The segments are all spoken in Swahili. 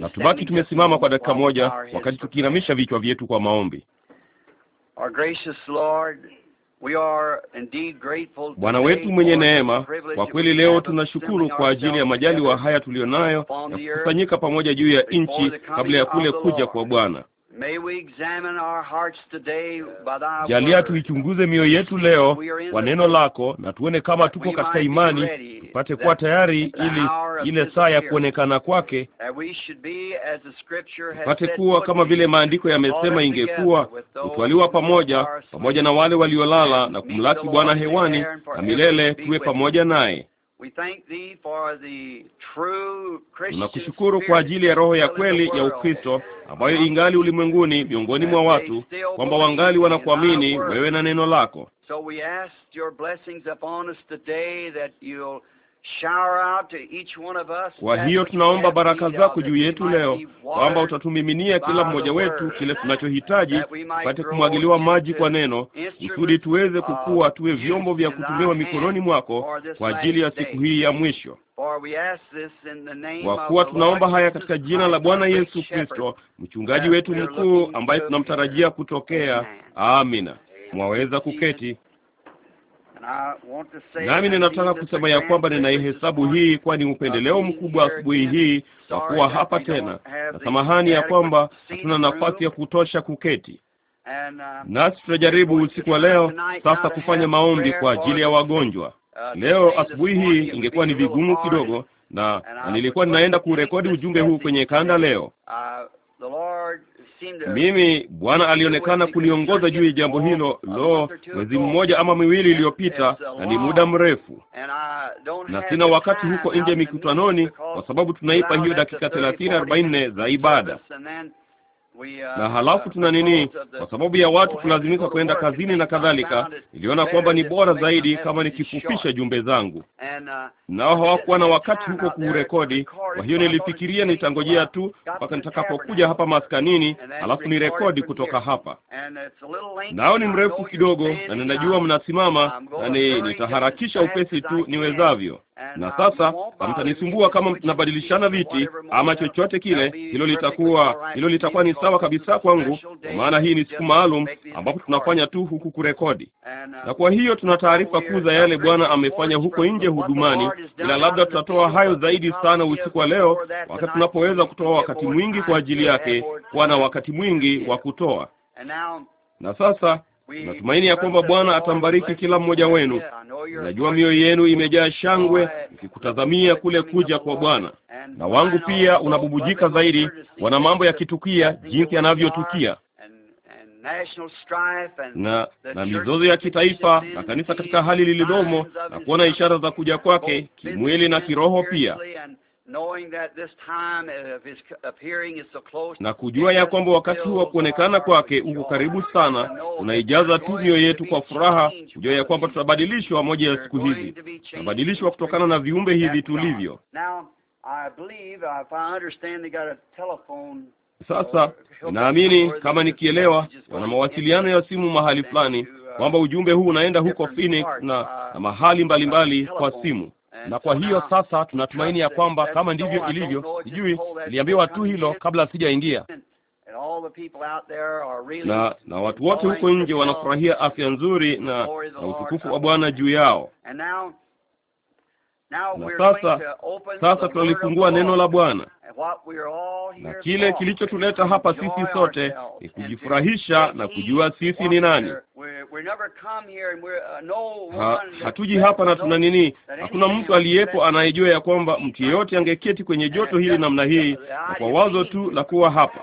na tubaki tumesimama kwa dakika moja, wakati tukiinamisha vichwa vyetu kwa maombi. Bwana wetu mwenye neema, kwa kweli leo tunashukuru kwa ajili ya majaliwa haya tuliyonayo ya kukusanyika pamoja juu ya nchi kabla ya kule kuja kwa Bwana. Jalia tuichunguze mioyo yetu leo kwa neno lako, na tuone kama tuko katika imani, tupate kuwa tayari ili ile saa ya kuonekana kwake, tupate kuwa kama vile maandiko yamesema ingekuwa, kutwaliwa pamoja pamoja na wale waliolala na kumlaki Bwana hewani, na milele tuwe pamoja naye. Tunakushukuru kwa ajili ya roho ya kweli ya Ukristo ambayo ingali ulimwenguni miongoni mwa watu, kwamba wangali wanakuamini wewe na neno lako. Kwa hiyo tunaomba baraka zako juu yetu leo, kwamba utatumiminia kila mmoja wetu kile tunachohitaji, tupate kumwagiliwa maji kwa neno, kusudi tuweze kukua, tuwe vyombo vya kutumiwa mikononi mwako kwa ajili ya siku hii ya mwisho. Kwa kuwa tunaomba haya katika jina la Bwana Yesu Kristo, mchungaji wetu mkuu, ambaye tunamtarajia kutokea. Amina. Mwaweza kuketi nami ninataka kusema ya kwamba ninaihesabu hii kuwa ni upendeleo mkubwa asubuhi hii kwa kuwa hapa tena, na samahani ya kwamba hatuna nafasi ya kutosha kuketi nasi tutajaribu usiku wa leo sasa kufanya maombi kwa ajili ya wagonjwa. Leo asubuhi hii ingekuwa ni vigumu kidogo, na nilikuwa ninaenda kurekodi ujumbe huu kwenye kanda leo. Mimi Bwana alionekana kuliongoza juu ya jambo hilo, lo, mwezi mmoja ama miwili iliyopita, na ni muda mrefu, na sina wakati huko nje mikutanoni, kwa sababu tunaipa hiyo dakika thelathini arobaini za ibada, na uh, halafu tuna nini, kwa sababu ya watu kulazimika kwenda kazini na kadhalika, niliona kwamba ni bora zaidi kama nikifupisha jumbe zangu, nao uh, hawakuwa na wakati huko kurekodi. Kwa hiyo nilifikiria nitangojea tu mpaka nitakapokuja hapa maskanini, halafu ni rekodi kutoka hapa. Nao ni mrefu kidogo, na ninajua mnasimama, na nitaharakisha upesi tu niwezavyo na uh, sasa hamtanisumbua kama mnabadilishana viti ama chochote kile. Hilo litakuwa hilo litakuwa ni sawa kabisa kwangu, kwa maana hii ni siku maalum ambapo tunafanya tu huku kurekodi, uh, na kwa hiyo tuna taarifa kuu za yale Bwana amefanya huko nje hudumani, ila labda tutatoa hayo zaidi sana usiku wa leo, wakati tunapoweza kutoa wakati mwingi kwa ajili yake, kuwa na wakati mwingi wa kutoa. Na sasa Natumaini ya kwamba Bwana atambariki kila mmoja wenu. Najua mioyo yenu imejaa shangwe ikikutazamia kule kuja kwa Bwana, na wangu pia unabubujika zaidi. Wana mambo yakitukia jinsi yanavyotukia na na mizozo ya kitaifa na kanisa katika hali lililomo, na kuona ishara za kuja kwake kimwili na kiroho pia na kujua ya kwamba wakati wa kuonekana kwake uko karibu sana, unaijaza tu mioyo yetu kwa furaha, kujua ya kwamba tutabadilishwa moja ya siku hizi, tutabadilishwa kutokana na viumbe hivi tulivyo sasa. Naamini kama nikielewa, wana mawasiliano ya simu mahali fulani, uh, kwamba ujumbe huu unaenda huko Phoenix na, uh, na mahali uh, mbalimbali mbali kwa simu na kwa hiyo sasa tunatumaini ya kwamba kama ndivyo ilivyo, sijui, niliambiwa tu hilo kabla sijaingia. Na, na watu wote huko nje wanafurahia afya nzuri na, na utukufu wa Bwana juu yao na sasa sasa tunalifungua neno la Bwana na kile kilichotuleta hapa sisi sote ni kujifurahisha na kujua sisi ni nani. Uh, ha, hatuji hapa na tuna nini? Hakuna mtu aliyepo anayejua ya kwamba mtu yeyote angeketi kwenye joto hili namna hii na kwa wazo tu la kuwa hapa.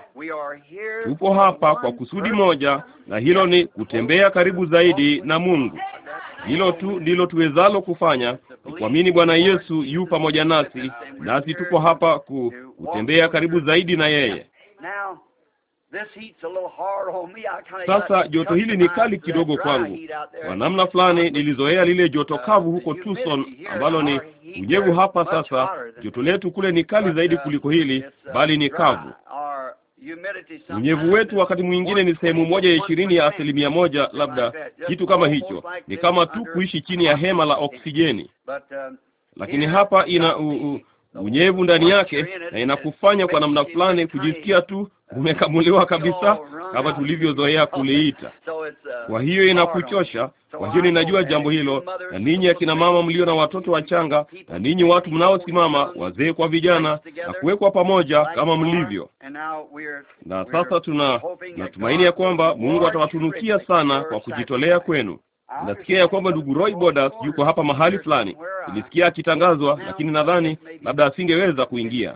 Tupo hapa kwa kusudi moja, na hilo ni kutembea karibu zaidi na Mungu. Hilo tu ndilo tuwezalo kufanya, kuamini Bwana Yesu yu pamoja nasi, nasi tuko hapa ku, kutembea karibu zaidi na yeye. Sasa joto hili ni kali kidogo kwangu, kwa namna fulani nilizoea lile joto kavu huko Tucson ambalo ni unyevu hapa. Sasa joto letu kule ni kali zaidi kuliko hili, bali ni kavu. Unyevu wetu wakati mwingine ni sehemu moja ya ishirini ya asilimia moja, labda kitu kama hicho. Ni kama tu kuishi chini ya hema la oksijeni, lakini hapa ina u, u, unyevu ndani yake na inakufanya kwa namna fulani kujisikia tu Uh, umekamuliwa kabisa, kama tulivyozoea kuliita. Uh, kwa hiyo inakuchosha. Kwa hiyo ninajua jambo hilo, na ninyi akina mama mlio na watoto wachanga, na ninyi watu mnaosimama, wazee kwa vijana, na kuwekwa pamoja kama mlivyo. Na sasa tuna natumaini ya kwamba Mungu atawatunukia sana kwa kujitolea kwenu. Nasikia ya kwamba ndugu Roy Bodas yuko hapa mahali fulani. Nilisikia akitangazwa, lakini nadhani labda asingeweza kuingia.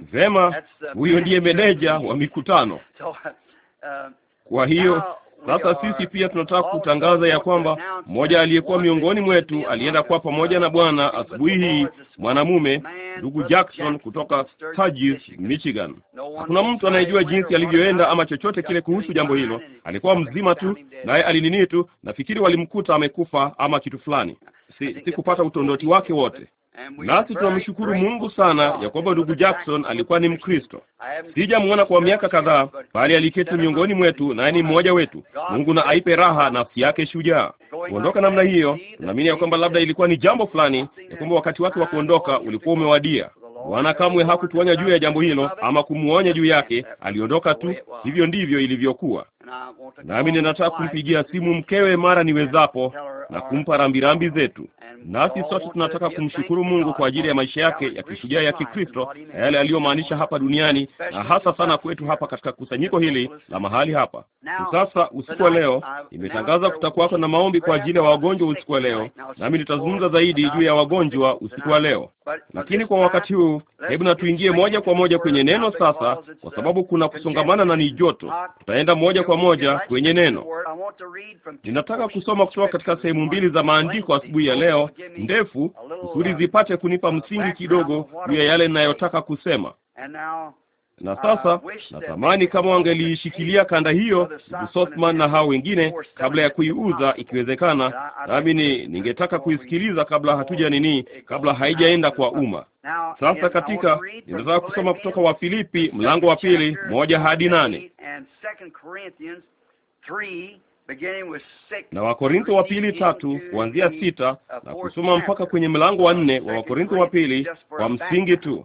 Vema, huyo ndiye meneja wa mikutano. Kwa hiyo sasa sisi pia tunataka kutangaza ya kwamba mmoja aliyekuwa miongoni mwetu alienda kuwa pamoja na Bwana asubuhi hii, mwanamume ndugu Jackson kutoka Sturgis, Michigan. Hakuna mtu anayejua jinsi alivyoenda ama chochote kile kuhusu jambo hilo. Alikuwa mzima tu, naye alinini tu, nafikiri walimkuta amekufa ama kitu fulani. Si, sikupata utondoti wake wote. Nasi tunamshukuru Mungu sana ya kwamba ndugu Jackson alikuwa ni Mkristo. Sijamwona kwa miaka kadhaa, bali aliketi miongoni mwetu, naye ni mmoja wetu. Mungu na aipe raha nafsi yake shujaa. Kuondoka namna hiyo, tunaamini ya kwamba labda ilikuwa ni jambo fulani, ya kwamba wakati wake wa kuondoka ulikuwa umewadia. Bwana kamwe hakutuonya juu ya jambo hilo ama kumwonya juu yake, aliondoka tu. Hivyo ndivyo ilivyokuwa nami ninataka kumpigia simu mkewe mara niwezapo na kumpa rambirambi zetu. Nasi sote tunataka kumshukuru Mungu kwa ajili ya maisha yake ya kishujaa ya Kikristo na yale aliyomaanisha hapa duniani na hasa sana kwetu hapa katika kusanyiko hili la mahali hapa. Sasa usiku wa leo imetangaza kutakuwako na maombi kwa ajili ya wagonjwa usiku wa leo, nami nitazungumza zaidi juu ya wagonjwa usiku wa leo, lakini kwa wakati huu, hebu na tuingie moja kwa moja kwenye neno sasa, kwa sababu kuna kusongamana na ni joto. Tutaenda moja kwa moja kwenye neno. Ninataka kusoma kutoka katika sehemu mbili za maandiko asubuhi ya leo, ndefu, kusudi uh, zipate kunipa msingi kidogo juu ya yale ninayotaka kusema na sasa natamani kama wangeliishikilia kanda hiyo Sothman na hao wengine kabla ya kuiuza ikiwezekana. Nami ningetaka kuisikiliza kabla hatuja nini, kabla haijaenda kwa umma. Sasa katika ninataka kusoma kutoka Wafilipi mlango wa pili moja hadi nane na Wakorintho wa pili tatu kuanzia sita uh, na kusoma mpaka kwenye mlango wa nne wa Wakorintho wa pili kwa msingi tu.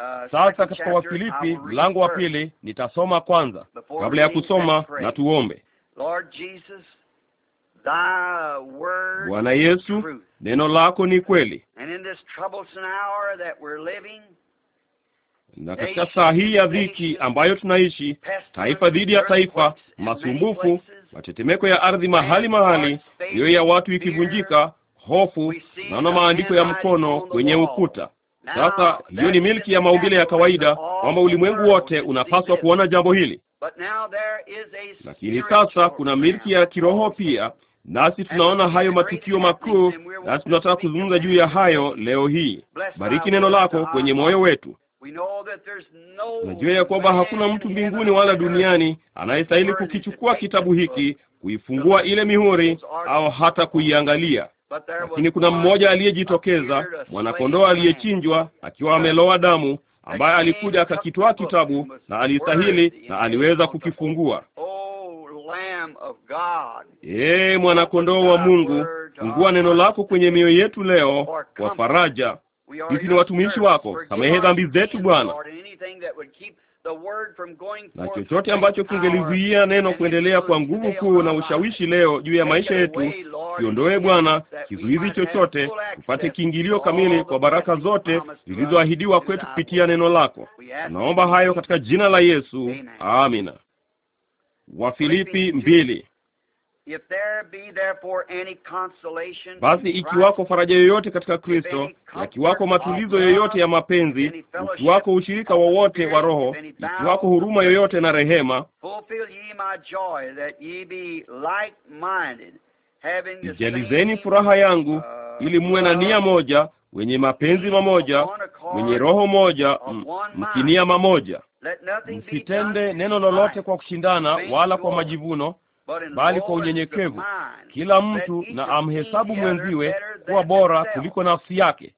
Uh, Sasa katika Wafilipi mlango wa pili nitasoma kwanza, kabla ya kusoma na tuombe. Bwana Yesu, neno lako ni kweli, na katika saa hii ya dhiki ambayo tunaishi, taifa dhidi ya taifa, masumbufu, matetemeko ya ardhi mahali mahali, mioyo ya watu ikivunjika, hofu, naona maandiko ya mkono kwenye ukuta sasa hiyo ni milki ya maumbile ya kawaida kwamba ulimwengu wote unapaswa kuona jambo hili, lakini sasa kuna milki ya kiroho pia, nasi tunaona hayo matukio makuu, nasi tunataka kuzungumza juu ya hayo leo hii. Bariki neno lako kwenye moyo wetu. Najua ya kwamba hakuna mtu mbinguni wala duniani anayestahili kukichukua kitabu hiki, kuifungua ile mihuri au hata kuiangalia. Lakini kuna mmoja aliyejitokeza, mwanakondoo aliyechinjwa akiwa ameloa damu, ambaye alikuja akakitoa kitabu na alistahili na aliweza kukifungua. Ee mwanakondoo wa Mungu, uh, fungua neno lako kwenye mioyo yetu leo kwa faraja. Sisi ni watumishi wako, samehe dhambi zetu Bwana na chochote ambacho kingelizuia neno kuendelea kwa nguvu kuu na ushawishi leo juu ya maisha yetu, kiondoe Bwana kizuizi chochote, tupate kiingilio kamili kwa baraka zote zilizoahidiwa kwetu kupitia neno lako. Tunaomba hayo katika jina la Yesu, amina. Wafilipi mbili. Basi ikiwako faraja yoyote katika Kristo, yakiwako matulizo yoyote ya mapenzi, ikiwako ushirika wowote wa Roho, ikiwako huruma yoyote na rehema, ijalizeni furaha yangu uh, ili muwe na nia moja, wenye mapenzi mamoja, wenye roho moja, mm, mkinia mamoja. Msitende neno lolote kwa kushindana wala kwa majivuno bali kwa unyenyekevu, kila mtu na amhesabu mwenziwe kuwa bora kuliko nafsi yake.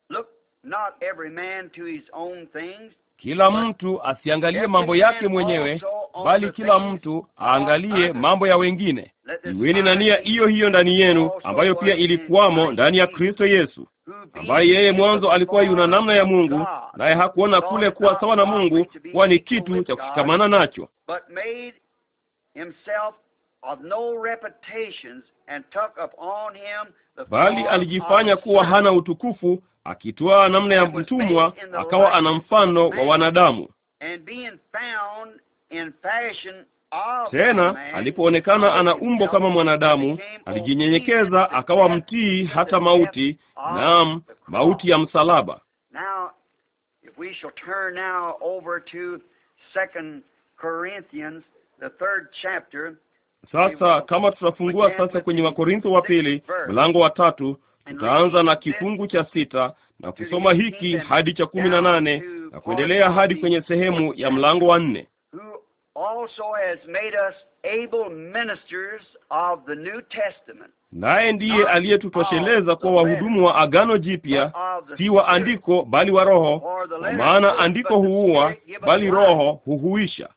Kila mtu asiangalie mambo yake mwenyewe, bali kila mtu aangalie mambo ya wengine. Iweni na nia hiyo hiyo ndani yenu, ambayo pia ilikuwamo ndani ya Kristo Yesu, ambaye yeye mwanzo alikuwa yuna namna ya Mungu, naye hakuona kule kuwa sawa na Mungu kuwa ni kitu cha kushikamana nacho bali alijifanya kuwa hana utukufu, akitwaa namna ya mtumwa, akawa ana mfano wa wanadamu. Tena alipoonekana ana umbo kama mwanadamu, alijinyenyekeza akawa mtii hata mauti, naam, mauti ya msalaba. Sasa kama tutafungua sasa kwenye Wakorintho wa pili mlango wa tatu, tutaanza na kifungu cha sita na kusoma hiki hadi cha kumi na nane na kuendelea hadi kwenye sehemu ya mlango wa nne. Naye ndiye aliyetutosheleza kwa wahudumu wa Agano Jipya, si wa andiko bali wa Roho, kwa maana andiko huua, bali Roho huhuisha.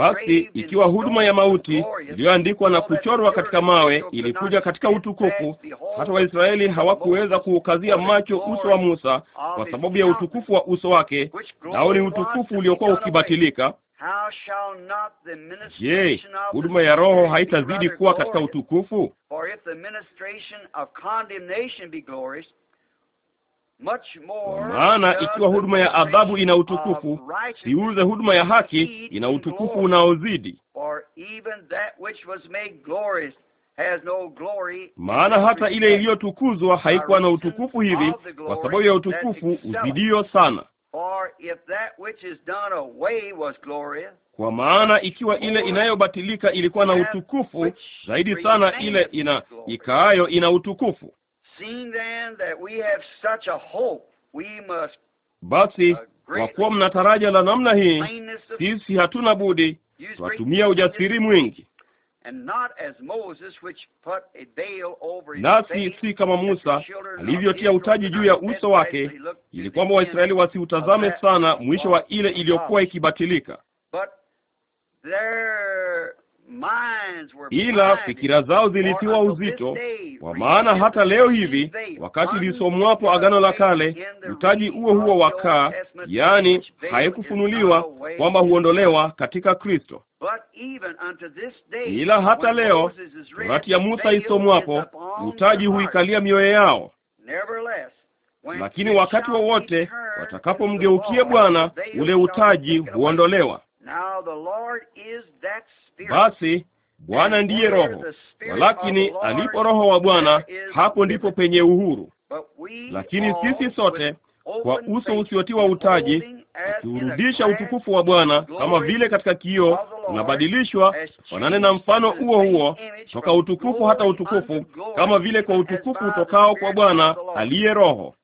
Basi ikiwa huduma ya mauti iliyoandikwa na kuchorwa katika mawe ilikuja katika utukufu, hata Waisraeli hawakuweza kuukazia macho uso wa Musa kwa sababu ya utukufu wa uso wake, nao ni utukufu uliokuwa ukibatilika. Je, huduma ya Roho haitazidi kuwa katika utukufu? Kwa maana ikiwa huduma ya adhabu ina utukufu, siuze huduma ya haki ina utukufu unaozidi. Maana hata ile iliyotukuzwa haikuwa na utukufu hivi, kwa sababu ya utukufu uzidio sana. Kwa maana ikiwa ile inayobatilika ilikuwa na utukufu zaidi sana, ile ina ikaayo ina utukufu basi kwa kuwa mna taraja la namna hii, sisi hatuna budi twatumia ujasiri mwingi, nasi si kama Musa alivyotia utaji juu ya uso wake, ili kwamba Waisraeli wasiutazame sana mwisho wa ile iliyokuwa ikibatilika. There ila fikira zao zilitiwa uzito, kwa maana hata leo hivi wakati lisomwapo Agano la Kale, utaji huo huo wa kaa, yaani haikufunuliwa kwamba huondolewa katika Kristo. Ila hata leo torati ya Musa isomwapo, utaji huikalia mioyo yao lakini wakati wowote wa watakapomgeukia Bwana ule utaji huondolewa. Basi Bwana ndiye Roho, walakini alipo Roho wa Bwana, hapo ndipo penye uhuru. Lakini sisi sote kwa uso usiotiwa utaji tukiurudisha utukufu wa Bwana kama vile katika kioo, tunabadilishwa fanane na mfano huo huo toka utukufu hata utukufu, kama vile kwa utukufu utokao kwa Bwana aliye Roho.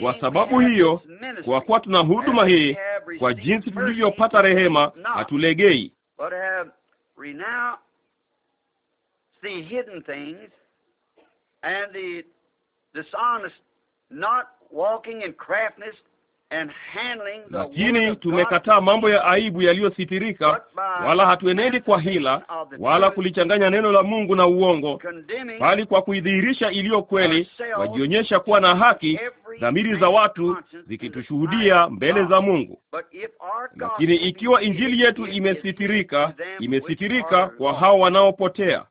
Kwa sababu hiyo, kwa kuwa tuna huduma hii, kwa jinsi tulivyopata rehema, hatulegei but have renounced the hidden things and the dishonest, not walking in craftiness, lakini tumekataa mambo ya aibu yaliyositirika, wala hatuenendi kwa hila wala kulichanganya neno la Mungu na uongo, bali kwa kuidhihirisha iliyo kweli, wajionyesha kuwa na haki, dhamiri za watu zikitushuhudia mbele za Mungu. Lakini ikiwa injili yetu imesitirika, imesitirika kwa hao wanaopotea.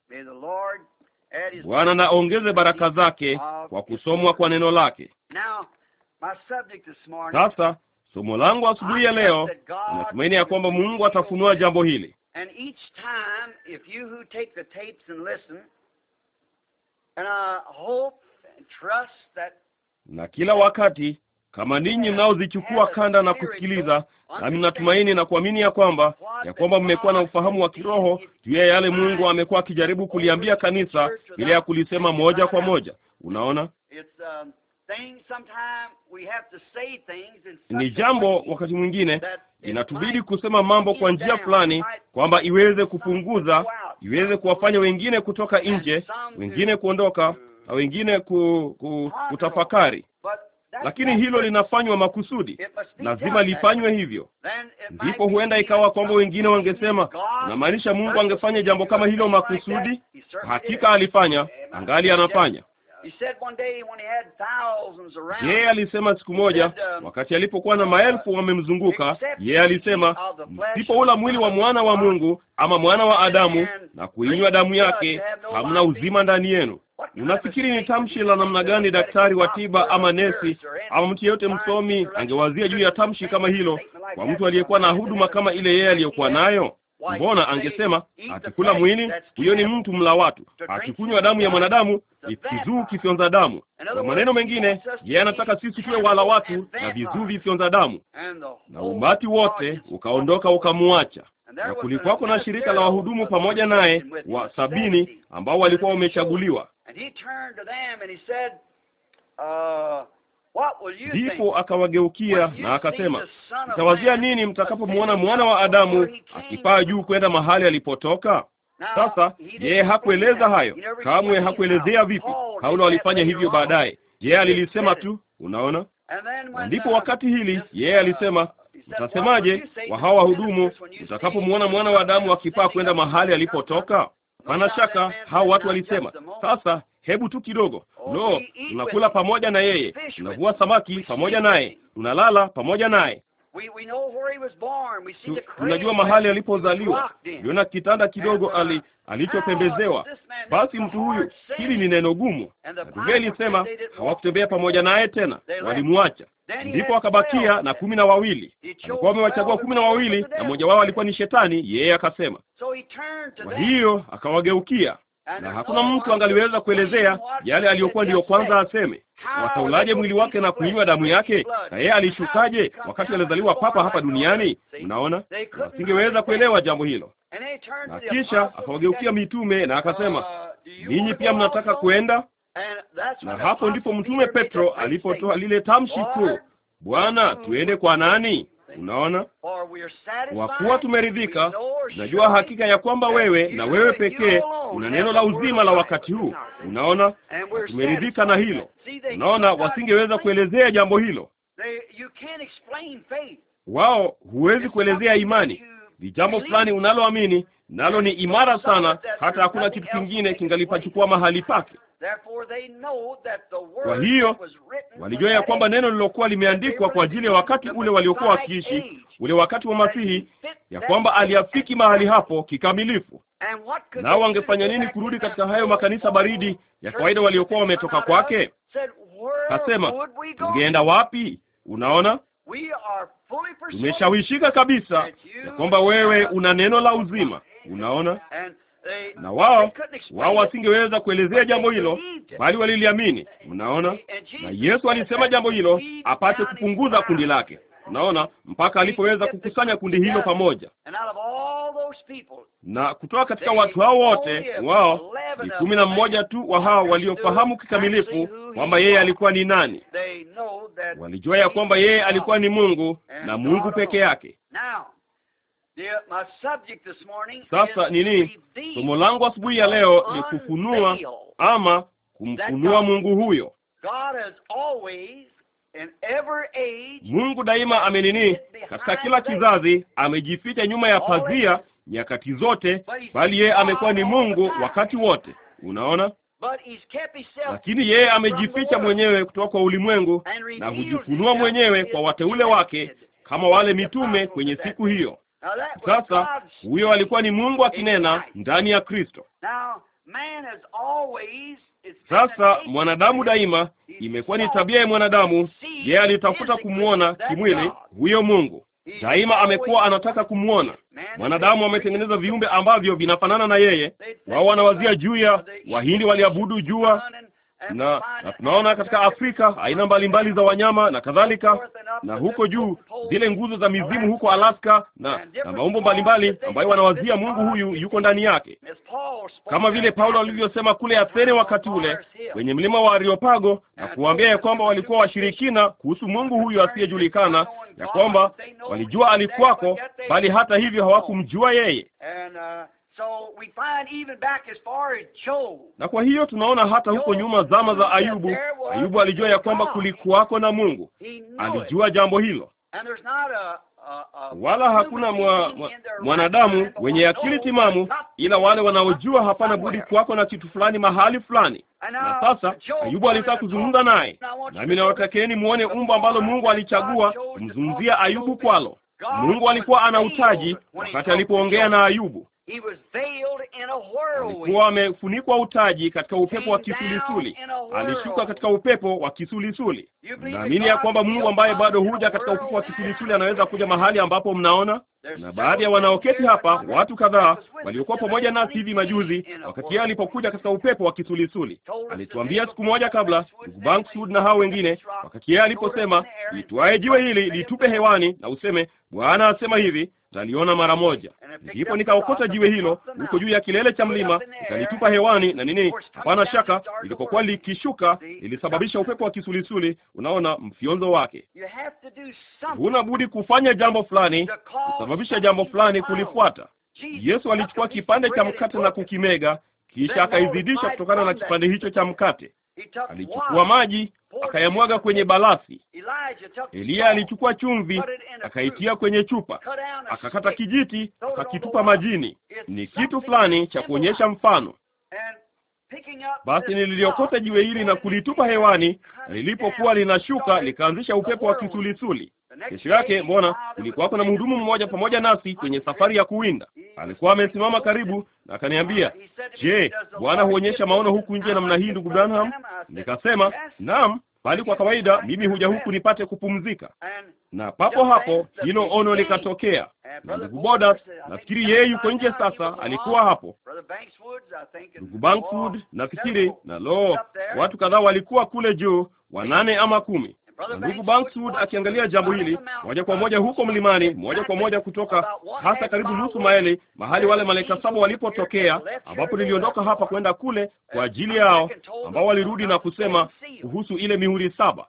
Bwana naongeze baraka zake kwa kusomwa kwa neno lake. Sasa somo langu asubuhi ya leo, natumaini ya kwamba Mungu atafunua jambo hili uh, na kila wakati kama ninyi mnaozichukua kanda na kusikiliza, nami natumaini na kuamini ya kwamba ya kwamba mmekuwa na ufahamu wa kiroho juu ya yale Mungu amekuwa akijaribu kuliambia kanisa bila ya kulisema moja kwa moja. Unaona, ni jambo wakati mwingine inatubidi kusema mambo kwa njia fulani, kwamba iweze kupunguza, iweze kuwafanya wengine kutoka nje, wengine kuondoka na wengine ku, ku, kutafakari. Lakini hilo linafanywa makusudi, lazima lifanywe hivyo. Ndipo huenda ikawa kwamba wengine wangesema, unamaanisha Mungu angefanya jambo kama hilo makusudi? Hakika alifanya, angali anafanya yeye alisema siku moja uh, wakati alipokuwa na maelfu wamemzunguka yeye, alisema msipo ula mwili wa mwana wa Mungu ama mwana wa Adamu na kuinywa damu yake, hamna uzima ndani yenu. Unafikiri ni tamshi la namna gani daktari wa tiba ama nesi ama mtu yeyote msomi angewazia juu ya tamshi kama hilo kwa mtu aliyekuwa na huduma kama ile yeye aliyokuwa nayo? Mbona angesema akikula mwili huyo ni mtu mla watu, akikunywa damu ya mwanadamu ni kizuu kifyonza damu. Kwa maneno mengine, yeye anataka sisi tuwe wala watu na vizuu vifyonza damu. Na umati wote ukaondoka ukamwacha na kulikuwako na shirika la wahudumu pamoja naye wa sabini ambao walikuwa wamechaguliwa. Ndipo akawageukia na akasema, mtawazia nini mtakapomwona mwana wa Adamu akipaa juu kwenda mahali alipotoka? Sasa yeye hakueleza hayo kamwe, hakuelezea vipi. Paulo alifanya hivyo baadaye, yeye alilisema tu, unaona. ndipo uh, wakati hili yeye uh, alisema, mtasemaje wa hawa wahudumu mtakapomwona mwana wa Adamu akipaa kwenda mahali alipotoka? Pana shaka hao watu walisema, sasa hebu tu kidogo. Lo, oh, tunakula pamoja na yeye, tunavua samaki pamoja naye, tunalala pamoja naye. tunajua mahali alipozaliwa, tuliona kitanda kidogo uh, ali alichopembezewa. Basi mtu huyu, hili ni neno gumu. Biblia ilisema hawakutembea pamoja naye tena, walimwacha. Ndipo akabakia na kumi na wawili. Alikuwa amewachagua kumi na wawili, na mmoja wao alikuwa ni Shetani. Yeye akasema, kwa hiyo akawageukia na hakuna mtu angaliweza kuelezea yale aliyokuwa ndiyo kwanza aseme. Wataulaje mwili wake na kunywa damu yake? Na yeye alishukaje wakati alizaliwa papa hapa duniani? unaona wasingeweza kuelewa jambo hilo. Na kisha akawageukia mitume na akasema, uh, ninyi pia mnataka kwenda? Na hapo ndipo mtume Petro alipotoa lile tamshi kuu, Bwana, tuende kwa nani? Unaona, kwa kuwa tumeridhika, najua hakika ya kwamba wewe na wewe pekee una neno la uzima la wakati huu. Unaona, tumeridhika na hilo. Unaona, wasingeweza kuelezea jambo hilo wao. Huwezi kuelezea imani, ni jambo fulani unaloamini nalo ni imara sana, hata hakuna kitu kingine kingalipachukua mahali pake. Kwa hiyo walijua ya kwamba neno lilokuwa limeandikwa kwa ajili ya wakati ule waliokuwa wakiishi, ule wakati wa Masihi, ya kwamba aliafiki mahali hapo kikamilifu. Nao wangefanya nini kurudi katika hayo makanisa baridi ya kawaida waliokuwa wametoka kwake? Kasema, tungeenda wapi? Unaona, tumeshawishika kabisa ya kwamba wewe una neno la uzima Unaona, na wao wao wasingeweza kuelezea jambo hilo, bali waliliamini. Unaona, na Yesu alisema jambo hilo apate kupunguza kundi lake. Unaona, mpaka alipoweza kukusanya kundi hilo pamoja na kutoka katika watu hao wote, wao ni kumi na mmoja tu wa hao waliofahamu kikamilifu kwamba yeye alikuwa ni nani. Walijua ya kwamba yeye alikuwa ni Mungu na Mungu peke yake. Sasa nini? Somo langu asubuhi ya leo ni kufunua ama kumfunua Mungu huyo. Mungu daima amenini, katika kila kizazi amejificha nyuma ya pazia nyakati zote, bali yeye amekuwa ni Mungu wakati wote. Unaona? Lakini yeye amejificha mwenyewe kutoka kwa ulimwengu na hujifunua mwenyewe kwa wateule wake kama wale mitume kwenye siku hiyo. Sasa huyo alikuwa ni Mungu akinena ndani ya Kristo. Sasa mwanadamu daima, imekuwa ni tabia ya mwanadamu, yeye alitafuta kumwona kimwili huyo Mungu daima amekuwa anataka kumwona mwanadamu. Ametengeneza viumbe ambavyo vinafanana na yeye. Wao wanawazia juu ya Wahindi waliabudu jua na, na tunaona katika Afrika aina mbalimbali za wanyama na kadhalika, na huko juu zile nguzo za mizimu huko Alaska na, na maumbo mbalimbali ambayo wanawazia Mungu huyu yuko ndani yake, kama vile Paulo alivyosema kule Athene wakati ule kwenye mlima wa Areopago, na kuwaambia ya kwamba walikuwa washirikina kuhusu Mungu huyu asiyejulikana, ya kwamba walijua alikuwako, bali hata hivyo hawakumjua yeye. Na kwa hiyo tunaona hata huko nyuma, zama za Ayubu, Ayubu alijua ya kwamba kulikuwako na Mungu, alijua jambo hilo, wala hakuna mwa, mwa, mwanadamu wenye akili timamu, ila wale wanaojua hapana budi kuwako na kitu fulani mahali fulani. Na uh, sasa Ayubu alitaka kuzungumza naye, nami nawatakieni muone umbo ambalo Mungu alichagua kumzungumzia Ayubu kwalo. Mungu alikuwa ana utaji wakati alipoongea na Ayubu alikuwa amefunikwa utaji katika upepo wa kisulisuli, alishuka katika upepo wa kisulisuli. Naamini ya kwamba Mungu ambaye bado huja katika upepo wa kisulisuli anaweza kuja mahali ambapo mnaona, na baadhi ya wanaoketi hapa, watu kadhaa waliokuwa pamoja nasi hivi majuzi, wakati yeye alipokuja katika upepo wa kisulisuli, alituambia siku moja kabla, ndugu Banksud na hao wengine, wakati yeye aliposema, itwae jiwe hili litupe hewani na useme, Bwana asema hivi taliona mara moja. Ndipo nikaokota jiwe hilo huko juu ya kilele cha mlima, nikalitupa hewani na nini, hapana shaka lilipokuwa likishuka lilisababisha upepo wa kisulisuli. Unaona mfyonzo wake. Huna budi kufanya jambo fulani, kusababisha jambo fulani kulifuata. Yesu alichukua kipande cha mkate na kukimega, kisha akaizidisha kutokana na kipande hicho cha mkate. Alichukua maji akayamwaga kwenye balasi Eliya alichukua chumvi akaitia kwenye chupa, akakata kijiti akakitupa majini. Ni kitu fulani cha kuonyesha mfano. Basi nililiokota jiwe hili na kulitupa hewani, lilipokuwa linashuka likaanzisha upepo wa kisulisuli. Kesho yake mbona, kulikuwa kuna mhudumu mmoja pamoja nasi kwenye safari ya kuwinda. Alikuwa amesimama karibu na akaniambia, je, Bwana huonyesha maono huku nje namna hii, ndugu Branham? Nikasema naam, bali kwa kawaida mimi huja huku nipate kupumzika. Na papo hapo hilo ono likatokea, eh, na ndugu Boda, nafikiri yeye yuko nje sasa, alikuwa hapo, ndugu Bankwood nafikiri, na lo, watu kadhaa walikuwa kule juu, wanane ama kumi Ndugu Bankswood akiangalia jambo hili moja kwa moja huko mlimani, moja kwa moja kutoka hasa karibu nusu maili mahali wale malaika saba walipotokea, ambapo niliondoka hapa kwenda kule kwa ajili yao, ambao walirudi na kusema kuhusu ile mihuri saba.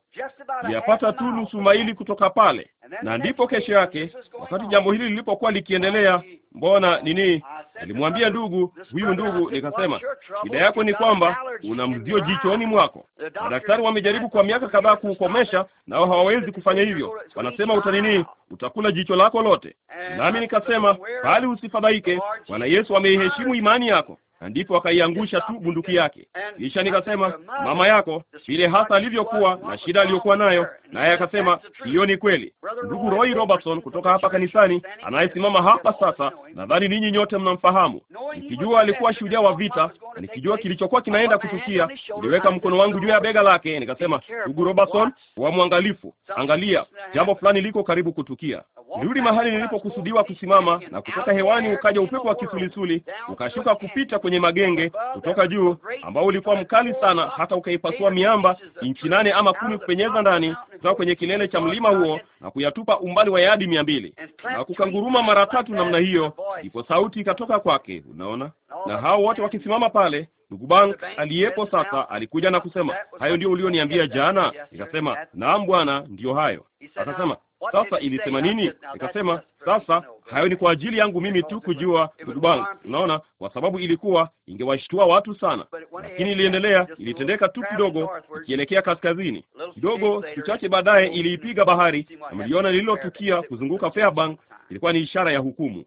Niyapata tu nusu maili kutoka pale, na ndipo kesho yake, wakati jambo hili lilipokuwa likiendelea, mbona uh, nini, uh, nilimwambia ndugu huyu, ndugu nikasema, shida yako ni kwamba una mzio jichoni mwako. Madaktari wamejaribu kwa miaka kadhaa kuukomesha, nao hawawezi kufanya hivyo. Wanasema utanini, utakula jicho lako lote. Nami nikasema, bali usifadhaike, Bwana Yesu ameiheshimu imani yako na ndipo akaiangusha tu bunduki yake. Kisha nikasema, mama yako vile hasa alivyokuwa na shida aliyokuwa nayo, naye akasema, hiyo ni kweli. Ndugu Roy Robertson kutoka hapa kanisani anayesimama hapa sasa, nadhani ninyi nyote mnamfahamu. Nikijua alikuwa shujaa wa vita, nikijua kilichokuwa kinaenda kutukia, niliweka mkono wangu juu ya bega lake, nikasema, ndugu Robertson, wa mwangalifu, angalia, jambo fulani liko karibu kutukia. Nirudi mahali nilipokusudiwa kusimama, na kutoka hewani ukaja upepo wa kisulisuli ukashuka kupita kwenye magenge kutoka juu, ambao ulikuwa mkali sana hata ukaipasua miamba inchi nane ama kumi kupenyeza ndani kutoka kwenye kilele cha mlima huo na kuyatupa umbali wa yadi mia mbili na kukanguruma mara tatu namna hiyo, ndipo sauti ikatoka kwake. Unaona, na hao wote wakisimama pale Ndugu Bank aliyepo sasa alikuja na kusema, hayo ndio ulioniambia jana. Nikasema, naam bwana, ndiyo hayo. Akasema, sasa ilisema nini? ikasema sasa, hayo ni kwa ajili yangu mimi tu kujua, ndugu bangu. Unaona, kwa sababu ilikuwa ingewashtua watu sana, lakini iliendelea, ilitendeka tu kidogo, ikielekea kaskazini kidogo. Siku chache baadaye iliipiga bahari, na mliona lililotukia kuzunguka Fairbank ilikuwa ni ishara ya hukumu.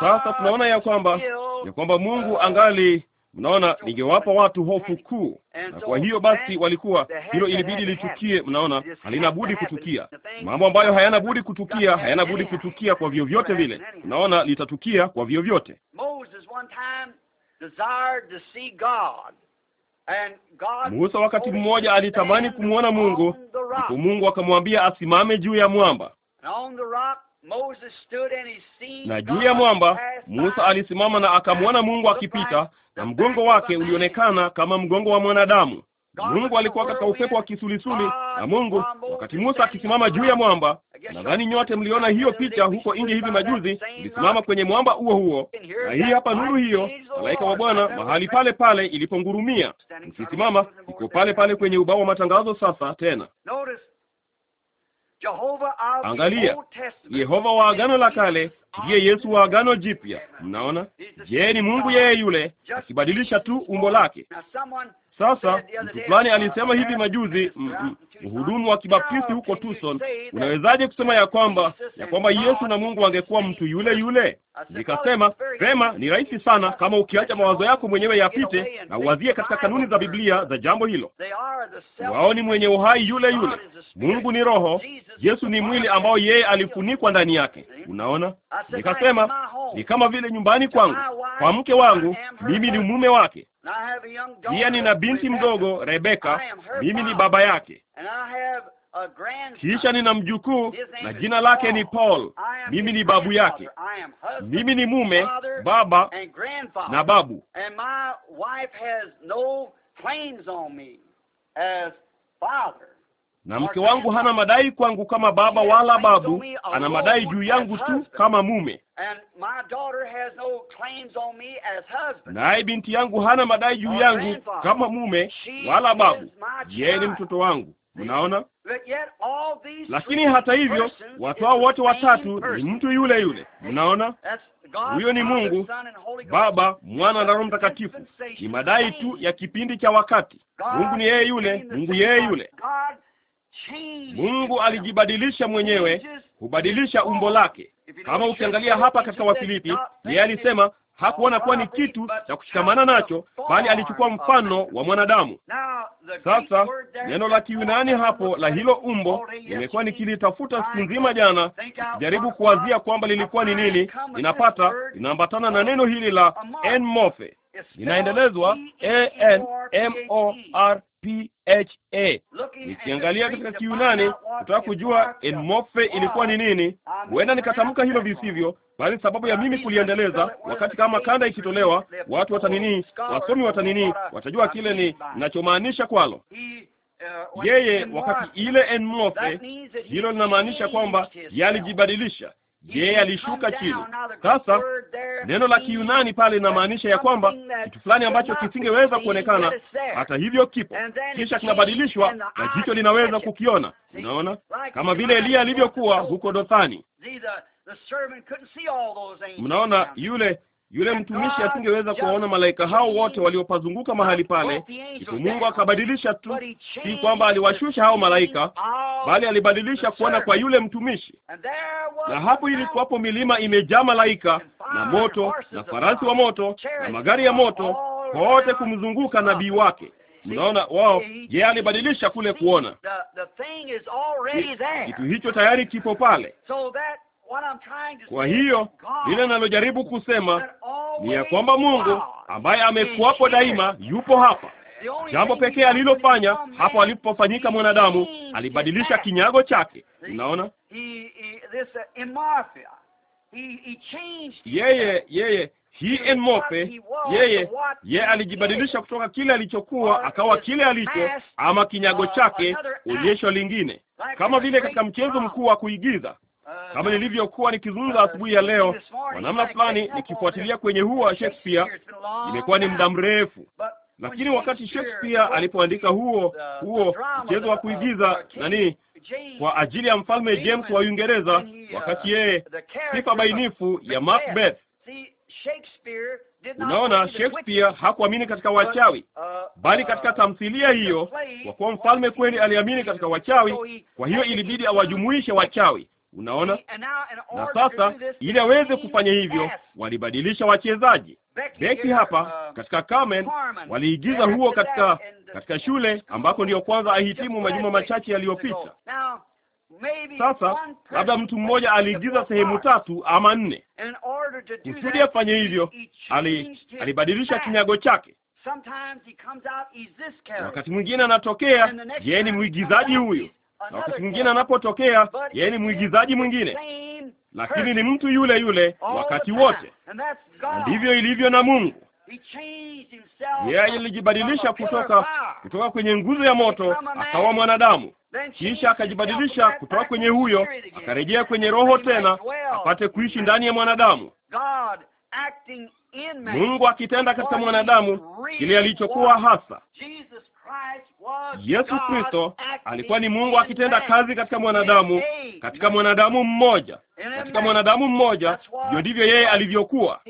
Sasa tunaona ya kwamba ya kwamba Mungu angali Mnaona, ningewapa watu hofu kuu, na kwa hiyo basi walikuwa hilo ilibidi litukie. Mnaona, halina budi kutukia. Mambo ambayo hayana budi kutukia hayana budi kutukia kwa vyovyote vile. Mnaona, litatukia kwa vyovyote. Musa wakati mmoja alitamani kumwona Mungu, ndipo Mungu akamwambia asimame juu ya mwamba na juu ya mwamba Musa alisimama na akamwona Mungu akipita, na mgongo wake ulionekana kama mgongo wa mwanadamu. Mungu alikuwa katika upepo wa kisulisuli na Mungu, wakati Musa akisimama juu ya mwamba. Nadhani nyote mliona hiyo picha huko nje hivi majuzi, ilisimama kwenye mwamba huo huo, na hii hapa nuru hiyo, malaika wa Bwana mahali pale pale ilipongurumia. Mkisimama iko pale pale kwenye ubao wa matangazo. Sasa tena Angalia, Yehova wa Agano la Kale ndiye Yesu wa Agano Jipya. Mnaona? Je, ni Mungu yeye yule, akibadilisha tu umbo lake. Sasa mtu fulani alisema hivi majuzi, uhudumu wa kibaptisti huko Tucson, unawezaje kusema ya kwamba ya kwamba Yesu na Mungu angekuwa mtu yule yule? Nikasema sema, ni rahisi sana kama ukiacha mawazo yako mwenyewe yapite na uwazie katika kanuni za Biblia za jambo hilo. Wao ni mwenye uhai yule yule. Mungu ni roho, Yesu ni mwili ambao yeye alifunikwa ndani yake. Unaona, nikasema ni kama vile nyumbani kwangu kwa mke wangu, mimi ni mume wake. Pia nina binti mdogo Rebeka, mimi ni baba yake. Kisha nina mjukuu na jina lake ni Paul. Mimi ni babu yake, mimi ni mume, baba na babu. Na mke wangu hana madai kwangu kama baba wala babu, ana madai juu yangu tu kama mume. Naye binti yangu hana madai juu yangu kama mume wala babu, yeye ni mtoto wangu. Mnaona? Lakini hata hivyo watu hao wote watatu ni mtu yule yule. Mnaona, huyo ni Mungu Baba, Mwana na Roho Mtakatifu. Ni madai tu ya kipindi cha wakati. Mungu ni yeye yule, Mungu yeye yule. Mungu alijibadilisha mwenyewe, hubadilisha umbo lake. Kama ukiangalia hapa katika Wafilipi, yeye alisema hakuona kuwa ni kitu cha kushikamana nacho, bali alichukua mfano wa mwanadamu. Sasa neno la Kiyunani hapo la hilo umbo limekuwa nikilitafuta siku nzima jana, jaribu kuwazia kwamba lilikuwa ni nini. Inapata linaambatana na neno hili la enmorphe, linaendelezwa a e e e. n m o r PHA. Nikiangalia katika Kiunani kutaka kujua enmorphe ilikuwa ni nini, huenda nikatamka hilo visivyo, bali sababu ya mimi kuliendeleza, wakati kama kanda ikitolewa, watu watanini, wasomi watanini, watajua kile ni ninachomaanisha kwalo uh, yeye wakati ile enmorphe, hilo linamaanisha kwamba yalijibadilisha, Je, alishuka chini. Sasa neno la Kiyunani pale linamaanisha ya kwamba kitu fulani ambacho kisingeweza kuonekana, hata hivyo kipo, kisha kinabadilishwa na jicho linaweza kukiona. Unaona, kama vile Eliya alivyokuwa huko Dothani. Mnaona yule yule mtumishi asingeweza kuwaona malaika hao wote waliopazunguka mahali pale, ndipo Mungu akabadilisha tu, si kwamba aliwashusha hao malaika, bali alibadilisha kuona kwa yule mtumishi. Na hapo ilikuwapo milima imejaa malaika na moto na farasi wa moto na magari ya moto, wote kumzunguka nabii wake. Mnaona wao, yeye alibadilisha kule kuona kitu hicho, tayari kipo pale. Kwa hiyo lile ninalojaribu kusema ni ya kwamba Mungu ambaye amekuwapo daima yupo hapa. Jambo pekee alilofanya hapo alipofanyika mwanadamu, alibadilisha kinyago chake. Unaona, uh, yeye yeye hii enmope yeye yeye alijibadilisha kutoka kile alichokuwa akawa kile alicho, ama kinyago chake, onyesho lingine, kama vile katika mchezo mkuu wa kuigiza kama nilivyokuwa nikizungumza asubuhi ya leo, kwa namna fulani nikifuatilia kwenye huu wa Shakespeare, imekuwa ni muda mrefu lakini wakati Shakespeare alipoandika huo huo mchezo wa kuigiza nani kwa ajili ya mfalme James wa Uingereza, wakati yeye sifa bainifu ya Macbeth. Unaona, Shakespeare hakuamini katika wachawi, bali katika tamthilia hiyo, kwa kuwa mfalme kweli aliamini katika wachawi, kwa hiyo ilibidi awajumuishe wachawi Unaona, na sasa ili aweze kufanya hivyo, walibadilisha wachezaji. Beki hapa uh, katika Carmen waliigiza huo katika katika shule ambako ndiyo kwanza ahitimu majuma machache yaliyopita. Sasa labda mtu mmoja aliigiza sehemu tatu ama nne. Kusudi afanye hivyo, ali, alibadilisha kinyago chake. Wakati mwingine anatokea, yeye ni mwigizaji huyu? na wakati mwingine anapotokea, yeye ni mwigizaji mwingine, lakini ni mtu yule yule wakati wote. Ndivyo ilivyo na Mungu. Yeye alijibadilisha kutoka kutoka kwenye nguzo ya moto akawa mwanadamu, kisha akajibadilisha kutoka kwenye huyo akarejea kwenye roho tena apate kuishi ndani ya mwanadamu. Mungu akitenda katika mwanadamu kile alichokuwa hasa. Yesu Kristo alikuwa ni Mungu akitenda kazi katika mwanadamu, katika mwanadamu mmoja, katika mwanadamu mmoja. Hivyo ndivyo yeye alivyokuwa.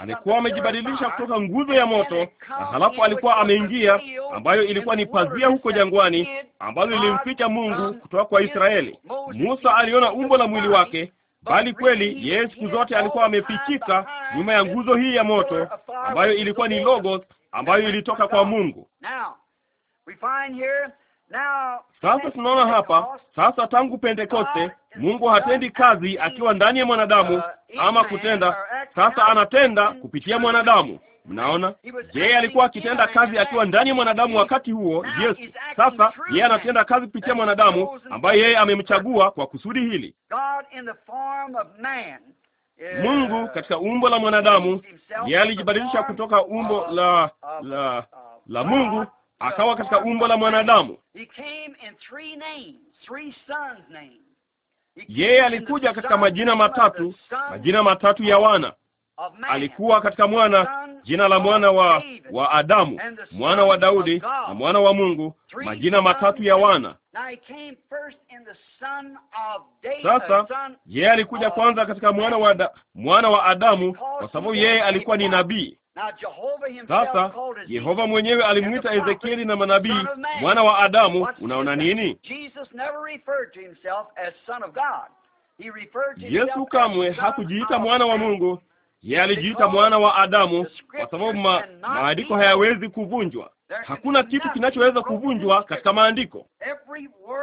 Alikuwa amejibadilisha kutoka nguzo ya moto, na halafu alikuwa ameingia, ambayo ilikuwa ni pazia huko jangwani, ambalo ilimficha Mungu kutoka kwa Israeli. Musa aliona umbo la mwili wake bali kweli yeye siku zote alikuwa amefichika nyuma ya nguzo hii ya moto ambayo ilikuwa ni logos ambayo ilitoka kwa Mungu. Sasa tunaona hapa sasa, tangu Pentekoste, Mungu hatendi kazi akiwa ndani ya mwanadamu ama kutenda, sasa anatenda kupitia mwanadamu. Mnaona, yeye alikuwa akitenda kazi akiwa ndani ya mwanadamu wakati huo Yesu. Sasa yeye anatenda kazi kupitia mwanadamu ambaye yeye amemchagua kwa kusudi hili. Mungu katika umbo la mwanadamu, yeye alijibadilisha kutoka umbo la la la Mungu akawa katika umbo la mwanadamu. Yeye alikuja katika majina matatu, majina matatu ya wana. Alikuwa katika mwana, jina la mwana wa wa Adamu, mwana wa Daudi na mwana wa Mungu, majina matatu ya wana. Sasa yeye alikuja kwanza katika mwana wa da, mwana wa Adamu, kwa sababu yeye alikuwa ni nabii sasa Yehova mwenyewe alimwita Ezekieli na manabii mwana wa Adamu. Unaona nini? Yesu kamwe hakujiita mwana wa Mungu, yeye alijiita mwana wa Adamu, kwa sababu ma, maandiko hayawezi kuvunjwa. Hakuna kitu kinachoweza kuvunjwa katika maandiko.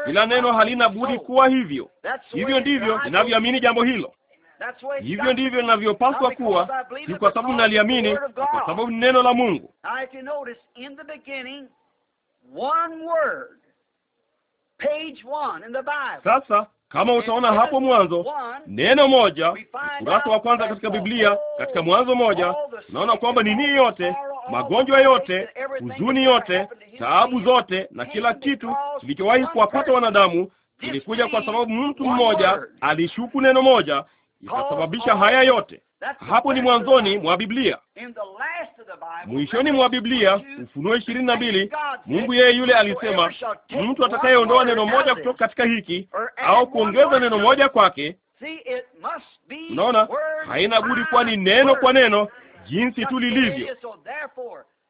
Kila neno halina budi kuwa hivyo. Hivyo ndivyo ninavyoamini jambo hilo. Hivyo ndivyo ninavyopaswa kuwa, ni kwa sababu naliamini, kwa sababu ni neno la Mungu. Sasa kama utaona hapo mwanzo, neno moja, ukurasa wa kwanza katika Biblia, katika Mwanzo moja, unaona kwamba nini yote, magonjwa yote, huzuni yote, taabu zote na kila kitu kilichowahi kuwapata wanadamu kilikuja kwa sababu mtu mmoja alishuku neno moja ikasababisha haya yote. Hapo ni mwanzoni mwa Biblia. Mwishoni mwa Biblia, Ufunuo ishirini na mbili, Mungu yeye yule alisema, mtu atakayeondoa neno moja kutoka katika hiki au kuongeza neno moja kwake. Unaona, haina budi kuwa ni neno kwa neno jinsi tu lilivyo.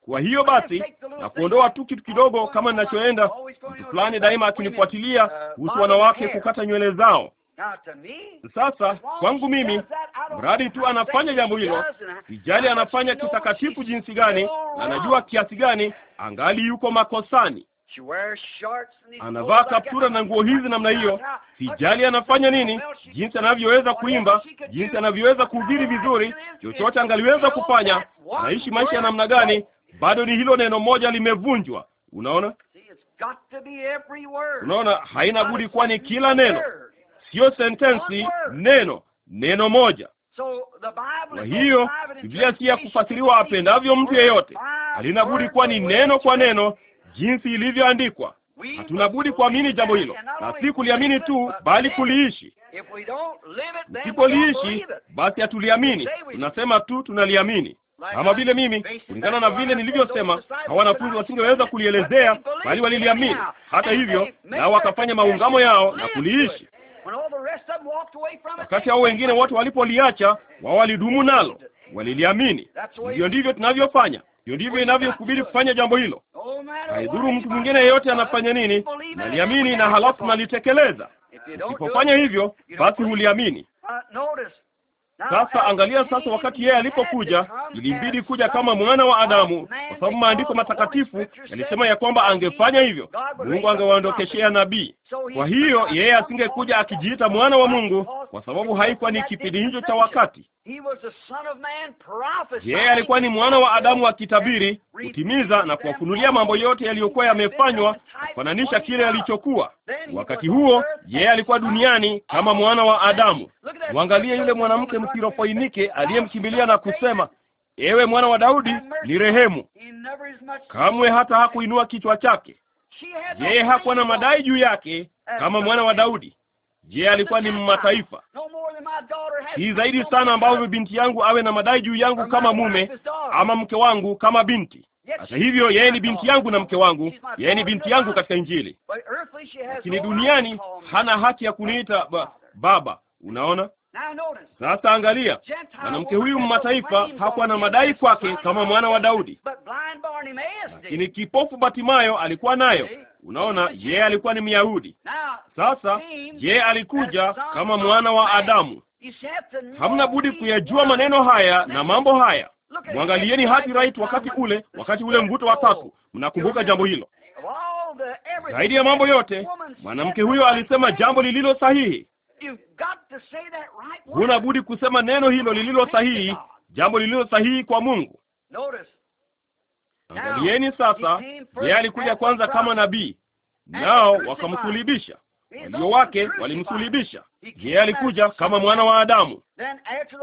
Kwa hiyo basi, na kuondoa tu kitu kidogo, kama ninachoenda, mtu fulani daima akinifuatilia kuhusu wanawake kukata nywele zao sasa kwangu mimi, mradi tu anafanya jambo hilo, sijali anafanya kitakatifu jinsi gani na anajua kiasi gani, angali yuko makosani. Anavaa kaptura na nguo hizi namna hiyo, sijali anafanya nini, jinsi anavyoweza kuimba, jinsi anavyoweza kuhubiri vizuri, chochote angaliweza kufanya, anaishi maisha ya namna gani, bado ni hilo neno moja limevunjwa. Unaona, unaona, haina budi, kwani kila neno siyo sentensi, neno neno moja. Kwa hiyo Biblia si ya kufasiriwa apendavyo mtu yeyote, alinabudi budi kuwa ni neno kwa neno jinsi ilivyoandikwa. Hatuna budi kuamini jambo hilo, na si kuliamini tu, bali kuliishi. usipoliishi basi hatuliamini, tunasema tu tunaliamini. Kama vile mimi, kulingana na vile nilivyosema, hawa wanafunzi wasingeweza kulielezea, bali waliliamini. Hata hivyo, nao wakafanya maungamo yao na kuliishi. Wakati hao wengine watu walipoliacha, wao walidumu nalo, waliliamini. Ndiyo, ndivyo tunavyofanya. Hiyo ndivyo inavyokubidi kufanya jambo hilo. Haidhuru mtu mwingine yeyote anafanya nini, naliamini na halafu nalitekeleza. Usipofanya hivyo, basi huliamini. Uh, sasa angalia, sasa wakati yeye alipokuja ilimbidi kuja kama mwana wa Adamu, kwa sababu maandiko matakatifu yalisema ya kwamba angefanya hivyo, Mungu angewaondokeshea nabii. Kwa hiyo yeye asingekuja akijiita mwana wa Mungu, kwa sababu haikuwa ni kipindi hicho cha wakati. Yeye alikuwa ni mwana wa Adamu akitabiri, kutimiza na kuwafunulia mambo yote yaliyokuwa yamefanywa, kufananisha kile alichokuwa wakati huo. Yeye alikuwa duniani kama mwana wa Adamu. Mwangalie yule mwanamke Msirofoinike aliyemkimbilia na kusema ewe mwana wa Daudi, ni rehemu Kamwe hata hakuinua kichwa chake, yeye hakuwa na madai juu yake kama mwana wa Daudi. Je, alikuwa ni mataifa? hii zaidi sana ambavyo binti yangu awe na madai juu yangu kama mume ama mke wangu kama binti. Hata hivyo, yeye ni binti yangu na mke wangu, yeye ni binti yangu katika Injili, lakini duniani hana haki ya kuniita ba baba. Unaona, sasa angalia, mwanamke huyu mmataifa hakuwa na madai kwake kama mwana wa Daudi, lakini kipofu Batimayo alikuwa nayo. Unaona, yeye alikuwa ni Myahudi. Sasa yeye alikuja kama mwana wa Adamu. Hamna budi kuyajua maneno haya na mambo haya. Mwangalieni hati right wakati ule, wakati ule mvuto wa tatu. Mnakumbuka jambo hilo? Zaidi ya mambo yote, mwanamke huyo alisema jambo lililo sahihi. Huna budi kusema neno hilo lililo sahihi, jambo lililo sahihi kwa Mungu. Angalieni sasa, yeye alikuja kwanza kama nabii, nao wakamsulibisha. Walio wake walimsulibisha. Yeye alikuja kama mwana wa Adamu.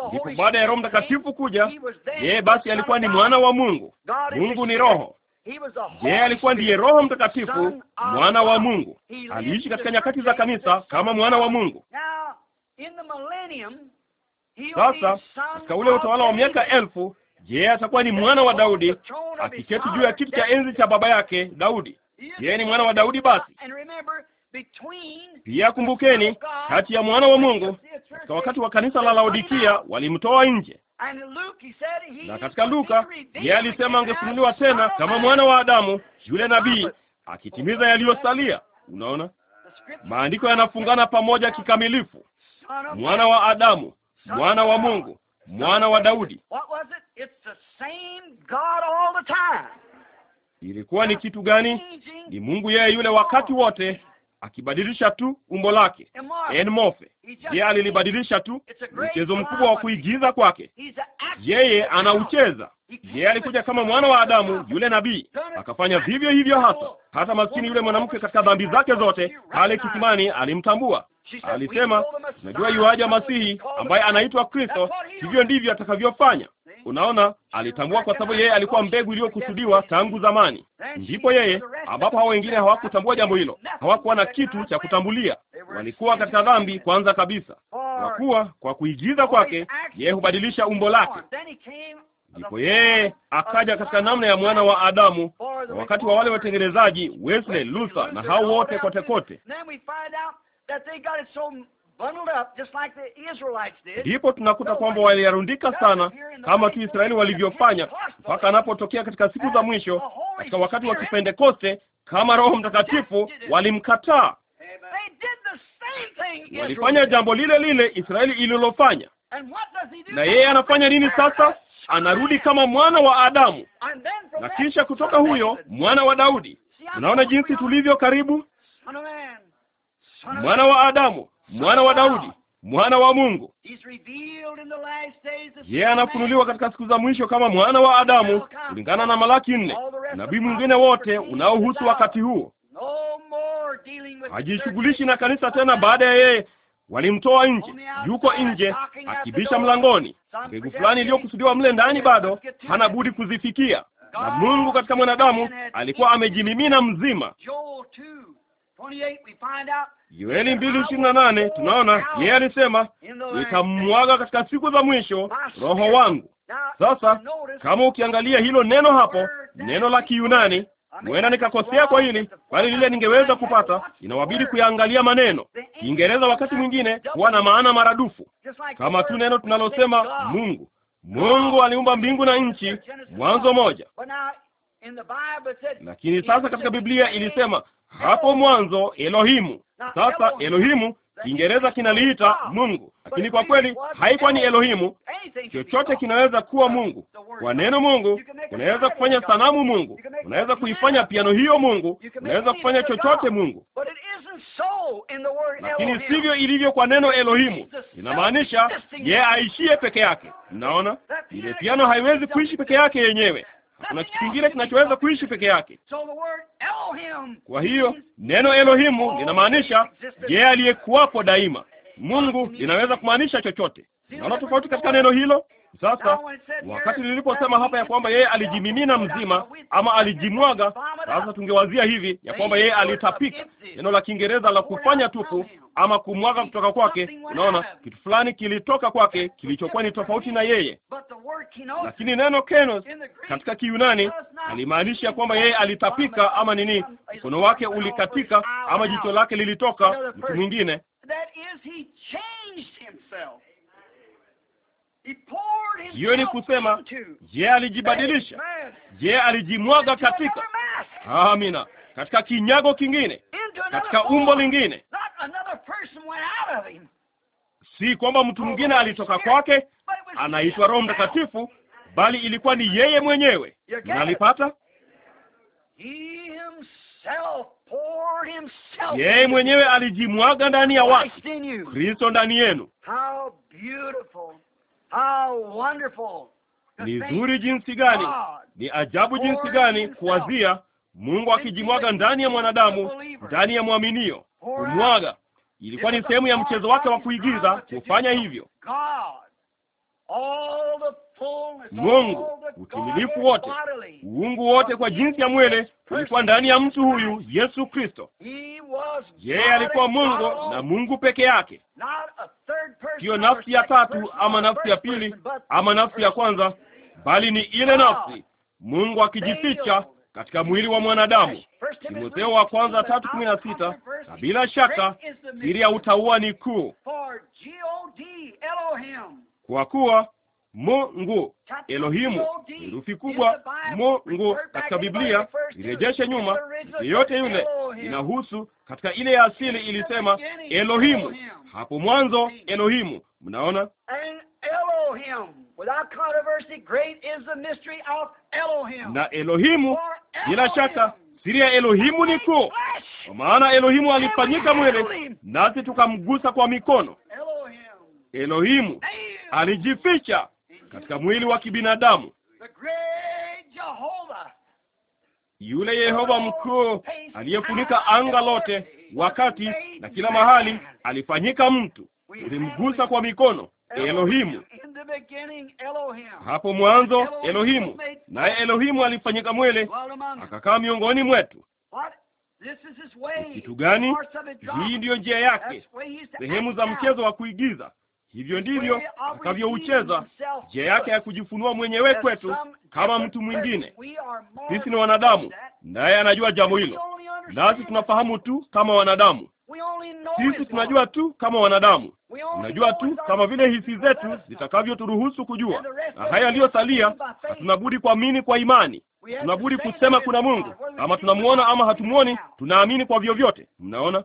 Ndipo baada ya Roho Mtakatifu kuja, yeye basi alikuwa ni mwana wa Mungu. Mungu ni Roho, yeye alikuwa ndiye Roho Mtakatifu, mwana wa Mungu. Aliishi katika nyakati za kanisa kama mwana wa Mungu. Sasa katika ule utawala wa miaka elfu, yeye atakuwa ni mwana wa Daudi, akiketi juu ya kiti cha enzi cha baba yake Daudi. Yeye ni mwana wa Daudi. Basi pia kumbukeni, kati ya mwana wa Mungu katika wakati wa kanisa la Laodikia walimtoa nje na katika Luka yeye alisema angefunuliwa tena kama mwana wa Adamu, yule nabii akitimiza yaliyosalia. Unaona, maandiko yanafungana pamoja kikamilifu. Mwana wa Adamu, mwana wa Mungu, mwana wa Daudi. Ilikuwa ni kitu gani? Ni Mungu yeye yule wakati wote, akibadilisha tu umbo lake. En Mofe yeye alilibadilisha tu, mchezo mkubwa wa kuigiza kwake, yeye anaucheza. Yeye alikuja kama mwana wa Adamu, yule nabii akafanya vivyo hivyo hasa. Hata maskini yule mwanamke katika dhambi zake zote, pale kisimani alimtambua, alisema, najua yuaja Masihi ambaye anaitwa Kristo, hivyo ndivyo atakavyofanya. Unaona, alitambua kwa sababu yeye alikuwa mbegu iliyokusudiwa tangu zamani. Ndipo yeye ambapo hao wengine hawakutambua jambo hilo, hawakuwa na kitu cha kutambulia, walikuwa katika dhambi kwanza kabisa. Kwa kuwa kwa kuigiza kwake yeye hubadilisha umbo lake. Ndipo yeye akaja katika namna ya mwana wa Adamu, na wakati wa wale watengenezaji Wesley, Luther na hao wote kote kote Ndipo tunakuta kwamba waliyarundika sana kama tu Israeli walivyofanya, mpaka anapotokea katika siku za mwisho, katika wakati wa Kipentekoste, kama Roho Mtakatifu walimkataa. Walifanya jambo lile lile Israeli ililofanya. Na yeye anafanya nini sasa? Anarudi kama mwana wa Adamu, na kisha kutoka huyo mwana wa Daudi. Unaona jinsi tulivyo karibu, mwana wa Adamu mwana wa Daudi, mwana wa Mungu. Yeye anafunuliwa katika siku za mwisho kama mwana wa Adamu, kulingana na Malaki nne. Nabii mwingine wote unaohusu wakati huo hajishughulishi na kanisa tena. Baada ya yeye walimtoa nje, yuko nje akibisha mlangoni. Mbegu fulani iliyokusudiwa mle ndani bado hana budi kuzifikia, na Mungu katika mwanadamu alikuwa amejimimina mzima. Yoeli mbili ishirini na nane tunaona yeye alisema, nitamwaga katika siku za mwisho roho wangu. Sasa kama ukiangalia hilo neno hapo, neno la Kiyunani, huenda nikakosea kwa hili, bali lile ningeweza kupata, inawabidi kuyaangalia maneno Kiingereza wakati mwingine huwa na maana maradufu, kama tu neno tunalosema Mungu. Mungu aliumba mbingu na nchi, Mwanzo moja. Lakini sasa katika Biblia ilisema hapo mwanzo Elohimu. Sasa Elohimu Kiingereza kinaliita ah! Mungu, lakini kwa kweli haikuwa ni Elohimu. Chochote kinaweza kuwa Mungu. Kwa neno Mungu unaweza kufanya sanamu Mungu, unaweza kuifanya piano hiyo Mungu, unaweza kufanya chochote Mungu, lakini sivyo ilivyo kwa neno Elohimu. Inamaanisha yeye aishie peke yake. Mnaona, ile piano haiwezi kuishi peke yake yenyewe, kuna kitu kingine kinachoweza kuishi peke yake. Kwa hiyo neno Elohimu linamaanisha je, aliyekuwapo daima. Mungu linaweza kumaanisha chochote. Naona tofauti katika neno hilo. Sasa wakati niliposema hapa ya kwamba yeye alijimimina mzima ama alijimwaga, sasa tungewazia hivi ya kwamba yeye alitapika, neno la Kiingereza la kufanya tupu ama kumwaga kutoka kwake. Unaona, kitu fulani kilitoka kwake kilichokuwa ni tofauti na yeye, lakini neno kenos katika Kiyunani alimaanisha kwamba yeye alitapika ama nini, mkono wake ulikatika ama jicho lake lilitoka mtu mwingine hiyo ni kusema, je, alijibadilisha? Je, alijimwaga katika, amina, katika kinyago kingine, katika umbo lingine? Si kwamba mtu oh, mwingine alitoka kwake, anaitwa Roho Mtakatifu, bali ilikuwa ni yeye mwenyewe. Nalipata yeye mwenyewe alijimwaga ndani ya watu, Kristo ndani yenu. Ni zuri jinsi gani, ni ajabu jinsi gani kuwazia Mungu akijimwaga ndani ya mwanadamu, ndani ya mwaminio. Kumwaga ilikuwa ni sehemu ya mchezo wake wa kuigiza kufanya hivyo. Mungu, utimilifu wote, uungu wote kwa jinsi ya mwele ulikuwa ndani ya mtu huyu Yesu Kristo. Yeye alikuwa Mungu na Mungu peke yake, siyo nafsi ya tatu ama nafsi ya pili ama nafsi ya kwanza, bali ni ile nafsi, Mungu akijificha katika mwili wa mwanadamu. Timotheo wa kwanza tatu kumi na sita. Na bila shaka siri ya utauwa ni kuu, kwa kuwa Mungu Elohimu, herufi kubwa Mungu katika Biblia, irejeshe nyuma, yeyote yule inahusu. Katika ile ya asili ilisema Elohimu, hapo mwanzo Elohimu. Mnaona na Elohimu, bila shaka siri ya Elohimu ni kuu, kwa maana Elohimu alifanyika mwili nasi tukamgusa kwa mikono. Elohimu alijificha katika mwili wa kibinadamu. Yule Yehova mkuu aliyefunika anga lote, wakati na kila mahali, alifanyika mtu. Ulimgusa kwa mikono Elohimu. Hapo mwanzo Elohimu, naye Elohimu alifanyika mwele akakaa miongoni mwetu. Kitu gani? Hii ndiyo njia yake, sehemu za mchezo wa kuigiza Hivyo ndivyo akavyoucheza, njia yake ya kujifunua mwenyewe kwetu kama mtu mwingine. Sisi ni wanadamu, naye anajua jambo hilo, nasi tunafahamu tu kama wanadamu. Sisi tunajua tu kama wanadamu, tunajua tu kama vile hisi zetu zitakavyoturuhusu kujua, na haya yaliyosalia hatunabudi kuamini kwa imani. Tunabudi kusema kuna Mungu, kama tunamuona ama hatumwoni, tunaamini kwa vyovyote. Mnaona,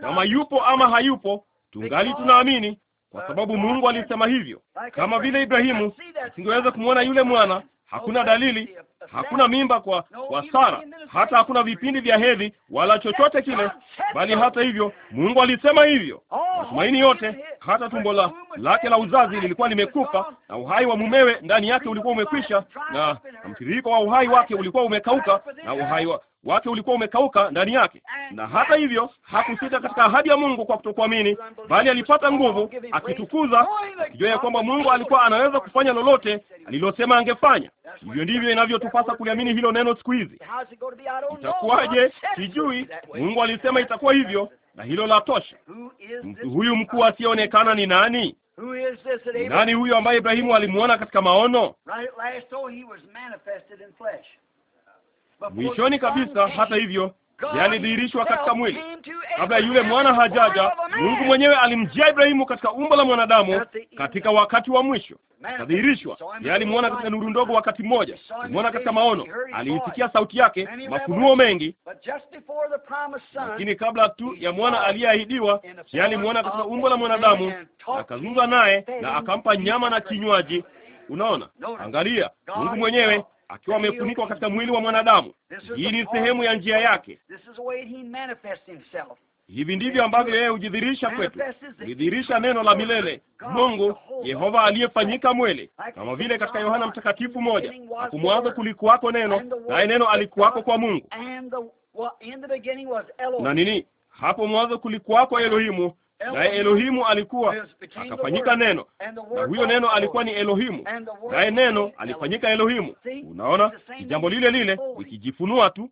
kama yupo ama hayupo, tungali tunaamini kwa sababu Mungu alisema hivyo. Kama vile Ibrahimu, asingeweza kumwona yule mwana. Hakuna dalili, hakuna mimba kwa kwa Sara, hata hakuna vipindi vya hedhi wala chochote kile, bali hata hivyo Mungu alisema hivyo. Matumaini yote, hata tumbo la lake la uzazi lilikuwa limekufa, na uhai wa mumewe ndani yake ulikuwa umekwisha, na mtiririko wa uhai wake ulikuwa umekauka, na uhai wa wake ulikuwa umekauka ndani yake, eh, na hata eh. hivyo hakusita katika ahadi ya Mungu kwa kutokuamini, bali alipata nguvu, akitukuza, akijua ya kwamba Mungu alikuwa anaweza kufanya lolote alilosema angefanya. Hivyo ndivyo inavyotupasa kuliamini hilo neno siku hizi. Itakuwaje? Sijui. Mungu alisema itakuwa hivyo, na hilo la tosha. Mtu huyu mkuu asiyeonekana ni nani? Nani huyu ambaye Ibrahimu alimwona katika maono? mwishoni kabisa. Hata hivyo yalidhihirishwa katika mwili. Kabla yule mwana hajaja, Mungu mwenyewe alimjia Ibrahimu katika umbo la mwanadamu katika wakati wa mwisho. Kadhihirishwa, yeye alimwona yaani katika nuru ndogo wakati mmoja, alimwona katika maono, aliisikia sauti yake, mafunuo mengi. Lakini kabla tu ya mwana aliyeahidiwa, yeye alimwona yaani katika umbo la mwanadamu, akazungumza naye na akampa nyama na kinywaji. Unaona, angalia, Mungu mwenyewe akiwa amefunikwa katika mwili wa mwanadamu. Hii ni sehemu ya njia yake. Hivi ndivyo ambavyo yeye hujidhirisha kwetu, hujidhirisha neno la milele, Mungu Yehova aliyefanyika mwili, kama vile katika Yohana Mtakatifu moja, hapo kulikuwako neno, naye neno alikuwako kwa Mungu na nini, hapo mwanzo kulikuwako Elohimu naye Elohimu alikuwa, akafanyika neno, na huyo neno alikuwa ni Elohimu, naye neno alifanyika Elohimu. Unaona, ni jambo lile lile likijifunua tu,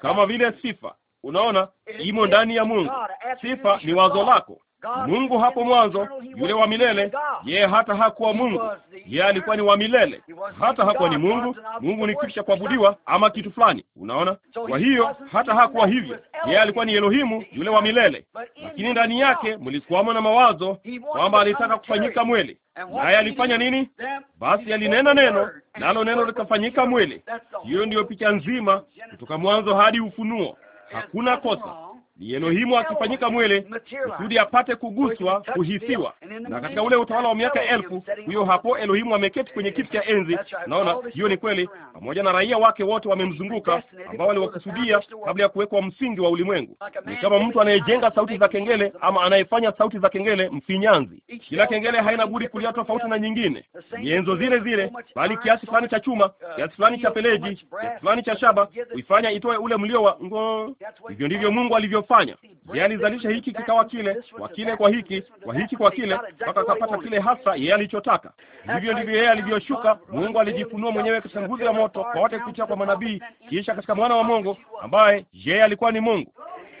kama vile sifa. Unaona, imo ndani ya Mungu. Sifa ni wazo lako Mungu hapo mwanzo, yule wa milele. Yeye hata hakuwa Mungu, yeye alikuwa ni wa milele, hata hakuwa ni Mungu. Mungu ni kitu cha kuabudiwa ama kitu fulani, unaona. Kwa hiyo hata hakuwa hivyo, yeye alikuwa ni Elohimu, yule wa milele, lakini ndani yake mlikuwamo na mawazo kwamba alitaka kufanyika mwili. Naye alifanya nini? Basi alinena neno, nalo neno likafanyika mwili. Hiyo ndiyo picha nzima kutoka mwanzo hadi Ufunuo, hakuna kosa ni Elohimu akifanyika mwele kusudi apate kuguswa, kuhisiwa. Na katika ule utawala wa miaka elfu huyo hapo Elohimu ameketi kwenye kiti cha enzi. Naona hiyo ni kweli, pamoja na raia wake wote wamemzunguka, ambao waliwakusudia kabla ya kuwekwa msingi wa ulimwengu. Ni kama mtu anayejenga sauti za kengele ama anayefanya sauti za kengele mfinyanzi. Kila kengele haina budi kulia tofauti na nyingine, nyenzo zile zile, bali kiasi fulani cha chuma, kiasi fulani cha peleji, kiasi fulani cha shaba kuifanya itoe ule mlio wa ngo. Hivyo ndivyo Mungu alivyo kufanya, Yeye alizalisha hiki kikawa kile, kwa kile kwa hiki, kwa hiki kwa kile, mpaka akapata kile hasa yeye alichotaka. Hivyo ndivyo yeye alivyoshuka. Mungu alijifunua mwenyewe katika nguzo ya moto kwa wote kupitia kwa manabii, kisha katika mwana wa Mungu ambaye yeye alikuwa ni Mungu.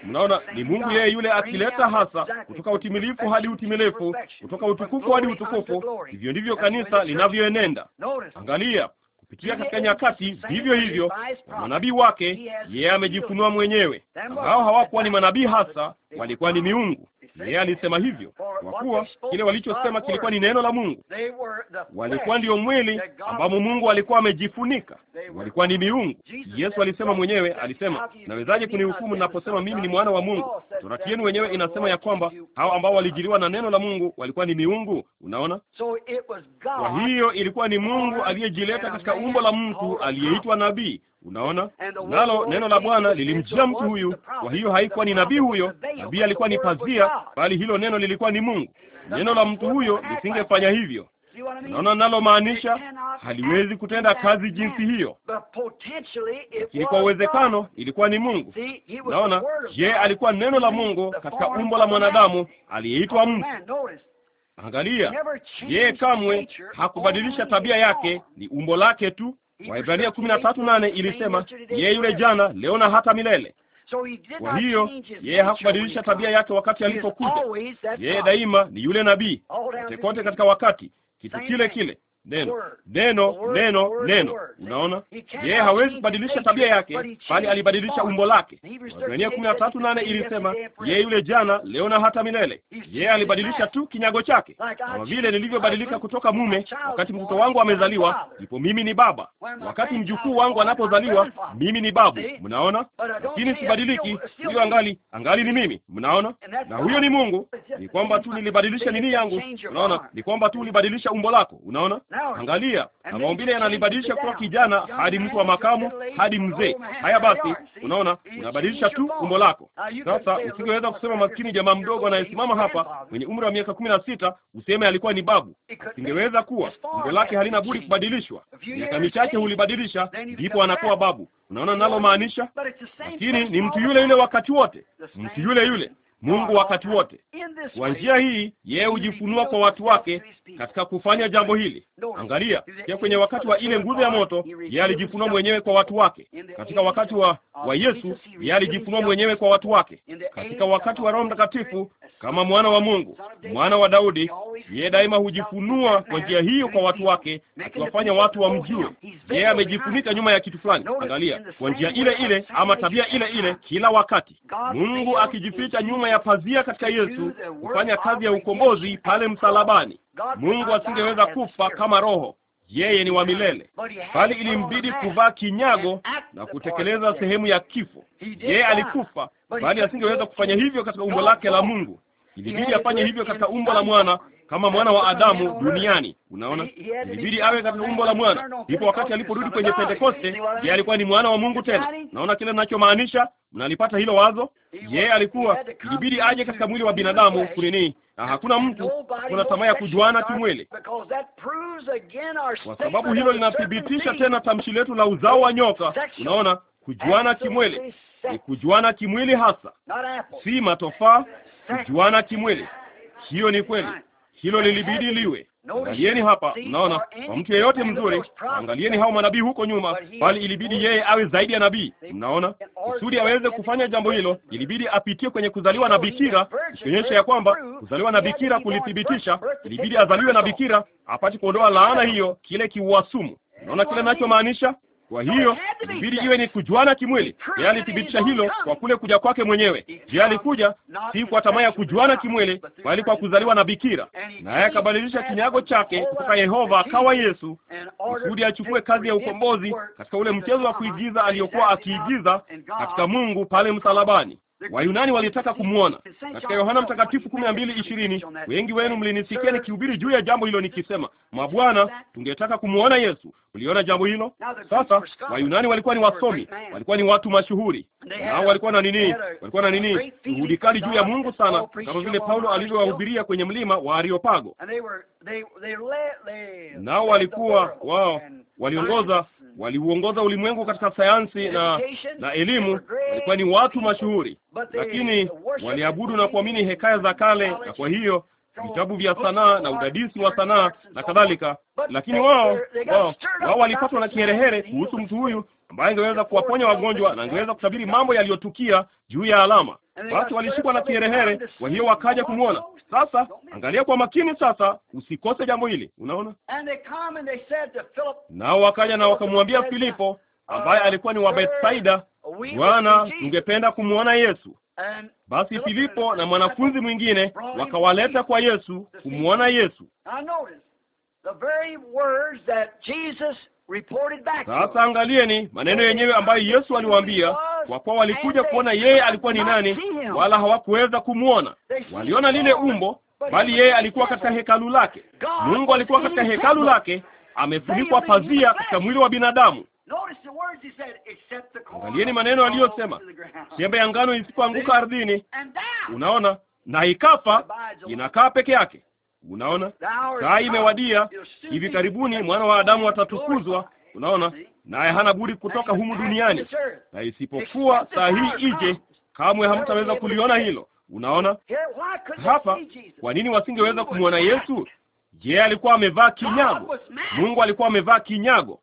Mnaona, ni Mungu yeye yule akileta hasa kutoka utimilifu hadi utimilifu, kutoka utukufu hadi utukufu. Hivyo ndivyo kanisa linavyoenenda. Angalia kupitia katika nyakati vivyo hivyo na manabii wake, yeye amejifunua mwenyewe, ambao hawakuwa ni manabii hasa, walikuwa ni miungu. Yeye alisema hivyo, kwa kuwa kile walichosema kilikuwa ni neno la Mungu. Walikuwa ndiyo mwili ambamo Mungu alikuwa amejifunika, walikuwa ni miungu. Yesu alisema mwenyewe, alisema, nawezaje kunihukumu ninaposema mimi ni mwana wa Mungu? Torati yenu wenyewe inasema ya kwamba hao ambao walijiliwa na neno la Mungu walikuwa ni miungu. Unaona, kwa hiyo ilikuwa ni Mungu aliyejileta katika umbo la mtu aliyeitwa nabii Unaona, nalo neno la Bwana lilimjia mtu huyu. Kwa hiyo haikuwa ni nabii huyo, nabii alikuwa ni pazia, bali hilo neno lilikuwa ni Mungu. Neno la mtu huyo lisingefanya hivyo. Unaona maanisha haliwezi kutenda kazi jinsi hiyo, lakini kwa uwezekano ilikuwa ni Mungu. Unaona, je, alikuwa neno la Mungu katika umbo la mwanadamu aliyeitwa mtu. Angalia, yeye kamwe hakubadilisha tabia yake, ni umbo lake tu. Waibrania kumi na tatu nane ilisema yeye yule jana leo na hata milele. Kwa hiyo yeye hakubadilisha tabia yake wakati alipokuja. Yeye daima ni yule nabii kote kote katika wakati, kitu kile kile neno neno neno neno. Unaona, yeye hawezi kubadilisha tabia yake, bali alibadilisha umbo lake. Waebrania kumi na tatu nane ilisema yeye yule jana, leo na hata milele. Yeye alibadilisha tu kinyago chake, kama vile nilivyobadilika kutoka mume wakati mtoto wangu amezaliwa, ipo ndipo mimi ni baba, wakati mjukuu wangu anapozaliwa, mimi ni babu. Mnaona, lakini sibadiliki, hiyo angali angali ni mimi. Mnaona, na huyo ni Mungu. Ni kwamba tu nilibadilisha nini yangu. Unaona, ni kwamba tu ulibadilisha umbo lako. Unaona Angalia, na maumbile yananibadilisha kutoka kijana hadi mtu wa makamo hadi mzee. Haya basi, unaona, unabadilisha tu umbo lako. Uh, Sasa usingeweza kusema maskini jamaa mdogo anayesimama hapa mwenye umri wa miaka kumi na sita useme alikuwa ni babu. Usingeweza kuwa, umbo lake halina budi kubadilishwa. Miaka michache hulibadilisha, ndipo anakuwa babu. Unaona nalo maanisha, lakini ni mtu yule yule wakati wote, mtu yule yule Mungu wakati wote. Kwa njia hii yeye hujifunua kwa watu wake katika kufanya jambo hili. Angalia pia kwenye wakati wa ile nguzo ya moto, yeye alijifunua mwenyewe kwa watu wake. Katika wakati wa wa Yesu, yeye alijifunua mwenyewe kwa watu wake. Katika wakati wa Roho Mtakatifu, kama mwana wa Mungu, mwana wa Daudi, yeye daima hujifunua kwa njia hiyo kwa watu wake, akiwafanya watu wamjue. Yeye amejifunika nyuma ya kitu fulani. Angalia, kwa njia ile ile ama tabia ile ile ah, kila wakati, Mungu akijificha nyuma ya pazia katika Yesu kufanya kazi ya ukombozi pale msalabani. Mungu asingeweza kufa kama roho, yeye ni wa milele, bali ilimbidi kuvaa kinyago na kutekeleza sehemu ya kifo. Yeye alikufa, bali asingeweza kufanya hivyo katika umbo lake la Mungu ilibidi afanye hivyo katika umbo la mwana kama mwana wa Adamu duniani. Unaona, ilibidi awe katika umbo la mwana. Ndipo wakati aliporudi kwenye Pentekoste, yeye alikuwa ni mwana wa Mungu tena. Naona kile ninachomaanisha, mnalipata hilo wazo? Yeye alikuwa, ilibidi aje katika mwili wa binadamu kunini na hakuna mtu kuna tamaa ya kujuana kimwili, kwa sababu hilo linathibitisha tena tamshi letu la uzao wa nyoka. Unaona, kujuana kimwili ni kujuana kimwili hasa, si matofaa, kujuana kimwili. Hiyo ni kweli, hilo lilibidi liwe. Angalieni hapa, mnaona, kwa mtu yeyote mzuri, angalieni hao manabii huko nyuma, bali ilibidi yeye awe zaidi ya nabii. Mnaona, kusudi aweze kufanya jambo hilo, ilibidi apitie kwenye kuzaliwa na bikira, ikionyesha ya kwamba kuzaliwa na bikira kulithibitisha, ilibidi azaliwe na bikira apate kuondoa laana hiyo, kile kiuasumu. naona kile maanisha kwa hiyo ibidi iwe ni kujuana kimwili. Yeye alithibitisha hilo kwa kule kuja kwake mwenyewe. Je, alikuja si kwa tamaa ya kujuana kimwili, bali kwa kuzaliwa na bikira, naye akabadilisha kinyago chake kutoka Yehova akawa Yesu, kusudi achukue kazi ya ukombozi katika ule mchezo wa kuigiza aliyokuwa akiigiza katika Mungu pale msalabani. Wayunani walitaka kumwona katika Yohana Mtakatifu kumi na mbili ishirini. Wengi wenu mlinisikia nikihubiri juu ya jambo hilo nikisema, mabwana, tungetaka kumwona Yesu, Uliona jambo hilo? Sasa Wayunani walikuwa ni wasomi, walikuwa ni watu mashuhuri, nao walikuwa na nini? Walikuwa na nini? Juhudi kali juu ya Mungu sana, oh, kama vile Paulo alivyowahubiria kwenye mlima wa Areopago. Nao walikuwa wao, waliongoza waliuongoza ulimwengu katika sayansi na na elimu. Walikuwa ni watu mashuhuri, lakini waliabudu na kuamini hekaya za kale, na kwa hiyo vitabu vya sanaa na udadisi wa sanaa na kadhalika, lakini wao wao wao walipatwa na kiherehere kuhusu mtu huyu ambaye angeweza kuwaponya wagonjwa na angeweza kutabiri mambo yaliyotukia juu ya alama. Watu walishikwa na kiherehere, kwa hiyo wakaja kumwona. Sasa angalia kwa makini sasa, usikose jambo hili, unaona. Nao wakaja na wakamwambia Filipo ambaye alikuwa ni wa Bethsaida, Bwana, ungependa kumwona Yesu. Basi Filipo na mwanafunzi mwingine wakawaleta kwa Yesu kumwona Yesu. Sasa angalieni maneno yenyewe ambayo Yesu aliwaambia, kwa kuwa walikuja kuona yeye alikuwa ni nani, wala hawakuweza kumwona. Waliona lile umbo, bali yeye alikuwa katika hekalu lake. Mungu alikuwa katika hekalu lake, amefunikwa pazia katika mwili wa binadamu. Angalieni maneno aliyosema, sembe ya ngano isipoanguka ardhini, unaona, na ikafa, inakaa peke yake. Unaona, saa imewadia, hivi karibuni mwana wa Adamu atatukuzwa. Unaona, naye hana budi kutoka humu duniani, na isipokuwa saa hii ije, kamwe hamtaweza kuliona hilo. Unaona hapa, kwa nini wasingeweza kumwona Yesu? Je, alikuwa amevaa kinyago? Mungu alikuwa amevaa kinyago.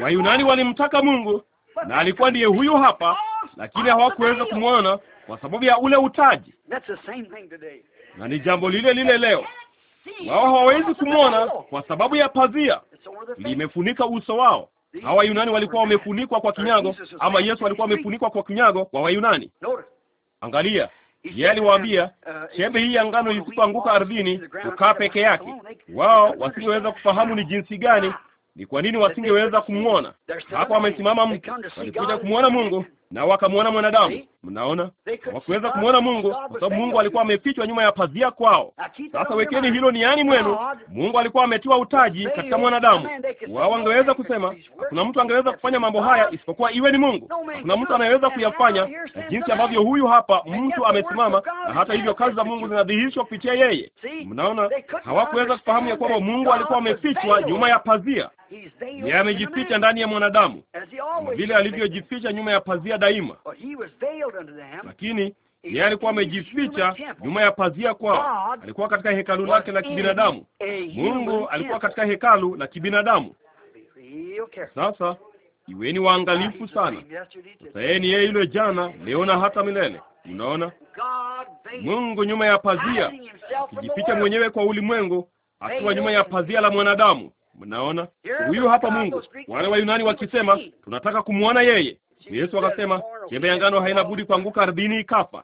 Wayunani walimtaka Mungu na alikuwa ndiye huyu hapa, lakini hawakuweza kumwona kwa sababu ya ule utaji, na ni jambo lile lile leo. Wao hawawezi kumwona kwa sababu ya pazia limefunika uso wao. Hawa Wayunani walikuwa wamefunikwa kwa kinyago, ama Yesu alikuwa amefunikwa kwa kinyago kwa Wayunani. Angalia, yeye aliwaambia chembe hii ya ngano isipoanguka ardhini ukaa peke yake, wao wasingeweza kufahamu ni jinsi gani, ni kwa nini wasingeweza kumwona. Hapo amesimama mtu, walikuja kumwona Mungu, na wakamwona mwanadamu. Mnaona, hawakuweza kumwona Mungu kwa sababu Mungu alikuwa amefichwa nyuma ya pazia kwao. Sasa wekeni hilo niani mwenu, Mungu alikuwa ametiwa utaji katika mwanadamu. Wao wangeweza kusema hakuna mtu angeweza kufanya mambo haya isipokuwa iwe ni Mungu. Hakuna mtu anayeweza kuyafanya, na jinsi ambavyo huyu hapa mtu amesimama, na hata hivyo kazi za Mungu zinadhihirishwa kupitia yeye. Mnaona, hawakuweza kufahamu ya kwamba Mungu alikuwa amefichwa nyuma ya pazia. Yeye amejificha ndani ya mwanadamu, vile alivyojificha nyuma ya pazia daima, lakini yeye alikuwa amejificha nyuma ya pazia kwao. Alikuwa katika hekalu lake la kibinadamu. Mungu alikuwa katika hekalu la kibinadamu. Sasa iweni waangalifu sana, sasa yeye yule jana, leo na hata milele. Unaona, Mungu nyuma ya pazia akijificha mwenyewe kwa ulimwengu, akiwa nyuma ya pazia la mwanadamu. Mnaona, huyu hapa Mungu, wale Wayunani wakisema tunataka kumwona yeye Yesu akasema, chembe ya ngano haina budi kuanguka ardhini ikafa.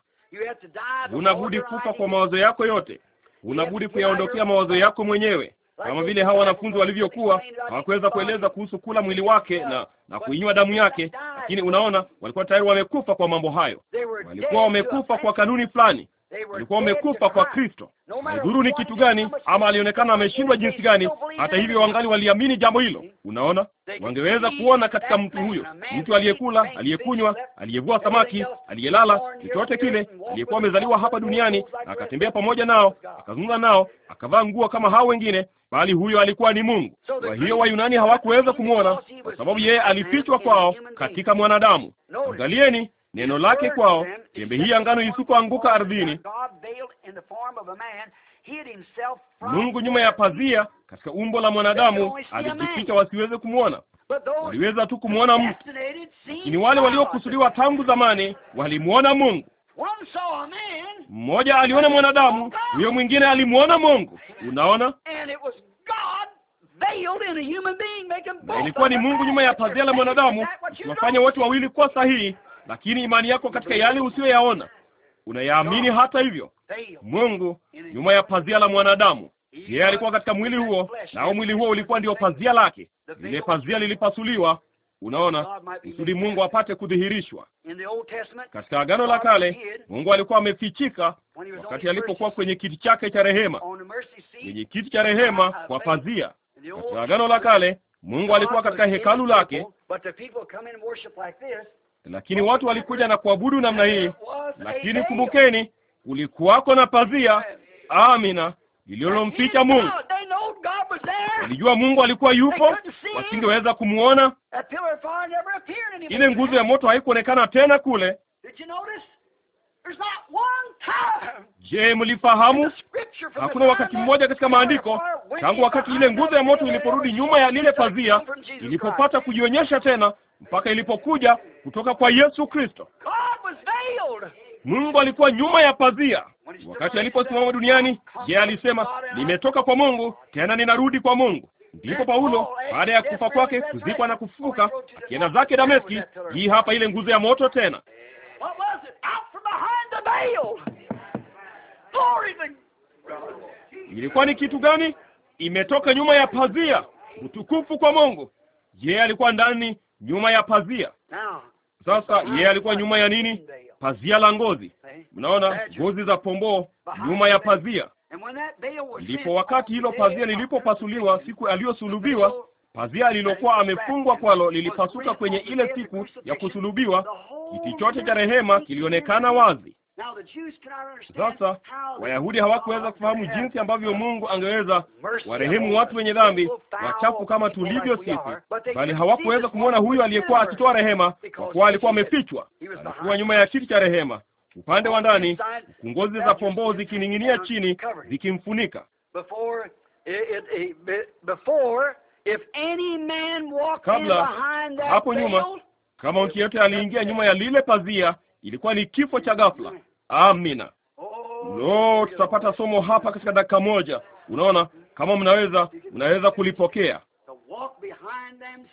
Unabudi kufa kwa mawazo yako yote, unabudi kuyaondokea mawazo yako mwenyewe, kama vile hawa wanafunzi walivyokuwa hawakuweza kueleza kuhusu kula mwili wake na na kuinywa damu yake, lakini unaona, walikuwa tayari wamekufa kwa mambo hayo, walikuwa wamekufa kwa kanuni fulani, walikuwa wamekufa kwa Kristo. Haidhuru ni kitu gani, ama alionekana ameshindwa jinsi gani, hata hivyo wangali waliamini jambo hilo. Unaona, wangeweza kuona katika mtu huyo, mtu aliyekula, aliyekunywa, aliyevua samaki, aliyelala, chochote kile, aliyekuwa amezaliwa hapa duniani na akatembea pamoja nao, akazungumza nao, akavaa nguo kama hao wengine, bali huyo alikuwa ni Mungu. Kwa hiyo Wayunani hawakuweza kumwona kwa sababu yeye alifichwa kwao katika mwanadamu. Angalieni neno lake kwao. Pembe hii ya ngano isipoanguka ardhini, Mungu nyuma ya pazia katika umbo la mwanadamu alijificha wasiweze kumwona. Waliweza tu kumwona mtu, lakini wale waliokusudiwa tangu zamani walimwona Mungu. Mmoja aliona mwanadamu, huyo mwingine alimwona Mungu. Unaona, na ilikuwa ni Mungu nyuma ya pazia la mwanadamu, wafanya wote wawili kuwa sahihi lakini imani yako katika yale usiyoyaona unayaamini. Hata hivyo, Mungu nyuma ya pazia la mwanadamu, yeye alikuwa katika mwili huo, nao mwili huo ulikuwa ndio pazia lake. Lile pazia lilipasuliwa, unaona, kusudi Mungu apate kudhihirishwa. Katika Agano la Kale, Mungu alikuwa amefichika wakati alipokuwa kwenye kiti chake cha rehema, kwenye kiti cha rehema kwa pazia. Katika Agano la Kale, Mungu alikuwa katika hekalu lake lakini watu walikuja na kuabudu namna hii. Lakini kumbukeni, kulikuwako na pazia, amina, lililomficha Mungu. Walijua Mungu alikuwa yupo, wasingeweza kumwona. Ile nguzo ya moto haikuonekana tena kule. Je, mlifahamu? Hakuna wakati mmoja katika maandiko tangu wakati ile nguzo ya moto iliporudi nyuma ya lile pazia, ilipopata kujionyesha tena mpaka ilipokuja kutoka kwa Yesu Kristo. Mungu alikuwa nyuma ya pazia wakati aliposimama duniani. yeye alisema nimetoka kwa Mungu tena ninarudi kwa Mungu? Ndipo Paulo baada ya kufa kwake, kuzikwa na kufufuka, akienda zake Dameski. Hii hapa ile nguzo ya moto tena. Ilikuwa ni kitu gani? Imetoka nyuma ya pazia. Utukufu kwa Mungu. yeye alikuwa ndani nyuma ya pazia. Sasa yeye alikuwa nyuma ya nini? Pazia la ngozi. Mnaona ngozi za pomboo nyuma ya pazia. Ndipo wakati hilo pazia lilipopasuliwa siku aliyosulubiwa, pazia alilokuwa amefungwa kwalo lilipasuka kwenye ile siku ya kusulubiwa, kiti chote cha rehema kilionekana wazi. Sasa Wayahudi hawakuweza kufahamu jinsi ambavyo Mungu angeweza warehemu watu wenye dhambi wachafu kama tulivyo sisi, bali hawakuweza kumwona huyu aliyekuwa akitoa rehema, kwa kuwa alikuwa amefichwa, alikuwa nyuma ya kiti cha rehema, upande wa ndani, kungozi za pomboo zikining'inia chini zikimfunika. Kabla hapo nyuma, kama mtu yeyote aliingia nyuma ya lile pazia Ilikuwa ni kifo cha ghafla. Amina. Lo, tutapata somo hapa katika dakika moja. Unaona, kama mnaweza mnaweza kulipokea.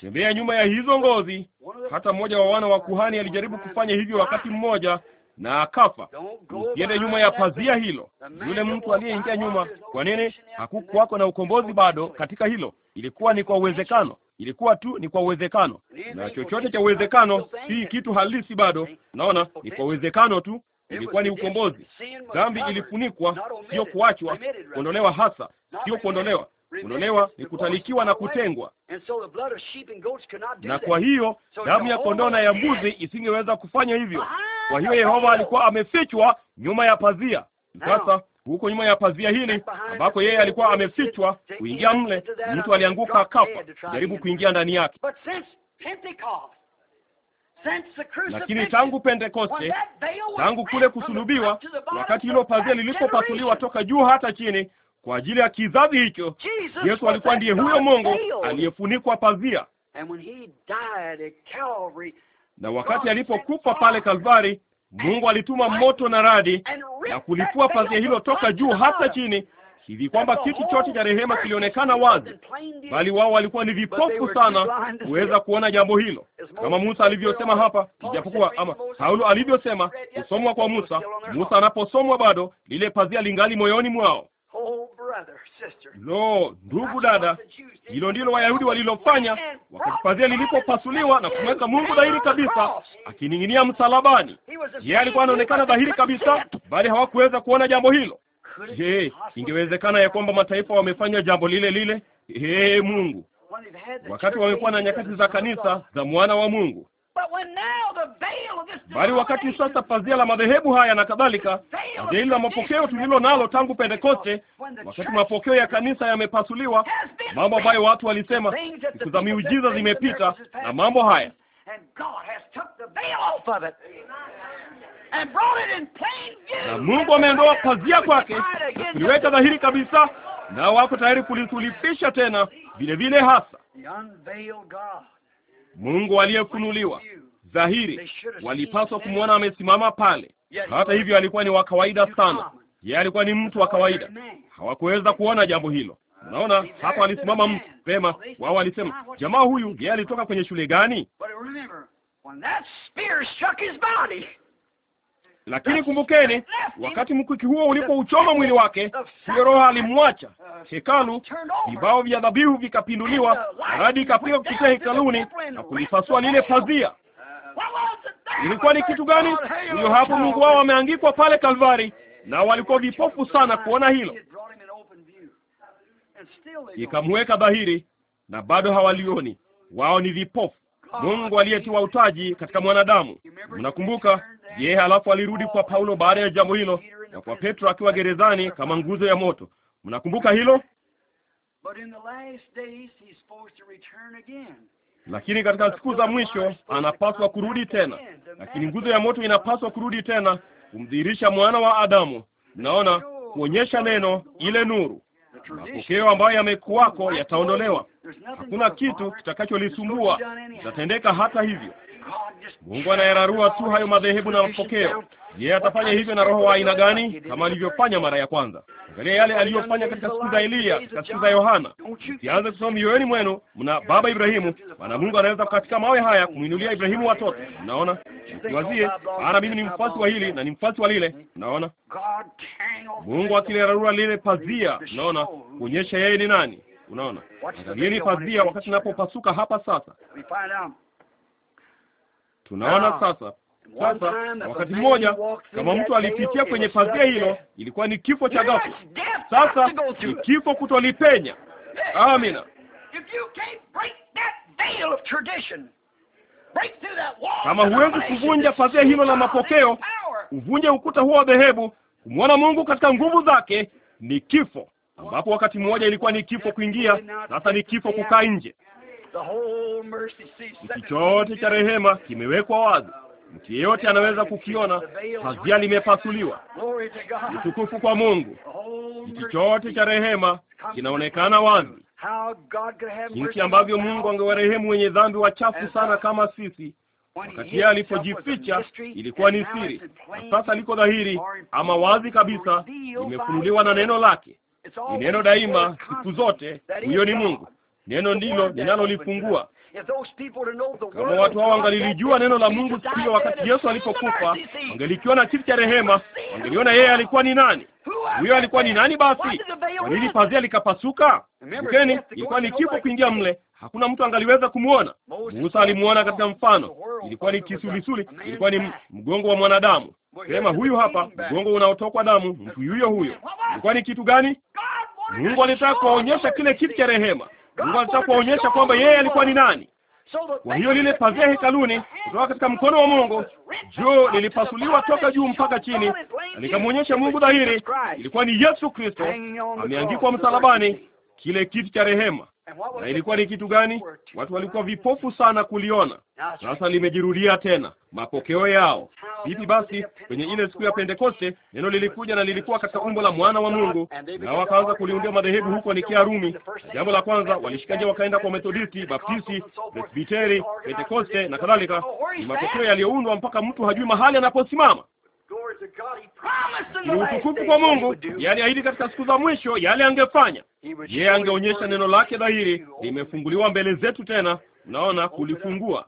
Tembea nyuma ya hizo ngozi. Hata mmoja wa wana wa kuhani alijaribu kufanya hivyo wakati mmoja na akafa. Usiende nyuma ya pazia hilo. Yule mtu aliyeingia nyuma, kwa nini hakukuwako na ukombozi bado katika hilo? Ilikuwa ni kwa uwezekano, ilikuwa tu ni kwa uwezekano, na chochote cha uwezekano, si kitu halisi bado. Naona ni kwa uwezekano tu. Ilikuwa ni ukombozi. Dhambi ilifunikwa, sio kuachwa, kuondolewa hasa, sio kuondolewa. Kuondolewa ni kutalikiwa na kutengwa, na kwa hiyo damu ya kondoo na ya mbuzi isingeweza kufanya hivyo. Kwa hiyo Yehova alikuwa amefichwa nyuma ya pazia. Sasa huko nyuma ya pazia hili ambako yeye alikuwa amefichwa. Kuingia mle, mtu alianguka akafa, jaribu kuingia ndani yake. Lakini tangu Pentekoste, tangu kule kusulubiwa, wakati hilo pazia lilipopasuliwa toka juu hata chini kwa ajili ya kizazi hicho, Yesu alikuwa ndiye huyo Mungu aliyefunikwa pazia na wakati alipokufa pale Kalvari, Mungu alituma moto na radi na kulipua pazia hilo toka juu hata chini, hivi kwamba kitu chote cha rehema kilionekana wazi, bali wao walikuwa ni vipofu sana kuweza kuona jambo hilo, kama Musa alivyosema hapa, ijapokuwa ama Paulo alivyosema kusomwa kwa Musa. Musa anaposomwa bado lile pazia lingali moyoni mwao. Lo, oh, ndugu dada, hilo ndilo Wayahudi walilofanya wakajifadhia lilipopasuliwa na kumweka Mungu dhahiri kabisa akining'inia msalabani. Yeye alikuwa anaonekana dhahiri kabisa, bali hawakuweza kuona jambo hilo. Je, ingewezekana ya kwamba mataifa wamefanya jambo lile lile? Ee Mungu, wakati wamekuwa na nyakati za kanisa za mwana wa Mungu, bali wakati sasa pazia la madhehebu haya na kadhalika, pazia hili la mapokeo tulilo nalo tangu Pentekoste, wakati mapokeo ya kanisa yamepasuliwa, mambo ambayo watu walisema siku za miujiza zimepita na mambo haya na Mungu ameondoa pazia kwake kuliweka dhahiri kabisa, na wako tayari kulisulifisha tena vile vile hasa Mungu aliyefunuliwa dhahiri, walipaswa kumwona amesimama pale. Hata hivyo, alikuwa ni wa kawaida sana, yeye alikuwa ni mtu wa kawaida, hawakuweza kuona jambo hilo. Unaona, hapa alisimama mtu pema. Wao walisema jamaa huyu, yeye alitoka kwenye shule gani? Lakini kumbukeni, wakati mkuki huo ulipouchoma mwili wake, hiyo roho alimwacha. Hekalu, vibao vya dhabihu vikapinduliwa, radi ikapiga kupitia hekaluni na kulipasua lile pazia. Ilikuwa ni kitu gani? Hiyo hapo, Mungu wao ameangikwa pale Kalvari, na walikuwa vipofu sana kuona hilo. Ikamweka dhahiri, na bado hawalioni wao ni vipofu. Mungu aliyetiwa utaji katika mwanadamu. Mnakumbuka? Je, halafu alirudi kwa Paulo baada ya jambo hilo na kwa Petro akiwa gerezani kama nguzo ya moto. Mnakumbuka hilo? Lakini katika siku za mwisho anapaswa kurudi tena, lakini nguzo ya moto inapaswa kurudi tena kumdhihirisha mwana wa Adamu. Mnaona, kuonyesha neno, ile nuru mapokeo ambayo yamekuwako yataondolewa. Hakuna kitu kitakacholisumbua, itatendeka hata hivyo. Mungu anayararua tu hayo madhehebu na mapokeo. Yeye atafanya hivyo na roho wa aina gani? Kama alivyofanya mara ya kwanza. Angalia yale aliyofanya katika siku za Eliya, katika siku za Yohana. Msianze kusoma mioyoni mwenu, mna baba Ibrahimu, maana Mungu anaweza katika mawe haya kumwinulia Ibrahimu watoto. Mnaona, ukiwazie maana mimi ni mfasi wa hili na ni mfasi wa lile. Mnaona, Mungu akilirarua lile pazia, mnaona, kuonyesha yeye ni nani. Unaona, angalieni pazia wakati napopasuka hapa sasa Tunaona sasa sasa, wakati mmoja kama mtu alipitia kwenye pazia hilo, ilikuwa ni kifo cha ghafla. Sasa ni kifo kutolipenya. Amina. Kama huwezi kuvunja pazia hilo la mapokeo, uvunje ukuta huo wa dhehebu, kumwona Mungu katika nguvu zake ni kifo, ambapo wakati mmoja ilikuwa ni kifo kuingia, sasa ni kifo kukaa nje. Kiti chote cha rehema kimewekwa wazi, mtu yeyote anaweza kukiona. Pazia limepasuliwa. Utukufu kwa Mungu. Kiti chote cha rehema kinaonekana wazi. Jinsi ambavyo Mungu angewarehemu wenye dhambi wachafu sana kama sisi. Wakati yeye alipojificha ilikuwa ni siri, na sasa liko dhahiri ama wazi kabisa, limefunuliwa na neno lake. Ni neno daima, siku zote. Huyo ni Mungu. Neno ndilo linalolifungua. Kama watu hao wangalilijua neno la Mungu siku wakati Yesu alipokufa, wangelikiona kiti cha rehema, wangeliona yeye alikuwa ni nani. Huyo alikuwa ni nani? Basi kwa nini pazia likapasuka? Ukeni, ilikuwa ni kifo kuingia mle, hakuna mtu angaliweza kumwona. Musa alimuona katika mfano, ilikuwa ni kisulisuli, ilikuwa ni mgongo wa mwanadamu. Sema huyu hapa mgongo unaotokwa damu, mtu yuyo huyo. Ilikuwa ni kitu gani? Mungu alitaka kuwaonyesha kile kiti cha rehema Mungu alitaka kuwaonyesha kwamba yeye alikuwa ni nani. Kwa hiyo lile pazia hekaluni kutoka katika mkono wa Mungu juu lilipasuliwa toka juu mpaka chini, likamwonyesha Mungu dhahiri, ilikuwa ni Yesu Kristo ameangikwa msalabani, kile kiti cha rehema. Na ilikuwa ni kitu gani? Watu walikuwa vipofu sana kuliona. Sasa limejirudia tena, mapokeo yao vipi? Basi kwenye ile siku ya Pentekoste neno lilikuja na lilikuwa katika umbo la mwana wa Mungu, na wakaanza kuliundia madhehebu huko Nikea, Rumi. Na jambo la kwanza walishikaje? Wakaenda kwa Methodisti, Baptisti, Presbiteri, Pentekoste na kadhalika. Oh, ni mapokeo yaliyoundwa mpaka mtu hajui mahali anaposimama. Ni utukufu kwa Mungu, yaliahidi katika siku za mwisho yale angefanya. Yeye angeonyesha neno lake dhahiri limefunguliwa mbele zetu tena. naona kulifungua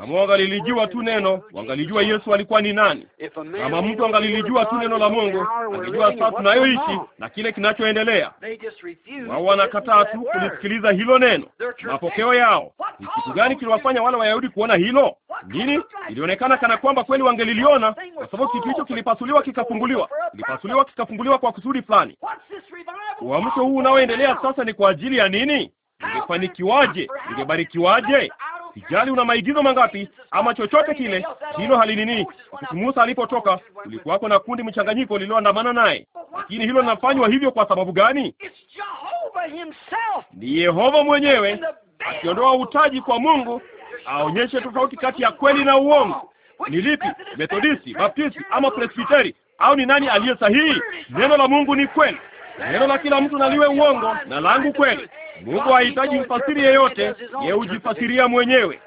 kama wangalilijua tu neno, wangalijua Yesu alikuwa ni nani. Kama mtu angalilijua tu neno la Mungu, angejua saa tunayoishi na kile kinachoendelea. Wao wanakataa tu kulisikiliza hilo neno, mapokeo yao. Ni kitu gani kiliwafanya wale Wayahudi kuona hilo? Nini? Ilionekana kana kwamba kweli wangeliliona, kwa sababu kitu hicho kilipasuliwa kikafunguliwa, kilipasuliwa kikafunguliwa kwa kusudi fulani. Uamsho huu unaoendelea sasa ni kwa ajili ya nini? Ingefanikiwaje? Ingebarikiwaje? sijali una maigizo mangapi ama chochote kile, hilo halinini. Wakati Musa alipotoka, kulikuwako na kundi mchanganyiko lililoandamana naye, lakini hilo linafanywa hivyo kwa sababu gani? Ni Yehova mwenyewe akiondoa utaji kwa Mungu aonyeshe tofauti kati ya kweli na uongo. Ni lipi, Methodisti, Baptisti ama Presbiteri au ni nani aliye sahihi? Neno la Mungu ni kweli, neno la kila mtu naliwe uongo na langu kweli. Mungu hahitaji mfasiri yeyote, yeye hujifasiria mwenyewe.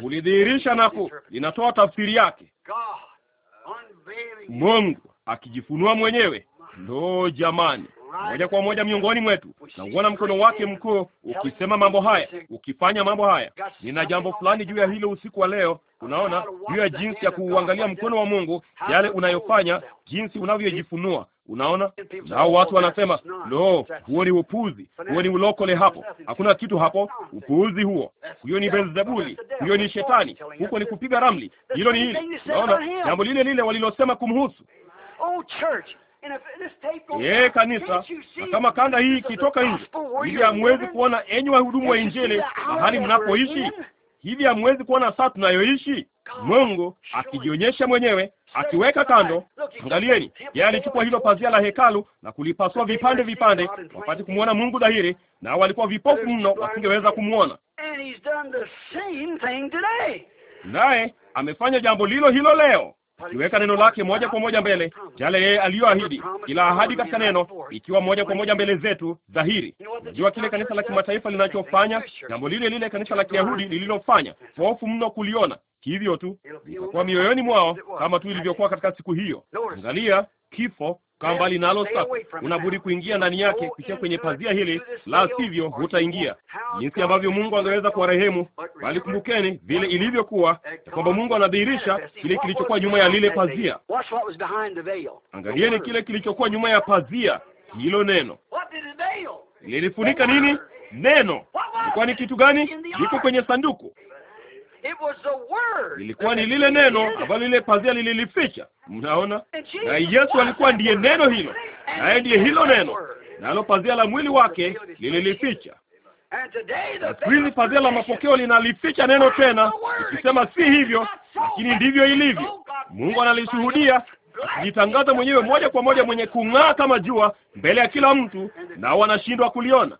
Hulidhihirisha nako linatoa tafsiri yake. Mungu akijifunua mwenyewe. Ndo jamani, moja kwa moja miongoni mwetu nauona mkono wake mkuu ukisema mambo haya, ukifanya mambo haya. Nina jambo fulani juu ya hilo usiku wa leo, unaona, juu ya jinsi ya kuuangalia mkono wa Mungu, yale unayofanya, jinsi unavyojifunua Unaona, nao watu wanasema lo, huo ni upuzi, huo ni ulokole, hapo hakuna kitu hapo, upuzi huo, huyo ni Beelzebuli, huyo ni shetani, huko ni kupiga ramli, hilo ni hili. Unaona, jambo lile lile walilosema kumhusu oh, ye kanisa, na kama kanda hii ikitoka nje, hivi hamwezi kuona, enyi wahudumu wa Injili, mahali mnapoishi? Hivi hamwezi kuona saa tunayoishi, Mungu akijionyesha mwenyewe akiweka kando. Angalieni, yeye alichukua hilo pazia la hekalu na kulipasua vipande vipande, wapate kumwona Mungu dhahiri, na walikuwa vipofu mno, wasingeweza kumwona. Naye amefanya jambo lilo hilo leo, akiweka neno lake moja kwa moja mbele, yale yeye aliyoahidi, ila ahadi katika neno ikiwa moja kwa moja mbele zetu dhahiri. Najua kile kanisa la kimataifa linachofanya, jambo lile lile kanisa la Kiyahudi lililofanya, hofu mno kuliona Hivyo tu kwa mioyoni mwao, kama tu ilivyokuwa katika siku hiyo. Angalia kifo kamba nalo sasa, unabudi kuingia ndani yake kupitia kwenye pazia hili, la sivyo hutaingia. Jinsi ambavyo Mungu angeweza kuwarehemu, bali kumbukeni vile ilivyokuwa kwamba Mungu anadhihirisha kile kilichokuwa nyuma ya lile pazia. Angalieni kile kilichokuwa nyuma ya pazia hilo, neno lilifunika nini? Neno ilikuwa ni kitu gani? Liko kwenye sanduku ilikuwa ni lile neno ambalo lile pazia lililificha. Mnaona, na Yesu alikuwa ndiye neno hilo, naye ndiye hilo neno, nalo pazia la mwili wake lililificha. Na siku hizi pazia la mapokeo linalificha neno tena, ikisema si hivyo, lakini ndivyo ilivyo. Mungu analishuhudia akijitangaza mwenyewe moja kwa moja, mwenye kung'aa kama jua mbele ya kila mtu, nao wanashindwa kuliona.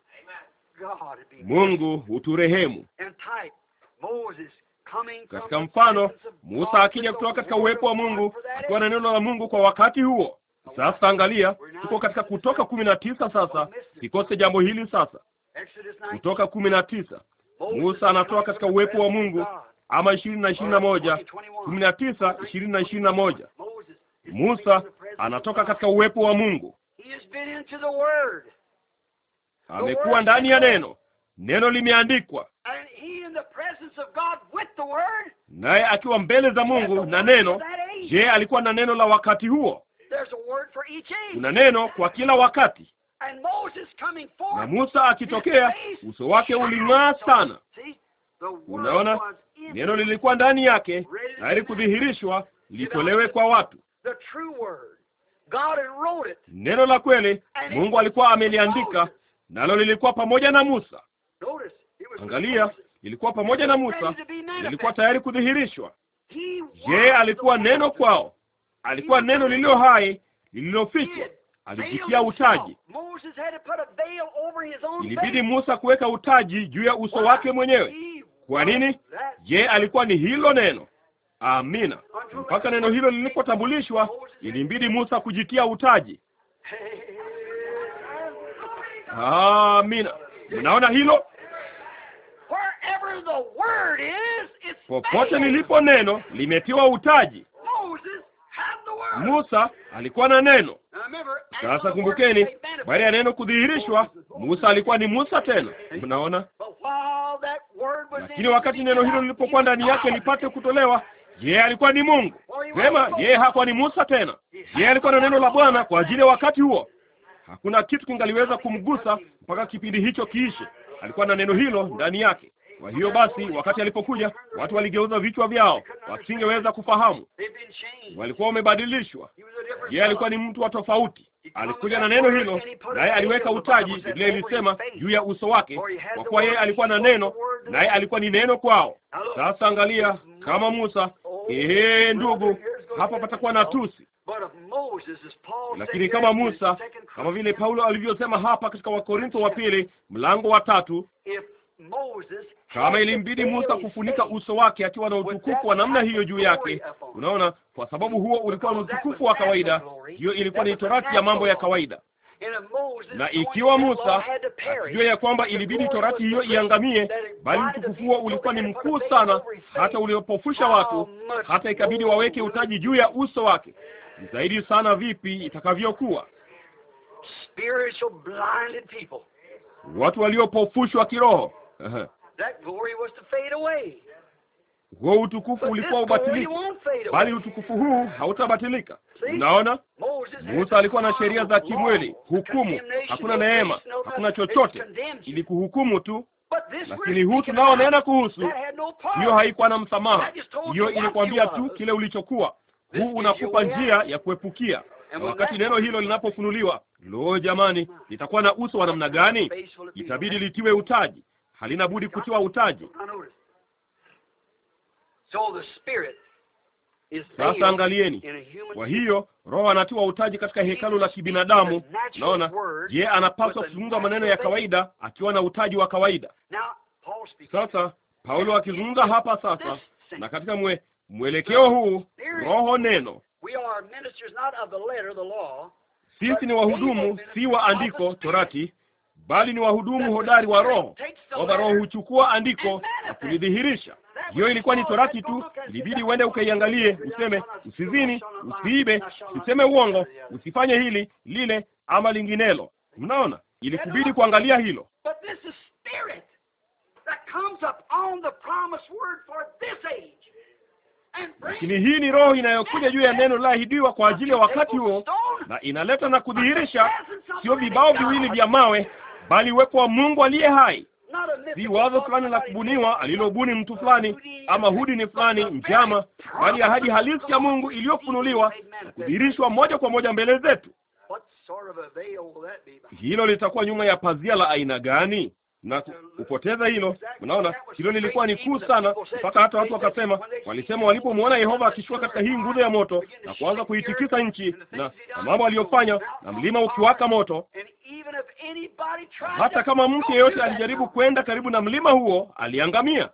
Mungu uturehemu. Katika mfano, Musa akija kutoka katika uwepo wa Mungu akiwa na neno la Mungu kwa wakati huo. Sasa angalia, tuko katika Kutoka kumi na tisa. Sasa kikose jambo hili sasa, Kutoka kumi na tisa, Musa anatoka katika uwepo wa Mungu, ama ishirini na ishirini na moja, kumi na tisa, ishirini na ishirini na moja. Musa anatoka katika uwepo wa Mungu, amekuwa ndani ya neno, neno limeandikwa naye akiwa mbele za Mungu na neno. Je, alikuwa na neno la wakati huo? Kuna neno kwa kila wakati na Musa akitokea, uso wake uling'aa sana. Unaona, neno lilikuwa ndani yake tayari kudhihirishwa, litolewe kwa watu. Neno la kweli Mungu alikuwa ameliandika, nalo lilikuwa pamoja na Musa. Angalia, ilikuwa pamoja na Musa, ilikuwa tayari kudhihirishwa. Yeye alikuwa neno kwao, alikuwa neno lililo hai, lililofichwa alijitia utaji. Ilibidi Musa kuweka utaji juu ya uso wake mwenyewe. Kwa nini? Je, alikuwa ni hilo neno? Amina. Mpaka neno hilo lilipotambulishwa, ilibidi Musa kujitia utaji. Amina. Mnaona hilo? popote lilipo neno limetiwa utaji. Musa alikuwa na neno. Sasa kumbukeni, baada ya neno kudhihirishwa, Musa alikuwa ni Musa tena. Mnaona? Lakini wakati neno hilo lilipokuwa ndani yake lipate kutolewa, yeye alikuwa ni Mungu. Sema, yeye hakuwa ni Musa tena. Yeye alikuwa na neno la Bwana kwa ajili ya wakati huo. Hakuna kitu kingaliweza kumgusa mpaka kipindi hicho kiishe. Alikuwa na neno hilo ndani yake. Kwa hiyo basi, wakati alipokuja, watu waligeuza vichwa vyao, wasingeweza kufahamu, walikuwa wamebadilishwa. Yeye alikuwa ni mtu wa tofauti. Alikuja na neno hilo, naye aliweka utaji, Biblia ilisema, juu ya uso wake, kwa kuwa yeye alikuwa na neno, naye alikuwa ni neno kwao. Sasa angalia, kama Musa, ehe, ndugu, hapa patakuwa na tusi lakini kama Musa, kama vile Paulo alivyosema hapa katika Wakorintho wa pili mlango wa tatu, kama ilimbidi Musa kufunika uso wake akiwa na utukufu wa namna hiyo juu yake. Unaona, kwa sababu huo ulikuwa ni utukufu wa kawaida, hiyo ilikuwa ni torati ya mambo ya kawaida. Na ikiwa Musa akijua ya kwamba ilibidi torati hiyo iangamie, bali utukufu huo ulikuwa ni mkuu sana, hata uliopofusha watu, hata ikabidi waweke utaji juu ya uso wake. Ni zaidi sana vipi itakavyokuwa watu waliopofushwa kiroho huo utukufu ulikuwa ubatilika, bali utukufu huu hautabatilika. Unaona, Musa alikuwa na sheria za kimwili, hukumu, hakuna neema, hakuna chochote, ili kuhukumu tu. Lakini huu tunaonena kuhusu hiyo, haikuwa na msamaha. Hiyo ilikwambia tu kile ulichokuwa. Huu unakupa njia ya kuepukia. Na wakati neno hilo linapofunuliwa, lo, jamani, litakuwa na uso wa namna gani? Itabidi litiwe utaji halina budi kutiwa utaji. Sasa angalieni, kwa hiyo Roho anatiwa utaji katika hekalu la kibinadamu. Naona je, anapaswa kuzungumza maneno ya kawaida akiwa na utaji wa kawaida. Sasa Paulo akizungumza hapa sasa, na katika mwe, mwelekeo huu roho neno, sisi ni wahudumu si wa andiko torati, bali ni wahudumu hodari wa Roho, kwamba Roho huchukua andiko na kulidhihirisha. Hiyo ilikuwa ni torati tu, ilibidi uende ukaiangalie, useme usizini, usiibe, usiseme uongo, usifanye hili lile ama linginelo. Mnaona, ilikubidi kuangalia hilo lakini hii ni roho inayokuja juu ya neno lililoahidiwa kwa ajili ya wakati huo, na inaleta na kudhihirisha, sio vibao viwili vya mawe bali uwepo wa Mungu aliye hai, si wazo fulani la kubuniwa alilobuni mtu fulani ama hudini fulani njama bali ahadi halisi ya Mungu iliyofunuliwa na kudhihirishwa moja kwa moja mbele zetu. Hilo litakuwa nyuma ya pazia la aina gani? na kupoteza hilo. Unaona, hilo lilikuwa ni kuu sana, mpaka hata watu wakasema, walisema walipomwona Yehova akishuka katika hii nguzo ya moto na kuanza kuitikisa nchi na, na mambo aliyofanya na mlima ukiwaka moto, hata kama mtu yeyote alijaribu kwenda karibu na mlima huo aliangamia.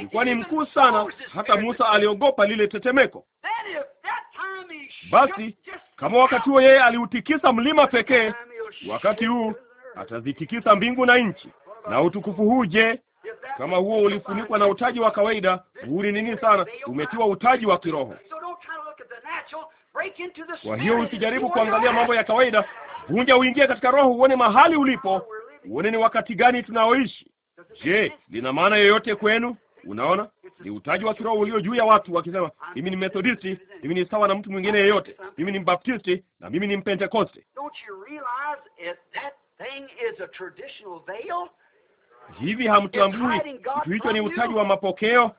Ilikuwa ni mkuu sana, hata Musa aliogopa lile tetemeko. Basi kama wakati huo yeye aliutikisa mlima pekee, wakati huu atazitikisa mbingu na nchi. Na utukufu huu, je, kama huo ulifunikwa na utaji wa kawaida, huu ni nini sana? Umetiwa utaji wa kiroho. Kwa hiyo usijaribu kuangalia mambo ya kawaida, vunja uingie katika roho, uone mahali ulipo, uone ni wakati gani tunaoishi. Je, lina maana yoyote kwenu? Unaona, ni utaji wa kiroho ulio juu ya watu wakisema, mimi ni Methodisti, mimi ni sawa na mtu mwingine yeyote, mimi ni Mbaptisti na mimi ni Mpentekoste. Hivi hamtambui kitu hicho ni utaji wa mapokeo?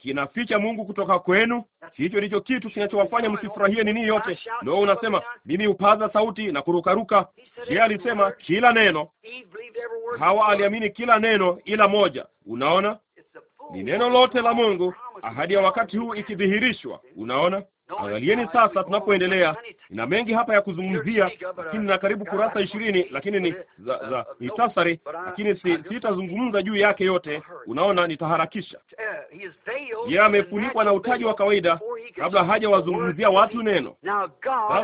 Kinaficha Mungu kutoka kwenu. Hicho ndicho kitu kinachowafanya msifurahie nini yote. Ndio unasema mimi upaza sauti na kurukaruka. Yeye alisema kila neno, hawa aliamini kila neno ila moja. Unaona, ni neno lote la Mungu, ahadi ya wakati huu ikidhihirishwa. Unaona, Angalieni sasa, tunapoendelea, ina mengi hapa ya kuzungumzia, lakini na karibu kurasa ishirini, lakini ni za, za hitasari, lakini si, sitazungumza juu yake yote. Unaona, nitaharakisha. Yeye amefunikwa na utaji wa kawaida kabla hajawazungumzia watu neno.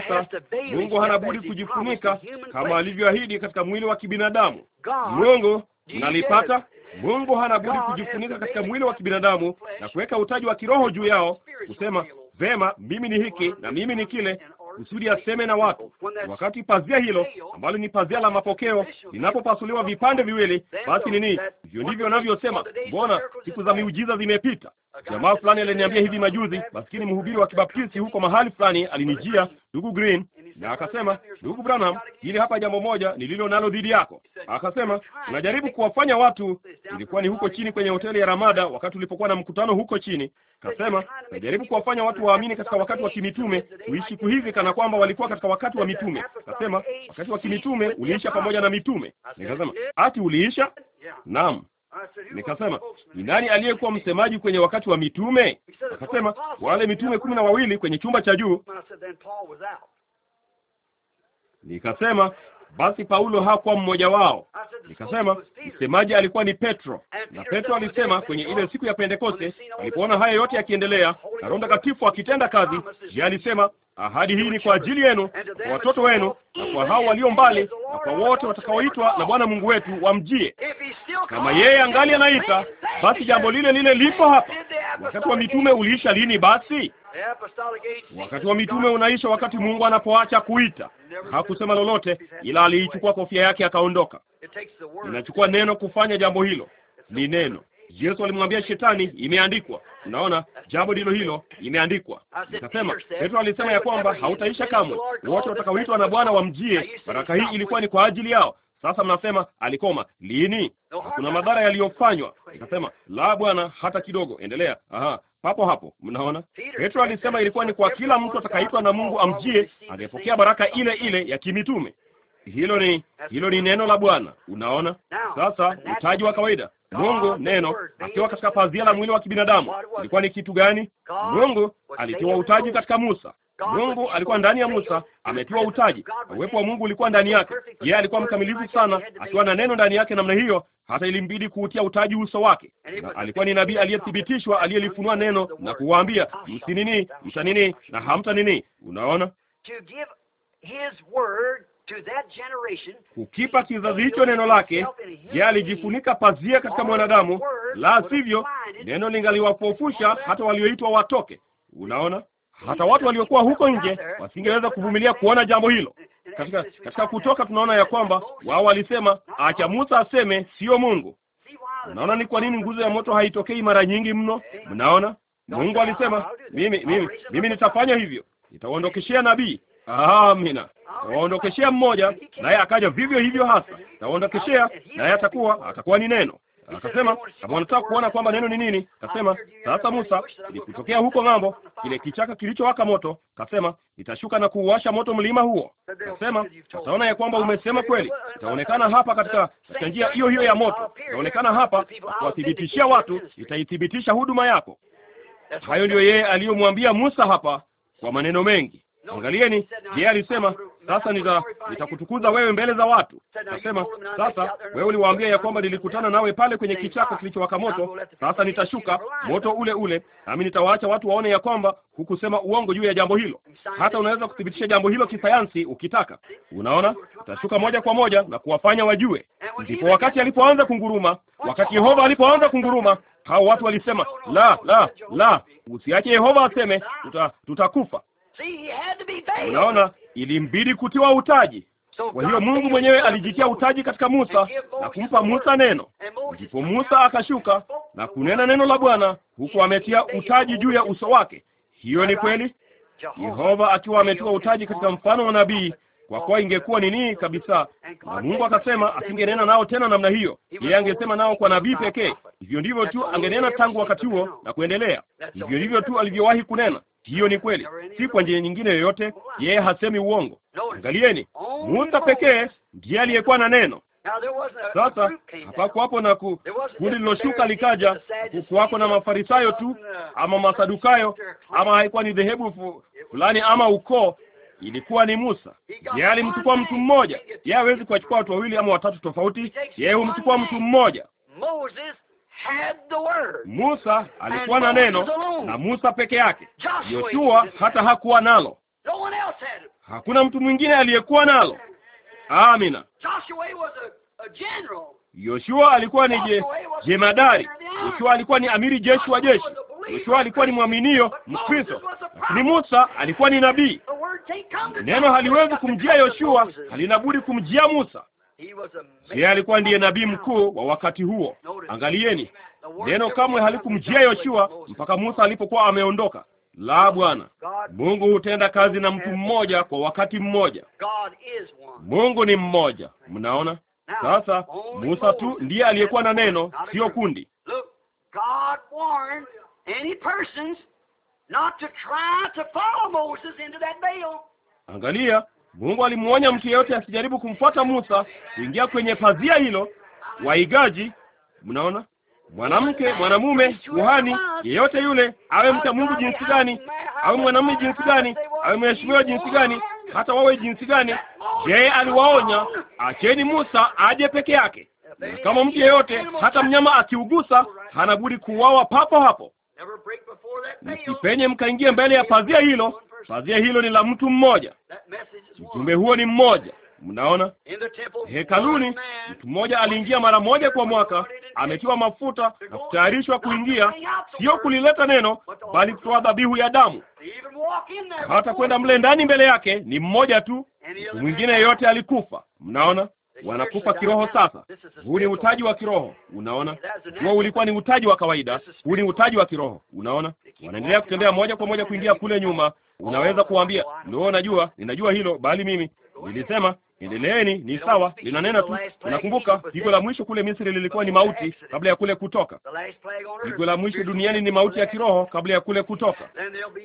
Sasa Mungu hana budi kujifunika kama alivyoahidi katika mwili wa kibinadamu. Mungu nalipata Mungu hana budi kujifunika katika mwili wa kibinadamu na kuweka utaji wa kiroho juu yao, kusema vema, mimi ni hiki na mimi ni kile, kusudi aseme na watu. Wakati pazia hilo ambalo ni pazia la mapokeo linapopasuliwa vipande viwili, basi nini? Hivyo ndivyo wanavyosema, mbona siku za miujiza zimepita? Jamaa fulani aliniambia hivi majuzi, maskini mhubiri wa Kibaptisti huko mahali fulani alinijia, ndugu Green, na akasema, ndugu Branham, hili hapa jambo moja nililo nalo dhidi yako. Akasema unajaribu kuwafanya watu. Ilikuwa ni huko chini kwenye hoteli ya Ramada, wakati ulipokuwa na mkutano huko chini. Akasema unajaribu kuwafanya watu waamini katika wakati wa kimitume, uishi kuhivi kana kwamba walikuwa katika wakati wa mitume. Akasema wakati wa kimitume uliisha pamoja na mitume. Nikasema ati uliisha? Naam. Nikasema, ni nani aliyekuwa msemaji kwenye wakati wa mitume? Akasema wale mitume kumi na wawili kwenye chumba cha juu. Nikasema basi Paulo hakuwa mmoja wao. Nikasema msemaji alikuwa ni Petro, na Petro alisema kwenye ile siku ya Pentekoste alipoona haya yote yakiendelea na Roho Mtakatifu akitenda kazi, yeye alisema Ahadi hii ni kwa ajili yenu, kwa watoto wenu, na kwa hao walio mbali, na kwa wote watakaoitwa na Bwana Mungu wetu wamjie. Kama yeye angali anaita, basi jambo lile lile lipo hapa. Wakati wa mitume uliisha lini? Basi wakati wa mitume unaisha wakati Mungu anapoacha kuita. Hakusema lolote, ila aliichukua kofia yake akaondoka. Inachukua neno kufanya jambo hilo, ni neno Yesu alimwambia Shetani, imeandikwa. Unaona jambo ndilo hilo, imeandikwa. Nikasema Petro alisema ya kwamba hautaisha kamwe, wote watakaoitwa na Bwana wamjie. Baraka hii ilikuwa ni kwa ajili yao. Sasa mnasema alikoma lini? Kuna madhara yaliyofanywa. Nikasema la, Bwana, hata kidogo. Endelea. Aha, papo hapo. Mnaona, Petro alisema ilikuwa ni kwa kila mtu atakaitwa na Mungu amjie, angepokea baraka ile ile ya kimitume. Hilo ni hilo ni neno la Bwana. Unaona sasa utaji wa kawaida Mungu neno akiwa katika pazia la mwili wa kibinadamu ilikuwa ni kitu gani? Mungu alitiwa utaji katika Musa. Mungu alikuwa ndani ya Musa, ametiwa utaji, uwepo wa Mungu ulikuwa ndani yake. Yeye alikuwa mkamilifu sana, akiwa na neno ndani yake namna hiyo, hata ilimbidi kuutia utaji uso wake, na alikuwa ni nabii aliyethibitishwa, aliyelifunua neno na kuwaambia msinini, mtanini na hamta nini Unaona kukipa kizazi hicho neno lake. Je, alijifunika pazia katika mwanadamu? La sivyo, neno lingaliwapofusha hata walioitwa watoke. Unaona, hata watu waliokuwa huko nje wasingeweza kuvumilia kuona jambo hilo. Katika, katika Kutoka tunaona ya kwamba wao walisema acha Musa aseme, sio Mungu. Unaona ni kwa nini nguzo ya moto haitokei mara nyingi mno? Mnaona, Mungu alisema mimi, mimi, mimi nitafanya hivyo, nitaondokeshea nabii Amina. Waondokeshea mmoja, naye akaja vivyo hivyo hasa, na naye atakuwa atakuwa ni neno. Akasema, kama wanataka kuona kwamba neno ni nini, kasema sasa, Musa, ilikutokea huko ng'ambo kile kichaka kilichowaka moto, kasema itashuka na kuuasha moto mlima huo. Kasema wataona ya kwamba umesema kweli, itaonekana hapa katika katika njia hiyo hiyo ya moto, itaonekana hapa kuwathibitishia watu, itaithibitisha huduma yako. Hayo ndiyo yeye aliyomwambia Musa hapa kwa maneno mengi. Angalieni, yeye alisema sasa nita, nitakutukuza wewe mbele za watu. Nasema sasa, wewe uliwaambia ya kwamba nilikutana nawe pale kwenye kichaka ah, kilichowaka moto. Sasa nitashuka moto ule ule, nami nitawaacha watu waone ya kwamba hukusema uongo juu ya jambo hilo. Hata unaweza kuthibitisha jambo hilo kisayansi ukitaka. Unaona, utashuka moja kwa moja na kuwafanya wajue. Ndipo wakati alipoanza kunguruma, wakati Yehova alipoanza kunguruma hao watu walisema la la la, usiache Yehova aseme, tuta, tutakufa. Unaona, ilimbidi kutiwa utaji. Kwa hiyo Mungu mwenyewe alijitia utaji katika Musa na kumpa Musa neno, ndipo Musa akashuka na kunena neno la Bwana huku ametia utaji juu ya uso wake. Hiyo ni kweli, Yehova akiwa ametiwa utaji katika mfano wa nabii kwa kuwa ingekuwa nini kabisa, na Mungu akasema asingenena nao tena namna hiyo. Yeye angesema nao kwa nabii pekee. Hivyo ndivyo tu angenena tangu wakati huo na kuendelea. Hivyo ndivyo tu alivyowahi kunena. Hiyo ni kweli, si kwa njia nyingine yoyote. Yeye hasemi uongo. Angalieni, Musa pekee ndiye aliyekuwa na neno. Sasa hapakuwapo na ku, kundi liloshuka likaja. Kukuwako na mafarisayo tu ama masadukayo, ama haikuwa ni dhehebu fulani ama ukoo Ilikuwa ni Musa. Yeye alimchukua mtu mmoja. Yeye hawezi kuwachukua watu wawili ama watatu tofauti. Yeye humchukua mtu mmoja. Musa alikuwa na neno na Musa peke yake. Yoshua hata hakuwa nalo, hakuna mtu mwingine aliyekuwa nalo. Amina. Yoshua alikuwa ni je, jemadari. Yoshua alikuwa ni amiri jeshi wa jeshi. Yoshua alikuwa ni mwaminio Mkristo, lakini Musa alikuwa ni nabii. Neno haliwezi kumjia Yoshua, halinabudi kumjia Musa. Yeye alikuwa ndiye nabii mkuu wa wakati huo. Angalieni, neno kamwe halikumjia Yoshua mpaka Musa alipokuwa ameondoka. La, Bwana Mungu hutenda kazi na mtu mmoja kwa wakati mmoja. Mungu ni mmoja, mnaona? Sasa Musa tu ndiye aliyekuwa na neno, sio kundi. Angalia, Mungu alimwonya mtu yeyote asijaribu kumfuata Musa kuingia kwenye pazia hilo. Waigaji, mnaona, mwanamke, mwanamume, kuhani yeyote yule, awe mta Mungu jinsi gani, awe mwanamume jinsi gani, awe mheshimiwa jinsi gani, hata wawe jinsi gani. Je, aliwaonya acheni Musa aje peke yake, na kama mtu yeyote hata mnyama akiugusa hanabudi kuuawa papo hapo. Msipenye mkaingia mbele ya pazia hilo Pazia hilo ni la mtu mmoja, ujumbe huo ni mmoja. Mnaona, hekaluni mtu mmoja aliingia mara moja kwa mwaka, ametiwa mafuta na kutayarishwa kuingia, sio kulileta neno, bali kutoa dhabihu ya damu. Hata kwenda mle ndani mbele yake ni mmoja tu, mwingine yeyote alikufa. Mnaona, wanakufa kiroho. Sasa huu ni utaji wa kiroho, unaona. Huo ulikuwa ni utaji wa kawaida, huu ni utaji wa kiroho, unaona. Wanaendelea kutembea moja kwa moja kuingia kule nyuma. Unaweza kuambia ndio, najua, ninajua hilo, bali mimi nilisema Endeleeni, ni sawa, linanena tu. Unakumbuka pigo la mwisho kule Misri lilikuwa ni mauti kabla ya kule kutoka. Pigo la mwisho duniani ni mauti ya kiroho kabla ya kule kutoka.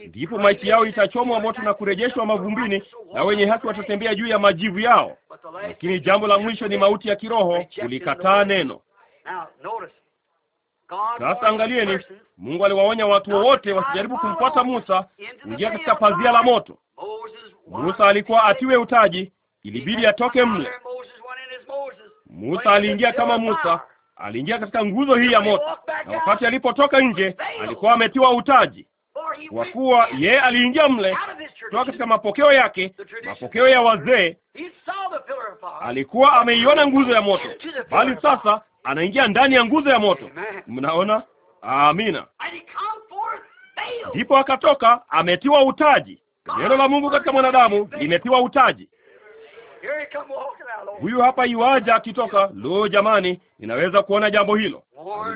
Ndipo maiti yao itachomwa moto na kurejeshwa mavumbini, na wenye haki watatembea juu ya majivu yao. Lakini jambo la mwisho ni mauti ya kiroho, kulikataa neno. Sasa angalieni, Mungu aliwaonya watu wowote wasijaribu kumfuata Musa, ingia katika pazia la moto. Musa alikuwa atiwe utaji ilibidi atoke mle. Musa aliingia kama Musa, aliingia katika nguzo hii ya moto, na wakati alipotoka nje alikuwa ametiwa utaji, kwa kuwa yeye aliingia mle kutoka katika mapokeo yake, mapokeo ya wazee. Alikuwa ameiona nguzo ya moto, bali sasa anaingia ndani ya nguzo ya moto. Mnaona? Amina. Ndipo akatoka ametiwa utaji. Neno la Mungu katika mwanadamu limetiwa utaji. Huyu hapa iwaja akitoka. Lo, jamani, ninaweza kuona jambo hilo.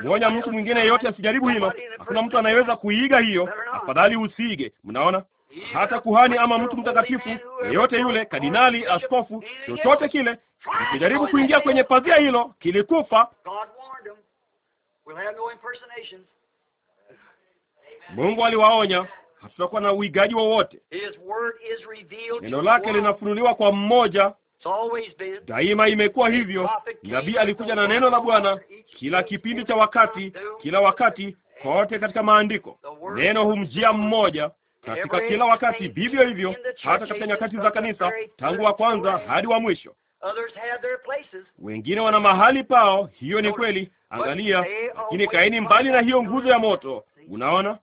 Mwonya mtu mwingine yeyote asijaribu hilo. Hakuna mtu anayeweza kuiga hiyo, afadhali usiige. Mnaona, hata kuhani ama mtu mtakatifu yeyote yule, kardinali, askofu, chochote kile, ukijaribu kuingia kwenye pazia hilo, kilikufa. Mungu aliwaonya. Hatutakuwa na uigaji wowote. Neno lake linafunuliwa kwa mmoja daima. Imekuwa hivyo. Nabii alikuja na neno la Bwana kila kipindi cha wakati, kila wakati, kote katika maandiko neno humjia mmoja katika kila wakati, vivyo hivyo hata katika nyakati za kanisa, tangu wa kwanza hadi wa mwisho. Wengine wana mahali pao, hiyo ni kweli, angalia. Lakini kaeni mbali na hiyo nguzo ya moto, unaona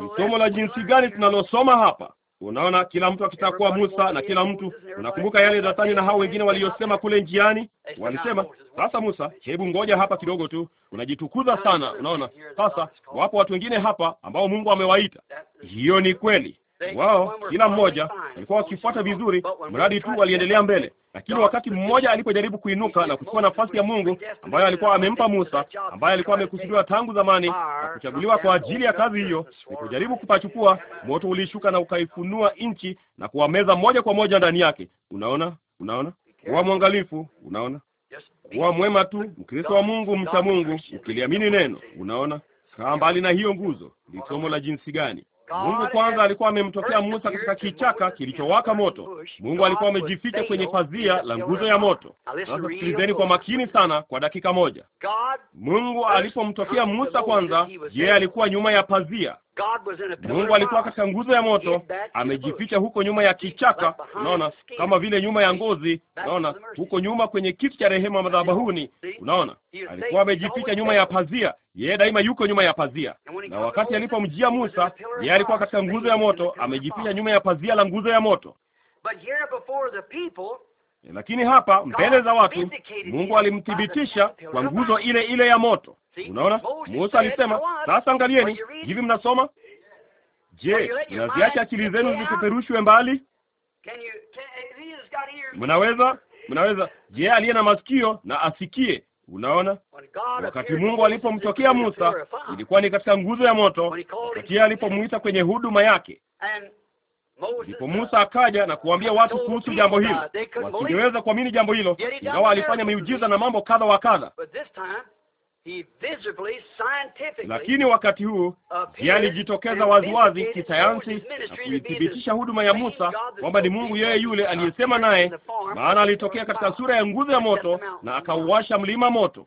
ni somo la jinsi gani tunalosoma hapa. Unaona, kila mtu akitakuwa Musa na kila mtu, unakumbuka yale Dathani na hao wengine waliyosema kule njiani, walisema sasa, Musa, hebu ngoja hapa kidogo tu, unajitukuza sana. Unaona, sasa wapo watu wengine hapa ambao Mungu amewaita. Hiyo ni kweli, wao, kila mmoja walikuwa wakifuata vizuri, mradi tu waliendelea mbele. Lakini wakati mmoja alipojaribu kuinuka na kuchukua nafasi ya Mungu ambayo alikuwa amempa Musa, ambaye alikuwa amekusudiwa tangu zamani na kuchaguliwa kwa ajili ya kazi hiyo, alipojaribu kupachukua, moto ulishuka na ukaifunua nchi na kuwameza moja kwa moja ndani yake. Unaona, unaona, kuwa mwangalifu, unaona, kuwa mwema tu, Mkristo wa Mungu, mcha Mungu, ukiliamini neno. Unaona, kaa mbali na hiyo nguzo. Ni somo la jinsi gani! Mungu kwanza alikuwa amemtokea Musa katika kichaka kilichowaka moto. Mungu alikuwa amejificha kwenye pazia la nguzo ya moto. Sasa sikilizeni kwa makini sana kwa dakika moja. Mungu alipomtokea Musa kwanza, yeye alikuwa nyuma ya pazia. Mungu alikuwa katika nguzo ya moto, amejificha huko nyuma ya kichaka, unaona, kama vile nyuma ya ngozi, unaona, huko nyuma kwenye kiti cha rehema madhabahuni, unaona, alikuwa amejificha nyuma ya pazia. Yeye daima yuko nyuma ya pazia, na wakati alipomjia Musa, yeye alikuwa katika nguzo ya moto, amejificha nyuma ya pazia la nguzo ya moto. E, lakini hapa mbele za watu Mungu alimthibitisha kwa nguzo ile ile ya moto. Unaona, Musa alisema, sasa angalieni hivi, mnasoma je, mnaziacha akili zenu zipeperushwe mbali? Mnaweza, mnaweza. Je, aliye na masikio na asikie. Unaona, wakati Mungu alipomtokea Musa ilikuwa ni katika nguzo ya moto, wakati alipomwita kwenye huduma yake Ndipo Musa akaja na kuambia watu kuhusu jambo hilo. Wasingeweza kuamini jambo hilo, ingawa alifanya miujiza na mambo kadha wa kadha. Lakini wakati huu yeye alijitokeza waziwazi kisayansi na kuithibitisha huduma ya Musa kwamba ni Mungu yeye yule aliyesema naye, maana alitokea katika sura ya nguzo ya moto na akauwasha mlima moto.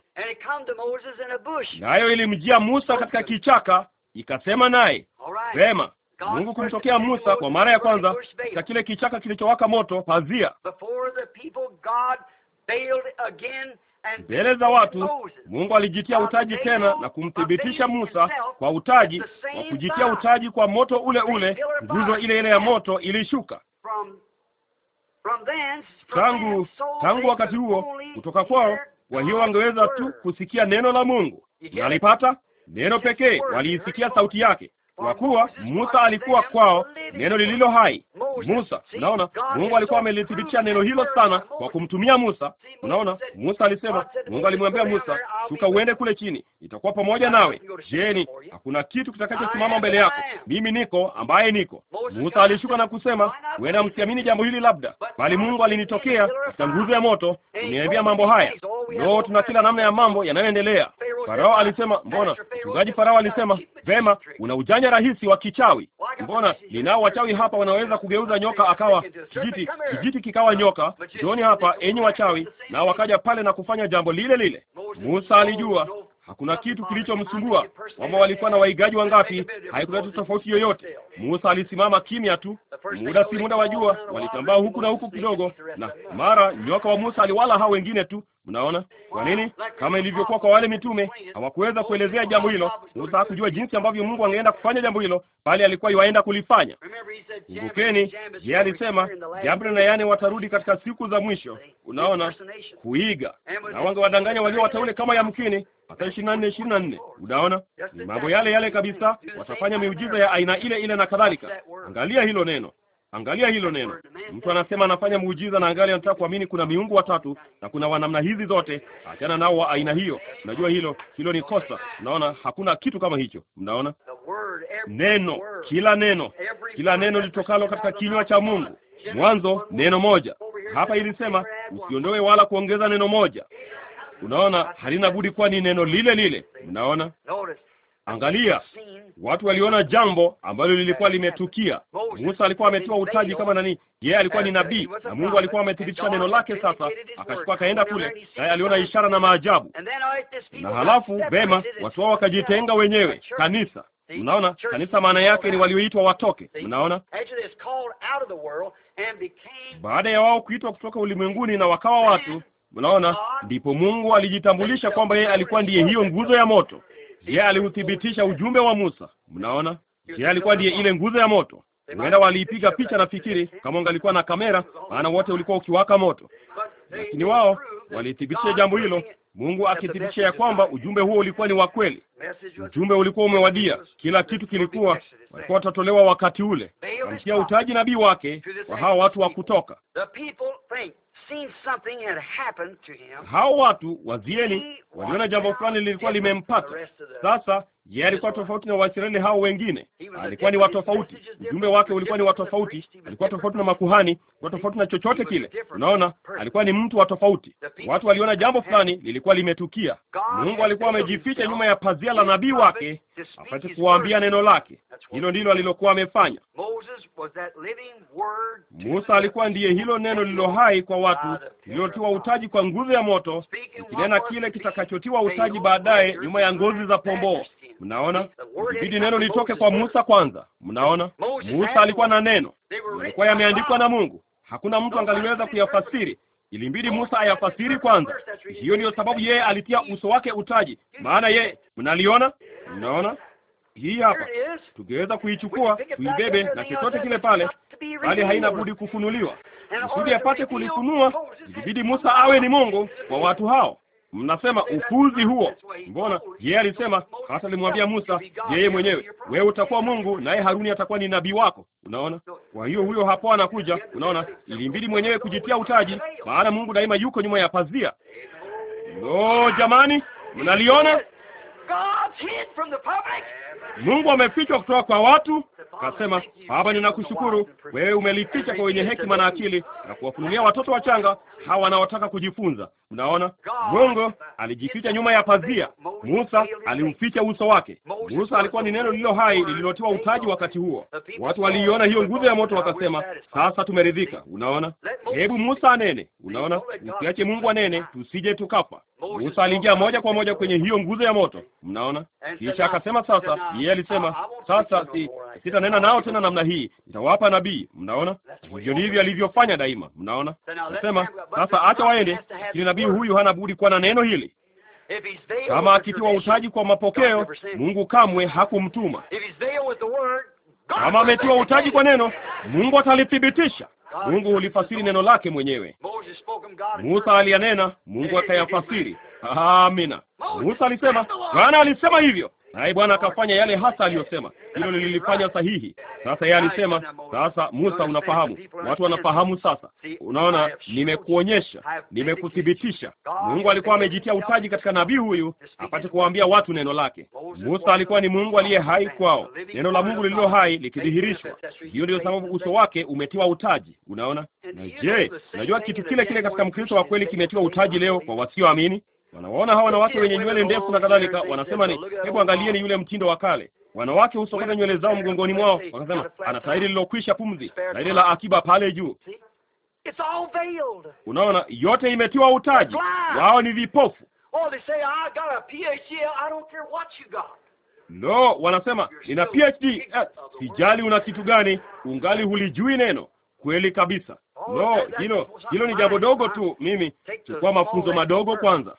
Nayo ilimjia Musa katika kichaka, ikasema naye, vema Mungu kumtokea Musa kwa mara ya kwanza katika kile kichaka kilichowaka moto, pazia mbele za watu. Mungu alijitia utaji tena na kumthibitisha Musa kwa utaji wa kujitia utaji kwa moto ule ule, nguzo ile ile ya moto ilishuka tangu tangu wakati huo kutoka kwao. Kwa hiyo wangeweza tu kusikia neno la Mungu, nalipata neno pekee, waliisikia sauti yake kwa kuwa Musa alikuwa kwao neno lililo hai. Musa, unaona, Mungu alikuwa amelithibitisha neno hilo sana kwa kumtumia Musa. Unaona, Musa alisema, Mungu alimwambia Musa, shuka uende kule chini, itakuwa pamoja nawe. Jeni, hakuna kitu kitakachosimama mbele yako, mimi niko ambaye niko. Musa alishuka na kusema, huenda msiamini jambo hili labda, bali Mungu alinitokea katika nguzo ya moto, uniambia mambo haya. Ndio tuna kila namna ya mambo yanayoendelea. Farao alisema, mbona mchungaji? Farao alisema, vema, una ujanja mmoja rahisi wa kichawi. Mbona ninao wachawi hapa wanaweza kugeuza nyoka akawa kijiti, kijiti kikawa nyoka. Jioni hapa, enyi wachawi, na wakaja pale na kufanya jambo lile lile. Musa alijua Hakuna kitu kilichomsumbua. kwamba walikuwa na waigaji wangapi? Haikuleta tofauti yoyote. Musa alisimama kimya tu, muda si muda wa jua, walitambaa huku na huku kidogo, na mara nyoka wa Musa aliwala hao wengine tu. Mnaona kwa nini? Kama ilivyokuwa kwa wale mitume, hawakuweza kuelezea jambo hilo. Musa hakujua jinsi ambavyo Mungu angeenda kufanya jambo hilo, bali alikuwa yuaenda kulifanya. Kumbukeni, yeye alisema Jabri na Yane watarudi katika siku za mwisho. Unaona, kuiga na wadanganya walio wateule kama yamkini Mathayo ishirini na nne ishirini na nne. Unaona, ni mambo yale yale kabisa. Watafanya miujiza ya aina ile ile na kadhalika. Angalia hilo neno, angalia hilo neno. Mtu anasema anafanya muujiza na angalia, anataka kuamini kuna miungu watatu na kuna wanamna hizi zote. Achana nao wa aina hiyo. Unajua hilo hilo ni kosa. Unaona, hakuna kitu kama hicho. Mnaona neno, kila neno, kila neno litokalo katika kinywa cha Mungu. Mwanzo neno moja hapa ilisema, usiondoe wala kuongeza neno moja. Unaona, halina budi kuwa ni neno lile lile. Mnaona, angalia, watu waliona jambo ambalo lilikuwa limetukia. Musa alikuwa ametoa utaji kama nani, yeye yeah, alikuwa ni nabii na Mungu alikuwa amethibitisha neno lake. Sasa akachukua akaenda kule, naye aliona ishara na maajabu, na halafu bema watu wao wakajitenga wenyewe, kanisa Mnaona, kanisa maana yake ni walioitwa watoke. Mnaona, baada ya wao kuitwa kutoka ulimwenguni na wakawa watu, Unaona, ndipo Mungu alijitambulisha kwamba yeye alikuwa ndiye hiyo nguzo ya moto. Yeye aliuthibitisha ujumbe wa Musa. Mnaona, yeye alikuwa ndiye ile nguzo ya moto. Huenda waliipiga picha, nafikiri kama ungalikuwa na kamera, maana wote ulikuwa ukiwaka moto, lakini wao walithibitisha jambo hilo, Mungu akithibitisha ya kwamba ujumbe huo ulikuwa ni wa kweli. Ujumbe ulikuwa umewadia, kila kitu kilikuwa, walikuwa watatolewa wakati ule. Amtia utaji nabii wake kwa hao watu wa kutoka hao watu wa waliona jambo fulani lilikuwa limempata. Sasa yeye alikuwa tofauti na Waisraeli hao wengine, alikuwa ni watofauti. Ujumbe wake ulikuwa ni watofauti, alikuwa tofauti na makuhani, alikuwa tofauti na chochote kile. Unaona, alikuwa ni mtu wa tofauti. Watu waliona jambo fulani lilikuwa limetukia. Mungu alikuwa amejificha nyuma ya pazia la nabii wake, apate kuwaambia neno lake. Hilo ndilo alilokuwa amefanya. Musa alikuwa ndiye hilo neno lililo hai kwa watu, lililotiwa utaji kwa nguvu ya moto, ikinena kile kitakachotiwa utaji baadaye nyuma ya ngozi za pomboo. Mnaona, ilibidi neno litoke kwa Musa kwanza. Mnaona, Musa alikuwa na neno, yalikuwa yameandikwa na Mungu, hakuna mtu angaliweza kuyafasiri. Ilimbidi Musa ayafasiri kwanza. Hiyo ndiyo sababu yeye alitia uso wake utaji, maana yeye, mnaliona, mnaona hii hapa, tungeweza kuichukua tuibebe na chochote kile pale, bali haina budi kufunuliwa. Kusudi apate kulifunua, ilibidi Musa awe ni Mungu kwa watu hao. Mnasema upuzi huo. Mbona yeye alisema, hata alimwambia Musa yeye mwenyewe, wewe utakuwa Mungu naye Haruni atakuwa ni nabii wako. Unaona, kwa hiyo huyo hapo anakuja. Unaona, ilimbidi mwenyewe kujitia utaji, maana Mungu daima yuko nyuma ya pazia. Oh, jamani, mnaliona Mungu amefichwa kutoka kwa watu. Kasema, Baba, ninakushukuru wewe, umelificha kwa wenye hekima na akili na kuwafunulia watoto wachanga hawa wanaotaka kujifunza. Mnaona, Mungu alijificha nyuma ya pazia. Musa alimficha uso wake. Musa alikuwa ni neno lililo hai lililotiwa utaji wakati huo. Watu waliiona hiyo nguzo ya moto wakasema, sasa tumeridhika. Unaona, hebu Musa anene. Unaona, usiache Mungu anene, tusije tukafa. Musa aliingia moja kwa moja kwenye hiyo nguzo ya moto. Mnaona, kisha akasema, sasa yeye alisema, sasa si, sita nitanena nao tena namna hii, nitawapa nabii. Mnaona, hivyo ndivyo alivyofanya daima. Mnaona, nasema sasa, acha waende, lakini nabii huyu hana budi kuwa na neno hili kama akitiwa utaji kwa mapokeo, Mungu kamwe hakumtuma. Kama ametiwa utaji kwa neno, Mungu atalithibitisha. Mungu hulifasiri neno lake mwenyewe. Musa aliyanena, Mungu akayafasiri. Amina. Musa alisema, Bwana alisema hivyo, naye Bwana akafanya yale hasa aliyosema. Hilo lilifanya sahihi. Sasa yeye alisema, sasa Musa, unafahamu, watu wanafahamu sasa. Unaona, nimekuonyesha, nimekuthibitisha. Mungu alikuwa amejitia utaji katika nabii huyu apate kuwaambia watu neno lake. Musa alikuwa ni Mungu aliye hai kwao, neno la Mungu lililo hai likidhihirishwa. Hiyo ndio sababu uso wake umetiwa utaji. Unaona? Na je, unajua kitu kile kile katika Mkristo wa kweli kimetiwa utaji leo kwa wasioamini? Wanawaona hawa wanawake wenye nywele ndefu na kadhalika, wanasema ni hebu angalieni yule mtindo wa kale. Wanawake husokota nywele zao mgongoni mwao, wakasema ana tairi lilokwisha pumzi na ile la akiba pale juu. Unaona, yote imetiwa utaji. Wao ni vipofu. Lo, oh, wanasema nina PhD, eh, sijali una kitu gani, ungali hulijui neno. Kweli kabisa no hilo hilo ni jambo dogo tu. Mimi chukua mafunzo madogo kwanza.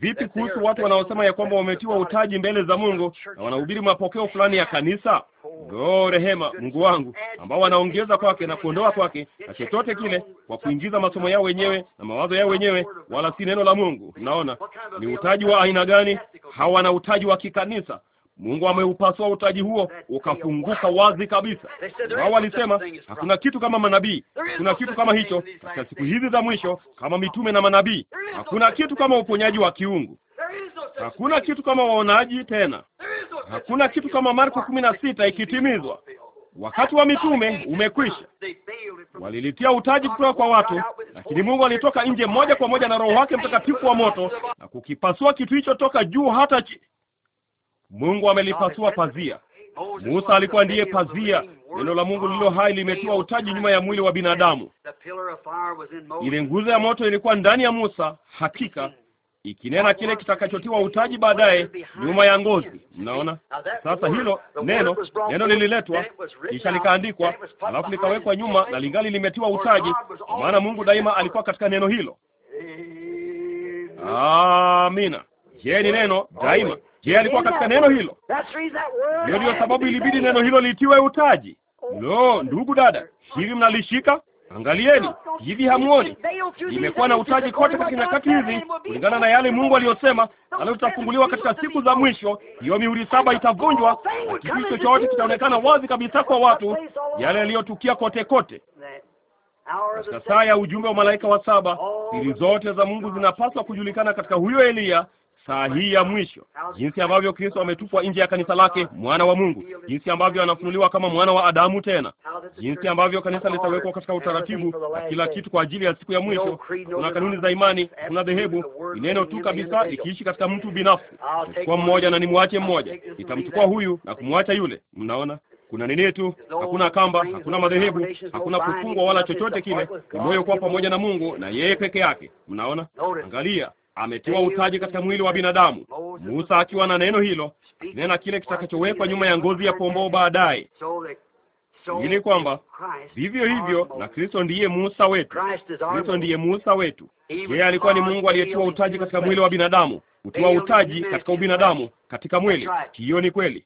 Vipi kuhusu watu wanaosema ya kwamba wametiwa utaji mbele za Mungu na wanahubiri mapokeo fulani ya kanisa? Lo, rehema Mungu wangu, ambao wanaongeza kwake na kuondoa kwake na chochote kile kwa kuingiza masomo yao wenyewe na mawazo yao wenyewe, wala si neno la Mungu. Mnaona ni utaji wa aina gani? Hawana utaji wa kikanisa. Mungu ameupasua utaji huo ukafunguka wazi kabisa. Wao walisema hakuna kitu kama manabii, hakuna kitu kama hicho katika siku hizi za mwisho, kama mitume na manabii. Hakuna kitu kama uponyaji wa kiungu, hakuna kitu kama waonaji tena, hakuna kitu kama Marko kumi na sita ikitimizwa. Wakati wa mitume umekwisha. Walilitia utaji kutoka kwa watu, lakini Mungu alitoka nje moja kwa moja na Roho wake Mtakatifu wa moto na kukipasua kitu hicho toka juu hata Mungu amelipasua pazia. Musa alikuwa ndiye pazia, neno la Mungu lililo hai limetiwa utaji nyuma ya mwili wa binadamu. Ile nguzo ya moto ilikuwa ndani ya Musa, hakika ikinena kile kitakachotiwa utaji baadaye nyuma ya ngozi. Mnaona sasa, hilo neno neno lililetwa kisha likaandikwa, alafu likawekwa nyuma na lingali limetiwa utaji, kwa maana Mungu daima alikuwa katika neno hilo. Amina. Je, ni neno daima yeye alikuwa katika neno hilo. Hiyo ndiyo sababu ilibidi neno hilo litiwe utaji. Oh, Lo, oh, ndugu dada, oh, hivi mnalishika? Angalieni hivi, hamuoni? Imekuwa na utaji kote katika nyakati hizi, kulingana na yale Mungu aliyosema, nalo tutafunguliwa katika siku za mwisho. Hiyo mihuri saba itavunjwa, na kitu chochote kitaonekana wazi kabisa kwa watu, yale yaliyotukia kote kote katika saa ya ujumbe wa malaika wa saba. Siri zote za Mungu zinapaswa kujulikana katika huyo Eliya saa hii ya mwisho, jinsi ambavyo Kristo ametupwa nje ya kanisa lake, mwana wa Mungu, jinsi ambavyo anafunuliwa kama mwana wa Adamu tena, jinsi ambavyo kanisa litawekwa katika utaratibu na kila kitu kwa ajili ya siku ya mwisho. Kuna kanuni za imani, kuna dhehebu, neno tu kabisa likiishi katika mtu binafsi. Nitamchukua mmoja na nimwache mmoja, nitamchukua huyu na kumwacha yule. Mnaona, kuna nini yetu? hakuna kamba, hakuna madhehebu, hakuna kufungwa wala chochote kile, ni moyo kuwa pamoja na Mungu na yeye peke yake. Mnaona, angalia ametiwa utaji katika mwili wa binadamu. Musa akiwa na neno hilo, nena kile kitakachowekwa nyuma ya ngozi ya pomboo baadaye, ili kwamba vivyo hivyo na Kristo ndiye Musa wetu. Kristo ndiye Musa wetu. Yeye alikuwa ni Mungu aliyetiwa utaji katika mwili wa binadamu, utiwa utaji katika ubinadamu, katika mwili. Hiyo ni kweli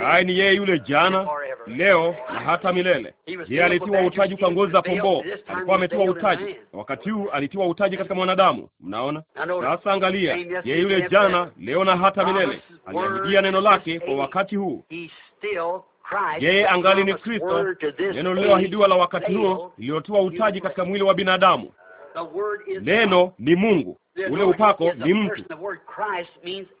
naye ni yeye yule jana, leo na hata milele. Yeye alitiwa utaji kwa ngozi za pomboo, alikuwa ametiwa utaji, na wakati huu alitiwa utaji katika mwanadamu. Mnaona sasa, angalia, yeye yule jana, leo na hata milele. Aliahidia neno lake kwa wakati huu yeye angali ni Kristo, neno lililoahidiwa la wakati huo lililotiwa utaji katika mwili wa binadamu. Neno ni Mungu. Ule upako ni mtu.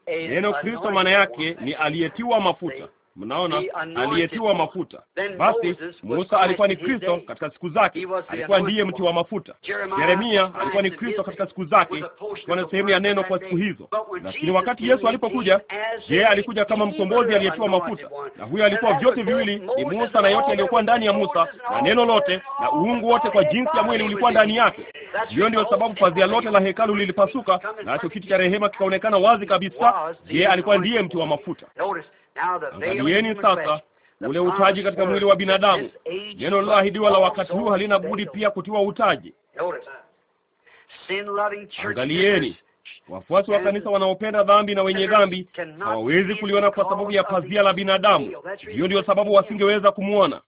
Neno Kristo maana yake ni aliyetiwa mafuta. Mnaona, aliyetiwa mafuta. Basi Musa alikuwa ni Kristo katika siku zake, alikuwa ndiye mti wa mafuta. Yeremia alikuwa ni Kristo katika siku zake, alikuwa na sehemu ya neno kwa siku hizo. Lakini wakati Yesu alipokuja, yeye alikuja kama mkombozi aliyetiwa mafuta, na huyo alikuwa vyote viwili, ni Musa na yote yaliyokuwa ndani ya Musa na neno lote na uungu wote kwa jinsi ya mwili ulikuwa ndani yake. Hiyo ndiyo sababu pazia lote la hekalu lilipasuka, nacho kiti cha rehema kikaonekana wazi kabisa. Yeye alikuwa ndiye mti wa mafuta. Angalieni sasa ule utaji katika mwili wa binadamu. Neno lililoahidiwa la wakati huu halina budi pia kutiwa utaji. Angalieni, wafuasi wa kanisa wanaopenda dhambi na wenye dhambi hawawezi kuliona kwa sababu ya pazia la binadamu. Hiyo ndiyo sababu wasingeweza kumwona.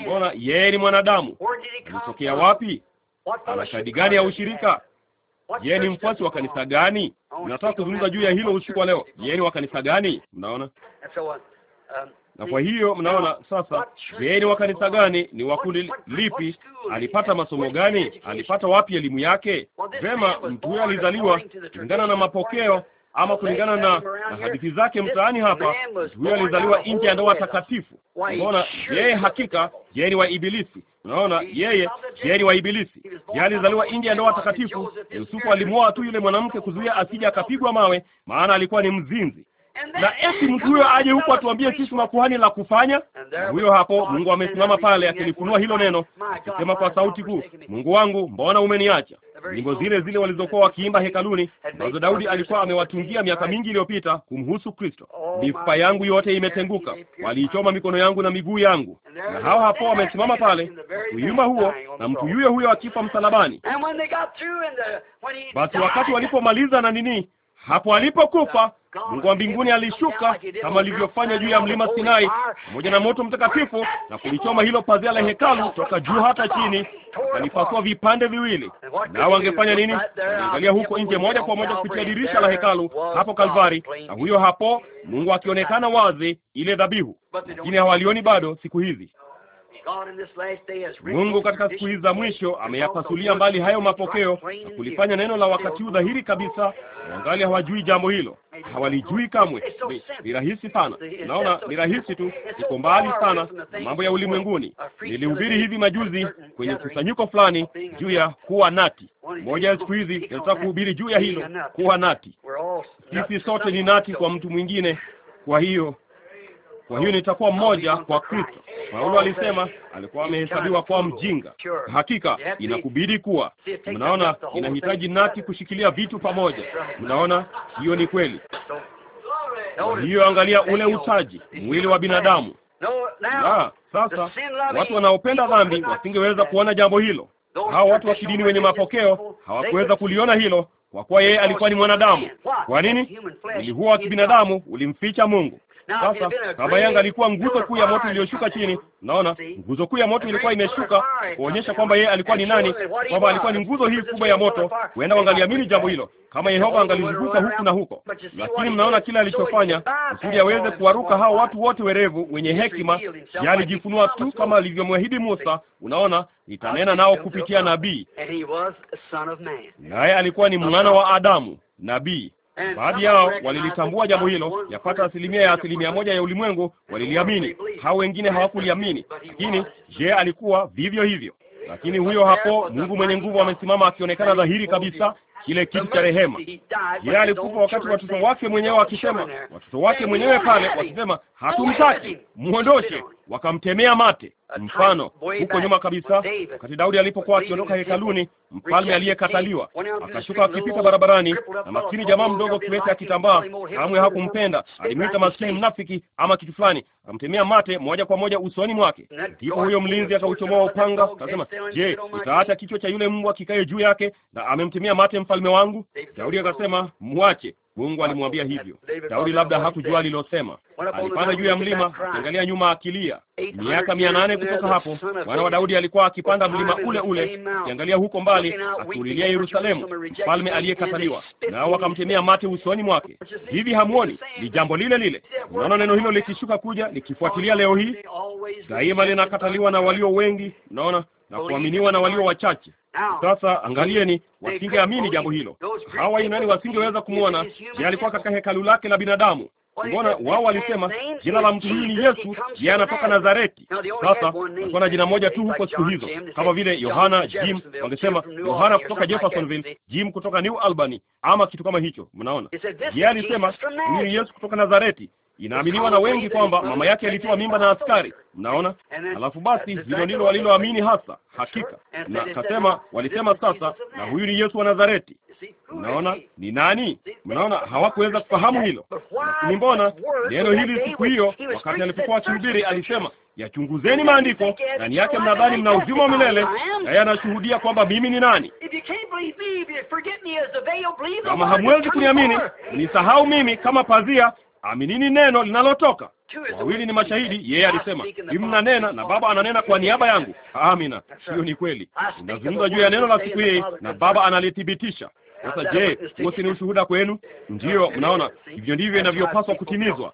Mbona yeye ni mwanadamu? Alitokea wapi? Ana kadi gani ya ushirika? Yeye ni mfuasi wa kanisa gani? Nataka kuzungumza juu ya hilo usiku wa leo. Yeye ni wa kanisa gani? Mnaona? Uh, um, na kwa hiyo mnaona sasa, yeye ni wa kanisa gani? Ni wa kundi lipi? Alipata masomo gani? Alipata wapi elimu yake? Vema, mtu huyo alizaliwa kulingana na mapokeo ama kulingana na, na hadithi zake mtaani hapa, huyo alizaliwa nje ya ndoa takatifu. Unaona, yeye hakika jeri wa Ibilisi. Unaona, yeye jeri wa Ibilisi, yeye alizaliwa nje ya ndoa takatifu. Yusufu alimwoa tu yule mwanamke kuzuia asija akapigwa mawe, maana alikuwa ni mzinzi na eti mtu huyo aje huku atuambie sisi makuhani la kufanya. Huyo hapo Mungu amesimama pale akilifunua hilo neno, akisema kwa sauti kuu, Mungu wangu, mbona umeniacha? Nyimbo zile zile walizokuwa wakiimba hekaluni, ambazo Daudi alikuwa amewatungia miaka mingi iliyopita kumhusu Kristo. Oh, Mifupa yangu yote imetenguka, waliichoma mikono yangu na miguu yangu. Na hao hapo wamesimama pale, kuyuma huo na mtu yuyo huyo akifa msalabani. Basi wakati walipomaliza na nini, hapo alipokufa Mungu wa mbinguni alishuka kama alivyofanya juu ya mlima Sinai pamoja na moto mtakatifu na kulichoma hilo pazia la hekalu toka juu hata chini, akalipasua vipande viwili. Nao wangefanya nini? Angalia huko nje moja kwa moja kupitia dirisha la hekalu hapo Kalvari, na huyo hapo Mungu akionekana wazi, ile dhabihu. Lakini hawalioni bado siku hizi. Mungu katika siku hizi za mwisho ameyapasulia mbali hayo mapokeo na kulifanya neno la wakati huu dhahiri kabisa. Wangali hawajui jambo hilo, hawalijui kamwe. Ni, rahisi sana, naona ni rahisi tu, iko mbali sana na mambo ya ulimwenguni. Nilihubiri hivi majuzi kwenye kusanyiko fulani juu ya kuwa nati. Moja ya siku hizi nataka kuhubiri juu ya hilo, kuwa nati. Sisi sote ni nati kwa mtu mwingine, kwa hiyo kwa hiyo nitakuwa mmoja kwa Kristo. Paulo alisema alikuwa amehesabiwa kwa mjinga. Hakika inakubidi kuwa, mnaona, inahitaji nati kushikilia vitu pamoja. Mnaona, hiyo ni kweli. hiyo angalia ule utaji, mwili wa binadamu. La, sasa watu wanaopenda dhambi wasingeweza kuona jambo hilo. Hao watu wa kidini wenye mapokeo hawakuweza kuliona hilo, kwa kuwa yeye alikuwa ni mwanadamu. Kwa nini? Mwili huo wa kibinadamu ulimficha Mungu. Sasa baba yangu alikuwa nguzo kuu ya moto iliyoshuka chini. Naona nguzo kuu ya moto ilikuwa imeshuka kuonyesha kwamba yeye alikuwa ni nani, kwamba alikuwa ni nguzo hii kubwa ya moto. Huenda wangaliamini jambo hilo kama Yehova angalizunguka huku na huko, lakini mnaona kile alichofanya kusudi aweze kuwaruka hao watu wote werevu wenye hekima. Alijifunua tu kama alivyomwahidi Musa. Unaona, itanena nao kupitia nabii, naye alikuwa ni mwana wa Adamu, nabii Baadhi yao walilitambua jambo hilo, yapata asilimia ya asilimia moja ya ulimwengu waliliamini. Hao wengine hawakuliamini, lakini je, alikuwa vivyo hivyo? Lakini huyo hapo Mungu mwenye nguvu amesimama akionekana dhahiri kabisa kile kitu cha rehema. Je, alikufa wakati watoto wake mwenyewe akisema, watoto wake mwenyewe pale wakisema, hatumtaki muondoshe, wakamtemea mate. Mfano huko nyuma kabisa, wakati Daudi alipokuwa akiondoka hekaluni, mfalme aliyekataliwa akashuka akipita barabarani, na maskini jamaa mdogo kiwete akitambaa, kamwe hakumpenda, alimwita maskini mnafiki ama kitu fulani, akamtemea mate moja kwa moja usoni mwake. Ndipo huyo mlinzi akauchomoa upanga, akasema, je, utaacha kichwa cha yule mbwa kikae juu yake na amemtemea mate mfalme wangu? Daudi akasema, mwache Mungu alimwambia hivyo. Daudi labda hakujua alilosema. Alipanda juu ya mlima, angalia nyuma, akilia. Miaka mia nane kutoka hapo, mwana wa Daudi alikuwa akipanda mlima ule ule, akiangalia huko mbali, akiulilia Yerusalemu, mfalme aliyekataliwa, nao wakamtemea mate usoni mwake. Hivi hamuoni? Ni jambo lile lile. Unaona neno hilo likishuka kuja, likifuatilia leo hii, daima linakataliwa na walio wengi. Unaona na kuaminiwa na walio wachache. Sasa angalieni, wasingeamini jambo hilo. Hawa Yunani wasingeweza kumwona. yalikuwa katika hekalu lake la binadamu, Mbona wao walisema jina la mtu huyu ni Yesu, yeye anatoka Nazareti. Sasa walikuwa na jina moja tu huko siku hizo, kama vile Yohana Jim, wangesema Yohana kutoka Jeffersonville, Jim kutoka New Albany, ama kitu kama hicho. Mnaona, yeye alisema huyu Yesu kutoka Nazareti. Inaaminiwa na wengi kwamba mama yake alitoa mimba na askari. Mnaona, alafu basi hilo ndilo waliloamini hasa, hakika na kasema, walisema sasa, na huyu ni Yesu wa Nazareti. Mnaona ni nani? Mnaona hawakuweza kufahamu hilo, lakini mbona neno hili siku hiyo, wakati alipokuwa akihubiri, alisema yachunguzeni maandiko, ndani yake mnadhani mna uzima wa milele. Naye anashuhudia kwamba mimi ni nani. Kama hamwezi kuniamini, nisahau mimi kama pazia, aminini neno linalotoka Wawili ni mashahidi. Yeye alisema mimi mnanena na Baba ananena kwa niaba yangu. Amina, hiyo ni kweli. Inazungumza juu ya neno la siku hii, na Baba analithibitisha. Sasa je, mosi ni ushuhuda kwenu? Ndiyo, mnaona hivyo ndivyo inavyopaswa kutimizwa.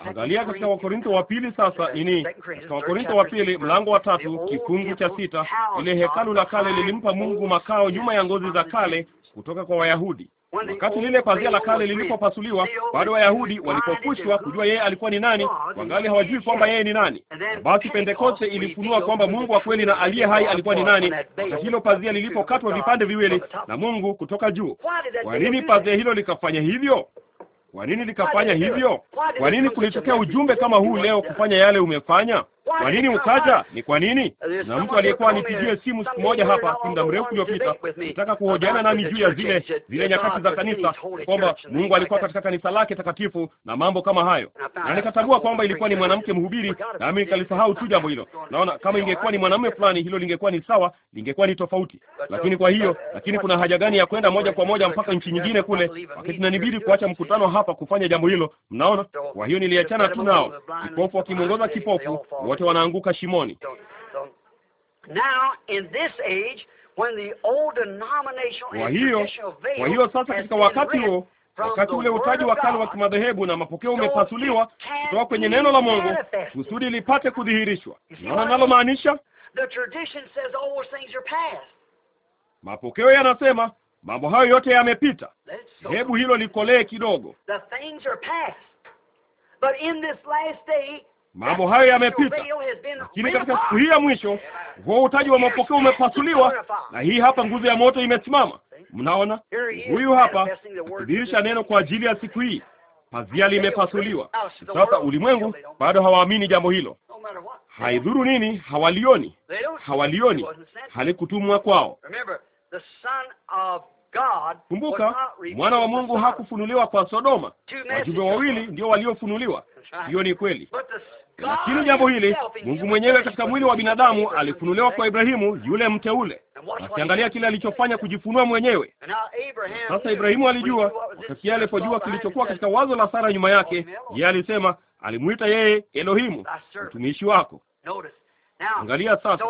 Angalia katika Wakorintho wa pili sasa, ini katika Wakorintho wa pili mlango wa tatu kifungu cha sita, ile hekalu la kale lilimpa Mungu makao nyuma ya ngozi za kale kutoka kwa Wayahudi. Wakati lile pazia la kale lilipopasuliwa, bado Wayahudi walipokushwa kujua yeye alikuwa ni nani, wangali hawajui kwamba yeye ni nani. Basi Pentekoste ilifunua kwamba Mungu wa kweli na aliye hai alikuwa ni nani, wakati hilo pazia lilipokatwa vipande viwili na Mungu kutoka juu. Kwa nini pazia hilo likafanya hivyo? Kwa nini likafanya hivyo? Kwa nini kulitokea ujumbe kama huu leo kufanya yale umefanya? Kwa nini mkaja? Ni kwa nini? Na mtu aliyekuwa anipigie simu siku moja hapa si muda mrefu uliopita, nataka kuhojiana nami juu ya zile zile nyakati za kanisa, kwamba Mungu alikuwa katika kanisa lake takatifu na mambo kama hayo, na nikatambua kwamba ilikuwa ni mwanamke mhubiri, nami nikalisahau tu jambo hilo. Naona kama ingekuwa ni mwanamume fulani, hilo lingekuwa ni sawa, lingekuwa ni tofauti. Lakini kwa hiyo, lakini kuna haja gani ya kwenda moja kwa moja mpaka nchi nyingine kule, wakati nanibidi kuacha mkutano hapa kufanya jambo hilo? Mnaona? Kwa hiyo niliachana tu nao, kipofu akimwongoza kipofu wote wanaanguka shimoni. Kwa hiyo kwa hiyo sasa, katika wakati huo, wakati ule utaji wa kale wa kimadhehebu na mapokeo umepasuliwa kutoka kwenye neno la Mungu kusudi lipate kudhihirishwa. Naona nalomaanisha, mapokeo yanasema mambo hayo yote yamepita. Hebu hilo likolee kidogo. Mambo hayo yamepita, lakini katika siku hii ya mwisho huo utaji wa mapokeo umepasuliwa, na hii hapa nguzo ya moto imesimama. Mnaona, huyu hapa akidirisha neno kwa ajili ya siku hii. Pazia limepasuliwa. Sasa ulimwengu bado hawaamini jambo hilo, haidhuru nini, hawalioni, hawalioni, halikutumwa kwao. Kumbuka, mwana wa Mungu hakufunuliwa kwa Sodoma. Wajumbe wawili ndio waliofunuliwa. Hiyo ni kweli, e, lakini jambo hili, Mungu mwenyewe katika mwili wa binadamu alifunuliwa kwa Ibrahimu yule mteule. Akiangalia kile alichofanya kujifunua mwenyewe. Sasa Ibrahimu alijua, wakati alipojua kilichokuwa katika wazo la Sara nyuma yake, yeye alisema, alimuita yeye Elohimu, mtumishi wako. Angalia sasa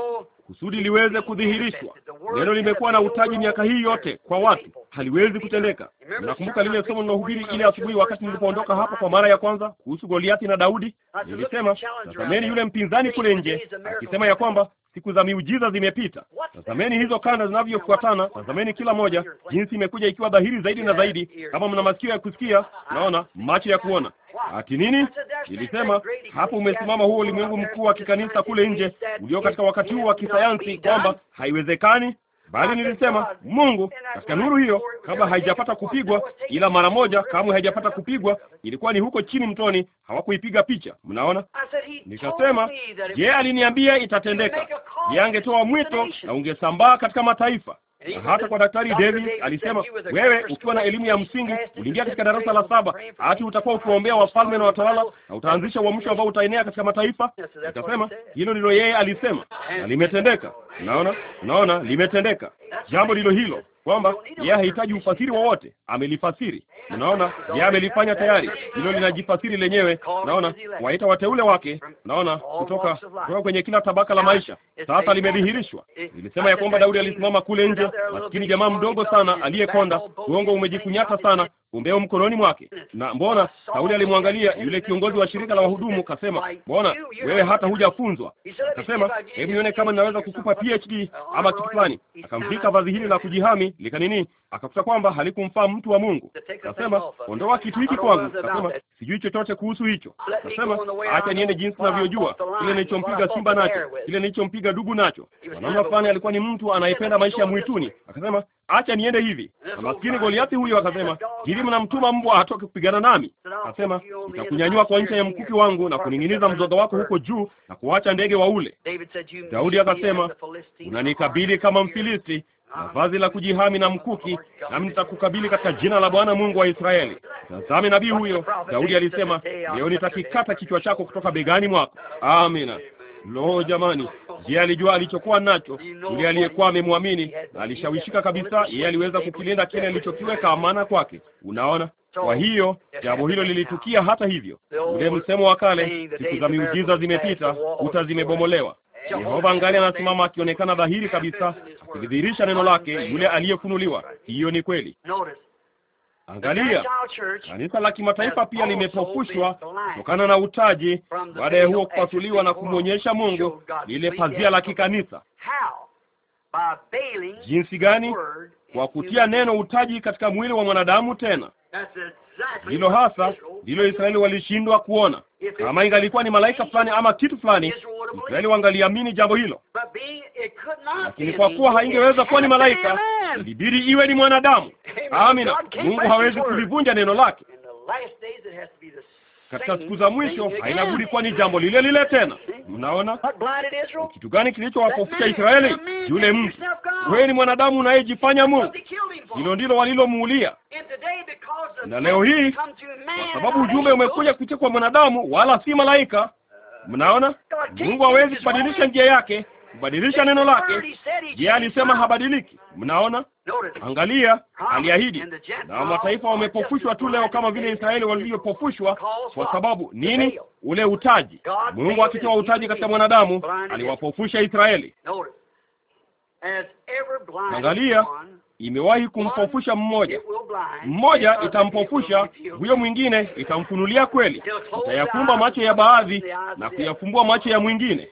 kusudi liweze kudhihirishwa. Neno limekuwa na utaji miaka hii yote kwa watu, haliwezi kutendeka. Nakumbuka lile somo linalohubiri ile asubuhi, wakati nilipoondoka hapa kwa mara ya kwanza kuhusu Goliathi na Daudi, nilisema tazameni yule mpinzani kule nje akisema ya kwamba Siku za miujiza zimepita. Tazameni hizo kanda zinavyofuatana, tazameni kila moja jinsi imekuja ikiwa dhahiri zaidi na zaidi. Kama mna masikio ya kusikia, naona macho ya kuona. Ati nini? Nilisema hapo umesimama huo ulimwengu mkuu wa kikanisa kule nje ulio katika wakati huu wa kisayansi kwamba haiwezekani bali nilisema Mungu katika nuru hiyo, kabla haijapata kupigwa, ila mara moja kamwe haijapata kupigwa, ilikuwa ni huko chini mtoni, hawakuipiga picha. Mnaona, nikasema je, aliniambia itatendeka. yeye angetoa mwito na ungesambaa katika mataifa na hata kwa Daktari David alisema, wewe ukiwa na elimu ya msingi uliingia katika darasa la saba, ati utakuwa ukiwaombea wafalme na watawala na utaanzisha uamsho ambao utaenea katika mataifa. Nikasema hilo ndilo yeye alisema na limetendeka. Unaona, unaona, limetendeka jambo lilo hilo, kwamba yeye hahitaji ufasiri wowote, amelifasiri. Unaona, yeye amelifanya tayari, hilo linajifasiri lenyewe. Unaona, waita wateule wake, unaona, kutoka kutoka kwenye kila tabaka la maisha. Sasa limedhihirishwa. Nilisema ya kwamba Daudi alisimama kule nje, maskini jamaa mdogo sana aliyekonda, uongo umejikunyata sana, umbeo mkononi mwake. Na mbona Sauli alimwangalia yule kiongozi wa shirika la wahudumu, kasema, mbona wewe hata hujafunzwa? Akasema, hebu nione kama ninaweza kukupa PhD ama kitu fulani. Akamvika vazi hili la kujihami likanini, akakuta kwamba halikumfaa mtu wa Mungu. Akasema, ondoa kitu hiki kwangu. Akasema, sijui chochote kuhusu hicho. Akasema, acha niende jinsi ninavyojua, kile nilichompiga simba nacho, kile nilichompiga dubu nacho. Mwanamna fulani alikuwa ni mtu anayependa maisha ya mwituni, akasema acha niende hivi. Na maskini Goliathi huyo akasema, hivi mnamtuma mbwa atoke kupigana nami? Akasema, nitakunyanyua kwa ncha ya mkuki wangu na kuning'iniza mzoga wako huko juu na kuacha ndege wa ule Daudi akasema, unanikabili kama Mfilisti na vazi la kujihami na mkuki, nami nitakukabili katika jina la Bwana Mungu wa Israeli. Tazame nabii huyo Daudi alisema, leo nitakikata kichwa chako kutoka begani mwako. Amina. Lo, jamani, ndiye alijua alichokuwa nacho yule aliyekuwa amemwamini, na alishawishika kabisa. Yeye aliweza kukilinda kile alichokiweka amana kwake. Unaona, kwa hiyo jambo hilo lilitukia. Hata hivyo, ule msemo wa kale, siku za miujiza zimepita, kuta zimebomolewa. Yehova angali anasimama akionekana dhahiri kabisa, akidhihirisha neno lake, yule aliyefunuliwa. Hiyo ni kweli. Angalia, kanisa la kimataifa pia limepofushwa kutokana na utaji, baada ya huo kupasuliwa na kumwonyesha Mungu lile pazia la kikanisa. Jinsi gani? Kwa kutia neno utaji katika mwili wa mwanadamu tena Ndilo hasa ndilo Israeli walishindwa kuona. Kama ingalikuwa ni malaika fulani ama kitu fulani, Israeli wangaliamini jambo hilo, lakini kwa kuwa haingeweza kuwa ni malaika, ilibidi iwe ni mwanadamu. Amina. Mungu hawezi kulivunja neno lake katika siku za mwisho hainabudi kuwa ni jambo lile lile tena. Mnaona kitu gani kilichowakofisha Israeli? Yule mtu, wewe ni mwanadamu unayejifanya Mungu. Hilo ndilo walilomuulia, na leo hii kwa sababu ujumbe umekuja kupitia kwa mwanadamu wala si malaika. Uh, Mnaona, Mungu hawezi kubadilisha njia yake, kubadilisha neno lake. Je, alisema habadiliki? Mnaona, angalia, aliahidi. Na mataifa wamepofushwa tu leo kama vile Israeli walivyopofushwa, kwa sababu nini? Ule utaji. Mungu akitoa utaji katika mwanadamu, aliwapofusha Israeli. Angalia, imewahi kumpofusha mmoja mmoja, itampofusha huyo mwingine, itamfunulia kweli, itayakumba macho ya baadhi na kuyafumbua macho ya mwingine.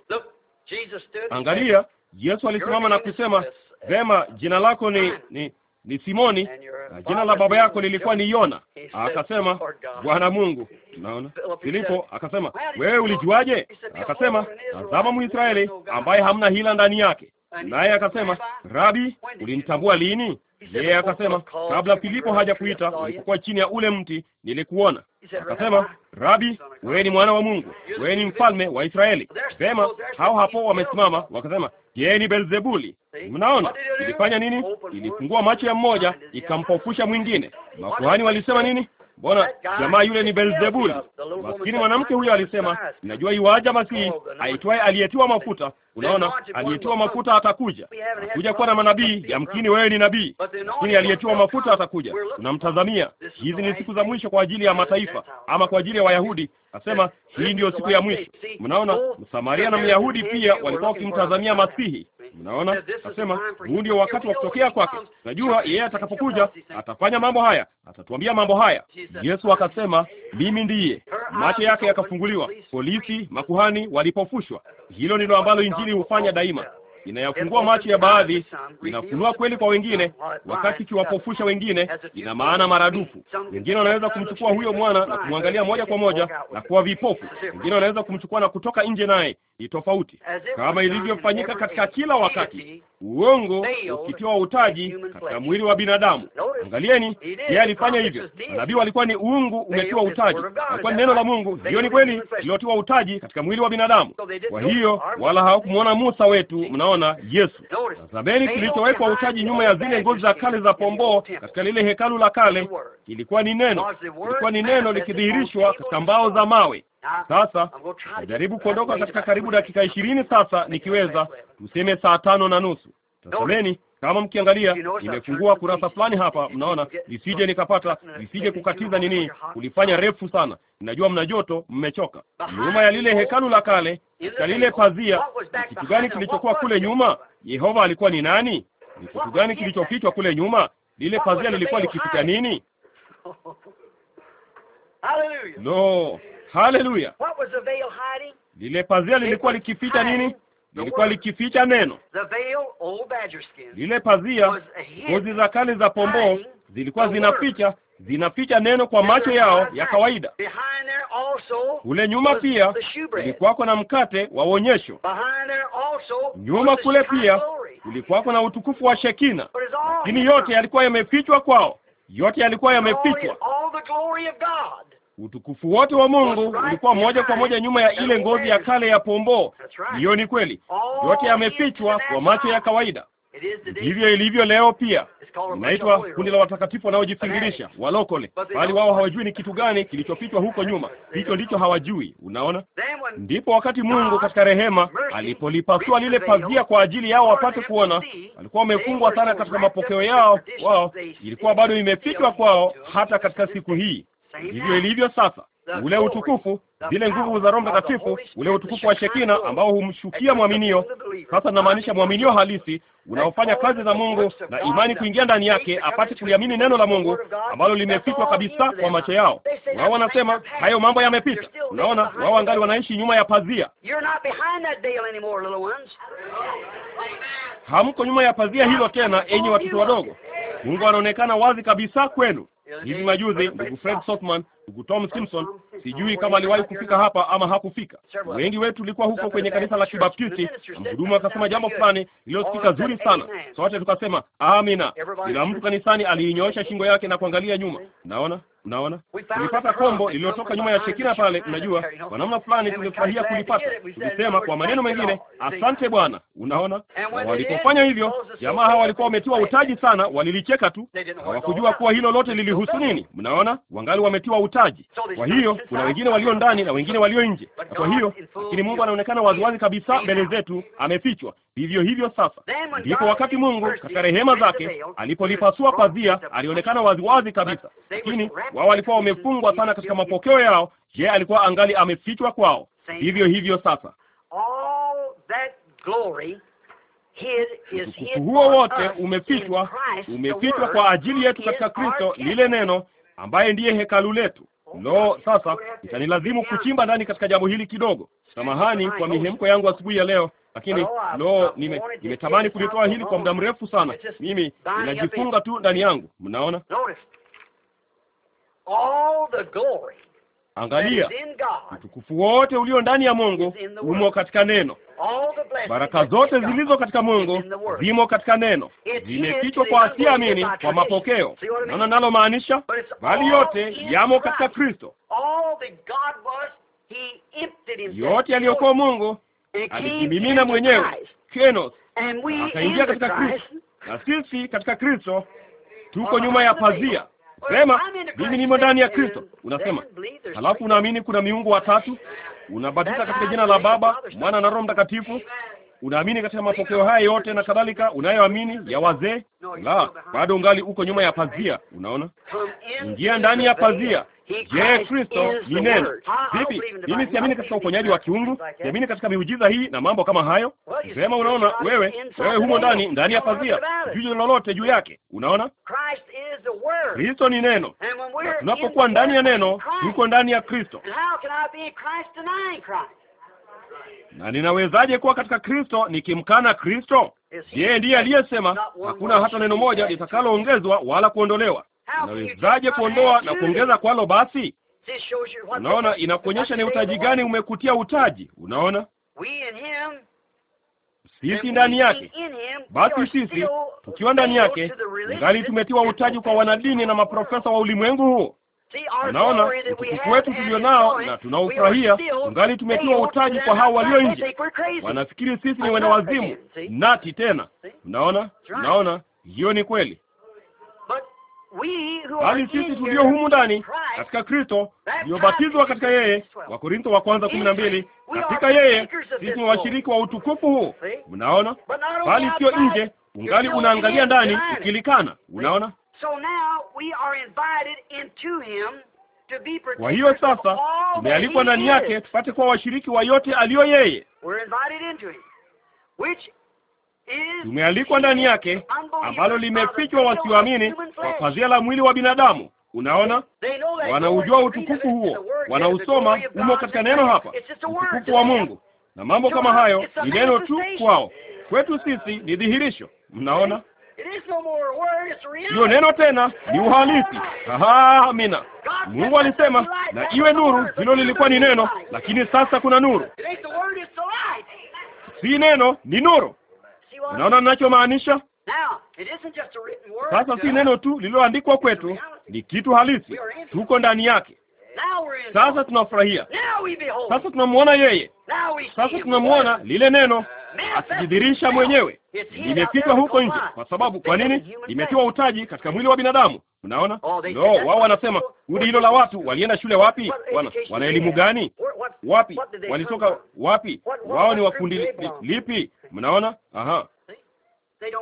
Angalia, Yesu alisimama na kusema, vema, jina lako ni ni, ni Simoni na jina la baba yako lilikuwa ni Yona. Ah, akasema, Bwana Mungu. Unaona, Filipo akasema, wewe ulijuaje? Akasema, tazama Mwisraeli ambaye hamna hila ndani yake, naye akasema, Rabi, ulimtambua lini? Yeye akasema, kabla Filipo hajakuita ulipokuwa chini ya ule mti nilikuona. Akasema, Rabi, wewe ni mwana wa Mungu, wewe ni mfalme wa Israeli. Sema hao hapo wamesimama, wakasema, yeye ni Beelzebuli. Mnaona ilifanya nini? Ilifungua macho ya mmoja ikampofusha mwingine. Makuhani walisema nini? Mbona jamaa yule ni Beelzebuli? Maskini mwanamke huyo alisema, najua iwaja Masihi oh, aitwaye aliyetiwa mafuta. Unaona, aliyetiwa mafuta atakuja, kuja kuwa na manabii. Yamkini wewe ni nabii, lakini aliyetiwa mafuta atakuja. Tunamtazamia. Hizi ni siku za mwisho kwa ajili ya mataifa, ama kwa ajili ya Wayahudi. Nasema hii ndiyo siku ya mwisho. Mnaona, Msamaria na Myahudi pia walikuwa wakimtazamia Masihi. Mnaona, nasema huu ndio wakati wa kutokea kwake. Najua yeye atakapokuja atafanya mambo haya, atatuambia mambo haya. Yesu akasema, mimi ndiye. Macho yake yakafunguliwa. Polisi, makuhani walipofushwa. Hilo ndilo ambalo injili hufanya daima inayafungua macho ya baadhi, inafunua kweli kwa wengine, wakati ikiwapofusha wengine. Ina maana maradufu. Wengine wanaweza kumchukua huyo mwana na kumwangalia moja kwa moja na kuwa vipofu. Wengine wanaweza kumchukua na kutoka nje naye ni tofauti, kama ilivyofanyika katika kila wakati, uongo ukitiwa utaji katika mwili wa binadamu. Angalieni, yeye alifanya hivyo. Manabii walikuwa ni uungu umetiwa utaji, alikuwa ni neno la Mungu, hiyo ni kweli, iliotiwa utaji katika mwili wa binadamu. Kwa hiyo wala hawakumwona Musa wetu, mnaona Yesu. Tazameni kilichowekwa utaji nyuma ya zile ngozi za kale za pomboo katika lile hekalu la kale, ilikuwa ni neno, ilikuwa ni neno likidhihirishwa katika mbao za mawe. Sasa najaribu kuondoka katika karibu dakika ishirini sasa, nikiweza tuseme saa tano na nusu. Tazameni kama mkiangalia, nimefungua kurasa fulani hapa, mnaona, nisije nikapata, nisije kukatiza nini, kulifanya refu sana. Ninajua mna joto, mmechoka. Nyuma ya lile hekalu la kale, katika lile pazia, kitu gani kilichokuwa kule nyuma? Yehova alikuwa ni nani? Ni kitu gani kilichofichwa kule nyuma? Lile pazia lilikuwa likificha nini? Lo no. Haleluya! Lile pazia lilikuwa likificha nini? Lilikuwa likificha neno. Lile pazia, ngozi za kale za pomboo zilikuwa zinaficha zinaficha neno kwa macho yao ya kawaida. Kule nyuma pia kulikuwako na mkate wa onyesho. Nyuma kule pia kulikuwako na utukufu wa Shekina, lakini yote yalikuwa yamefichwa kwao, yote yalikuwa yamefichwa. Utukufu wote wa Mungu ulikuwa moja kwa moja nyuma ya ile ngozi ya kale ya pomboo. Hiyo ni kweli, yote yamefichwa kwa macho ya kawaida. Hivyo ilivyo leo pia. Inaitwa kundi la watakatifu wanaojifingirisha walokole, bali wao hawajui ni kitu gani kilichofichwa huko nyuma. Hicho ndicho hawajui. Unaona, ndipo wakati Mungu katika rehema alipolipasua lile pazia kwa ajili yao wapate kuona, walikuwa wamefungwa sana katika mapokeo yao, wao ilikuwa bado imefichwa kwao hata katika siku hii. Ndivyo ilivyo sasa, ule utukufu, zile nguvu za Roho Mtakatifu, ule utukufu wa Shekina ambao humshukia mwaminio. Sasa namaanisha mwaminio halisi unaofanya kazi za Mungu na imani kuingia ndani yake, apate kuliamini neno la Mungu ambalo limefichwa kabisa kwa macho yao. Wao wanasema hayo mambo yamepita. Unaona, wao angali wanaishi nyuma ya pazia. Hamko nyuma ya pazia hilo tena, enyi watoto wadogo. Mungu anaonekana wazi kabisa kwenu hivi majuzi, ndugu Fred Sotman, ndugu Tom Simpson, sijui kama aliwahi kufika hapa ama hakufika. Wengi wetu tulikuwa huko kwenye kanisa la Kibaptisti, na mhudumu akasema jambo fulani lililosikika zuri sana, sote tukasema amina. Kila mtu kanisani aliinyoosha shingo yake na kuangalia nyuma. Naona Unaona, tulipata kombo lililotoka nyuma ya shekina pale. Mnajua, kwa namna fulani tulifurahia kulipata, tukisema kwa maneno mengine, asante Bwana. Unaona, walipofanya hivyo, jamaa hawa walikuwa wametiwa utaji sana, walilicheka tu, hawakujua kuwa hilo lote lilihusu nini. Mnaona, wangali wametiwa utaji. Kwa hiyo kuna wengine walio ndani na wengine walio nje, na kwa hiyo lakini Mungu anaonekana waziwazi kabisa mbele zetu, amefichwa vivyo hivyo. Sasa ndipo wakati Mungu katika rehema zake alipolipasua pazia, alionekana waziwazi kabisa, lakini wao walikuwa wamefungwa sana katika mapokeo yao, je alikuwa angali amefichwa kwao. hivyo hivyo sasa, utukufu huo wote umefichwa, umefichwa kwa ajili yetu katika Kristo, lile neno ambaye ndiye hekalu letu. Lo, sasa itanilazimu kuchimba ndani katika jambo hili kidogo. Samahani kwa mihemko yangu asubuhi ya leo, lakini lo, nime- nimetamani kulitoa hili kwa muda mrefu sana. Mimi ninajifunga tu ndani yangu, mnaona. Angalia, utukufu wote ulio ndani ya Mungu umo katika neno. Baraka zote zilizo katika Mungu zimo katika neno, zimefichwa kwa asiamini kwa mapokeo. Naona nalo maanisha, bali yote yamo katika Kristo. Yote aliyokuwa Mungu alijimimina mwenyewe, kenos, akaingia katika Kristo, na sisi katika Kristo tuko nyuma ya pazia sema mimi nimo ndani ya Kristo, unasema halafu unaamini kuna miungu watatu, unabatiza katika jina la Baba, Mwana na Roho Mtakatifu, Unaamini katika mapokeo haya yote na kadhalika unayoamini ya wazee? La, bado ungali uko nyuma ya pazia. Unaona, ingia ndani ya pazia. Je, Kristo ni neno vipi? Mimi siamini katika uponyaji wa kiungu, siamini katika miujiza hii na mambo kama hayo. Sema, unaona wewe, wewe humo ndani, ndani ya pazia, juu lolote juu yake. Unaona, Kristo ni neno, na tunapokuwa ndani ya neno, tuko ndani ya Kristo. Na ninawezaje kuwa katika Kristo nikimkana Kristo? Yeye ndiye aliyesema hakuna hata neno moja litakaloongezwa wala kuondolewa. Unawezaje kuondoa na kuongeza kwalo? Basi unaona, inakuonyesha ni utaji gani umekutia utaji. Unaona, sisi ndani yake, basi sisi tukiwa ndani yake, ngali tumetiwa utaji kwa wanadini na maprofesa wa ulimwengu huu. Unaona utukufu wetu tulio nao na tunaofurahia, ungali tumetiwa utaji kwa hao walio nje. Wanafikiri sisi ni wazimu nati tena. Unaona, unaona, hiyo ni kweli, bali sisi tulio humu ndani katika Kristo, tuliobatizwa katika yeye, Wakorintho wa kwanza kumi na mbili, katika yeye sisi ni washiriki wa utukufu huu. Unaona, bali sio nje, ungali unaangalia ndani ukilikana. Unaona kwa hiyo sasa tumealikwa ndani yake tupate kuwa washiriki wa yote aliyo yeye. Tumealikwa ndani yake ambalo limefichwa wasioamini kwa pazia la mwili wa binadamu. Unaona, wanaujua utukufu huo, wanausoma umo katika neno hapa, utukufu wa Mungu na mambo kama hayo. Ni neno tu kwao, kwetu sisi ni dhihirisho. Mnaona hiyo neno tena ni uhalisi. Amina. Mungu alisema na iwe nuru, hilo lilikuwa ni neno, lakini sasa kuna nuru. Si neno, ni nuru. Unaona ninachomaanisha? Sasa si neno tu lililoandikwa kwetu, ni kitu halisi, tuko ndani yake. Sasa tunafurahia, sasa tunamwona yeye, sasa tunamwona lile neno asijidhirisha mwenyewe. Limefichwa huko nje. Kwa sababu kwa nini? Limetiwa utaji katika mwili wa binadamu. Unaona, no, wao wanasema kundi hilo la watu walienda shule wapi? Wana, wana elimu gani? Wapi walitoka? Wapi wao ni wakundi kundi lipi? Mnaona, aha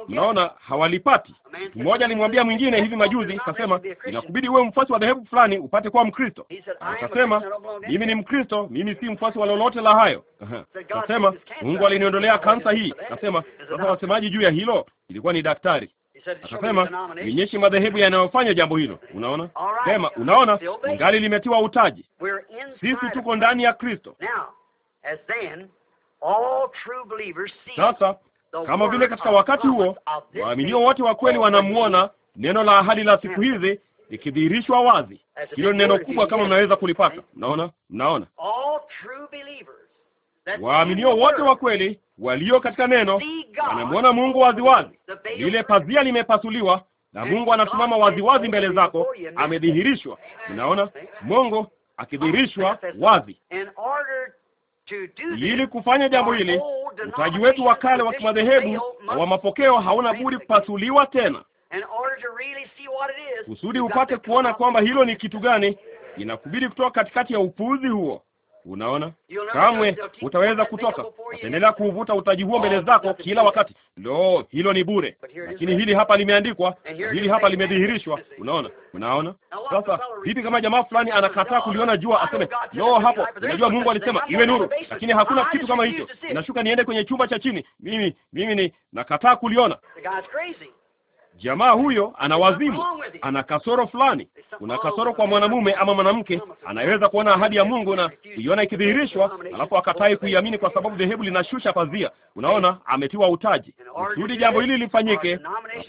Naona hawalipati. Mmoja alimwambia mwingine hivi majuzi, kasema inakubidi uwe mfuasi wa dhehebu fulani upate kuwa Mkristo. akasema mimi ni Mkristo, mimi si mfuasi wa lolote la hayo. Akasema Mungu aliniondolea kansa hii. Kasema sasa wasemaji juu ya hilo? Ilikuwa ni daktari Akasema nionyeshe madhehebu yanayofanya jambo hilo. Unaona sema, unaona ngali limetiwa utaji. Sisi tuko ndani ya Kristo sasa. Kama vile katika wakati huo waaminio wote wa kweli wanamwona neno la ahadi la siku hizi ikidhihirishwa wazi. Hilo ni neno kubwa, kama mnaweza kulipata. Mnaona, mnaona, waaminio wote wa kweli walio katika neno wanamwona Mungu waziwazi, lile pazia limepasuliwa na Mungu anasimama waziwazi mbele zako, amedhihirishwa. Mnaona Mungu akidhihirishwa wazi ili kufanya jambo hili, utaji wetu wa kale wa kimadhehebu wa mapokeo hauna budi kupasuliwa tena, kusudi upate kuona kwamba hilo ni kitu gani. Inakubidi kutoka katikati ya upuuzi huo. Unaona, kamwe utaweza kutoka. ataendelea kuuvuta utaji huo mbele zako kila wakati. Lo, hilo ni bure, lakini hili hapa limeandikwa, hili hapa limedhihirishwa. Unaona, unaona. Sasa vipi kama jamaa fulani anakataa kuliona jua, aseme lo, hapo unajua, Mungu alisema iwe nuru, lakini hakuna kitu kama hicho. Inashuka niende kwenye chumba cha chini, mimi mimi ni nakataa kuliona. Jamaa huyo ana wazimu, ana kasoro fulani. Kuna kasoro kwa mwanamume ama mwanamke, anayeweza kuona ahadi ya Mungu na kuiona ikidhihirishwa, alafu akatai kuiamini kwa sababu dhehebu linashusha pazia. Unaona, ametiwa utaji kusudi jambo hili lifanyike.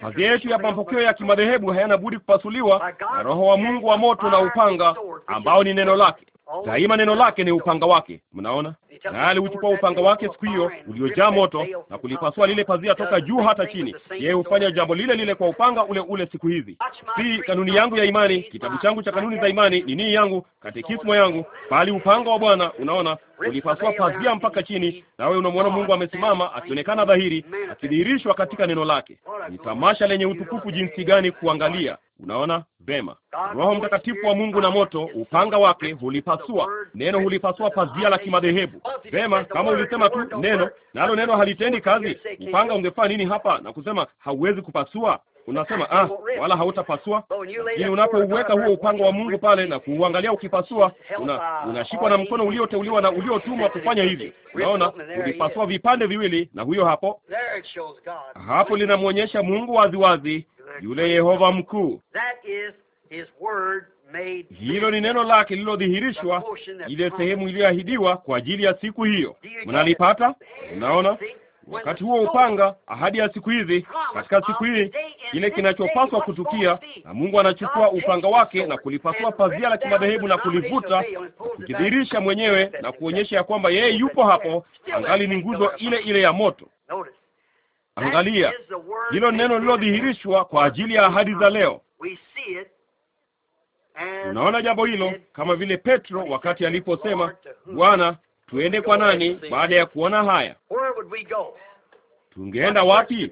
Pazia yetu ya mapokeo ya kimadhehebu hayana budi kupasuliwa na Roho wa Mungu wa moto na upanga, ambao ni neno lake. Daima neno lake ni upanga wake. Mnaona, na aliuchukua upanga wake siku hiyo uliojaa moto na kulipasua lile pazia toka juu hata chini. Yeye hufanya jambo lile lile kwa upanga ule ule siku hizi. Si kanuni yangu ya imani, kitabu changu cha kanuni za imani ni nini yangu, katekismo yangu, bali upanga wa Bwana. Unaona, ulipasua pazia mpaka chini, nawe unamwona Mungu amesimama akionekana dhahiri, akidhihirishwa katika neno lake. Ni tamasha lenye utukufu jinsi gani kuangalia! Unaona vema, Roho Mtakatifu wa Mungu na moto, upanga wake hulipasua neno, hulipasua pazia la kimadhehebu. Vema, kama ulisema tu neno nalo neno halitendi kazi, upanga ungefaa nini hapa na kusema hauwezi kupasua? Unasema ah, wala hautapasua. Lakini unapouweka huo upanga wa Mungu pale na kuuangalia ukipasua, una, unashikwa na mkono ulioteuliwa na uliotumwa kufanya hivi. Unaona, ulipasua vipande viwili, na huyo hapo hapo linamwonyesha Mungu waziwazi, yule Yehova mkuu. Hilo ni neno lake lililodhihirishwa, ile sehemu iliyoahidiwa kwa ajili ya siku hiyo. Mnalipata? Unaona, wakati huo upanga, ahadi ya siku hizi, katika siku hii, kile kinachopaswa kutukia, na Mungu anachukua upanga wake na kulipasua pazia la kimadhehebu na kulivuta, kujidhihirisha mwenyewe na kuonyesha ya kwamba yeye yupo hapo, angali ni nguzo ile ile ya moto. Angalia hilo neno lilodhihirishwa kwa ajili ya ahadi za leo. Unaona jambo hilo, kama vile Petro wakati aliposema, Bwana, tuende kwa nani? Baada ya kuona haya, tungeenda wapi?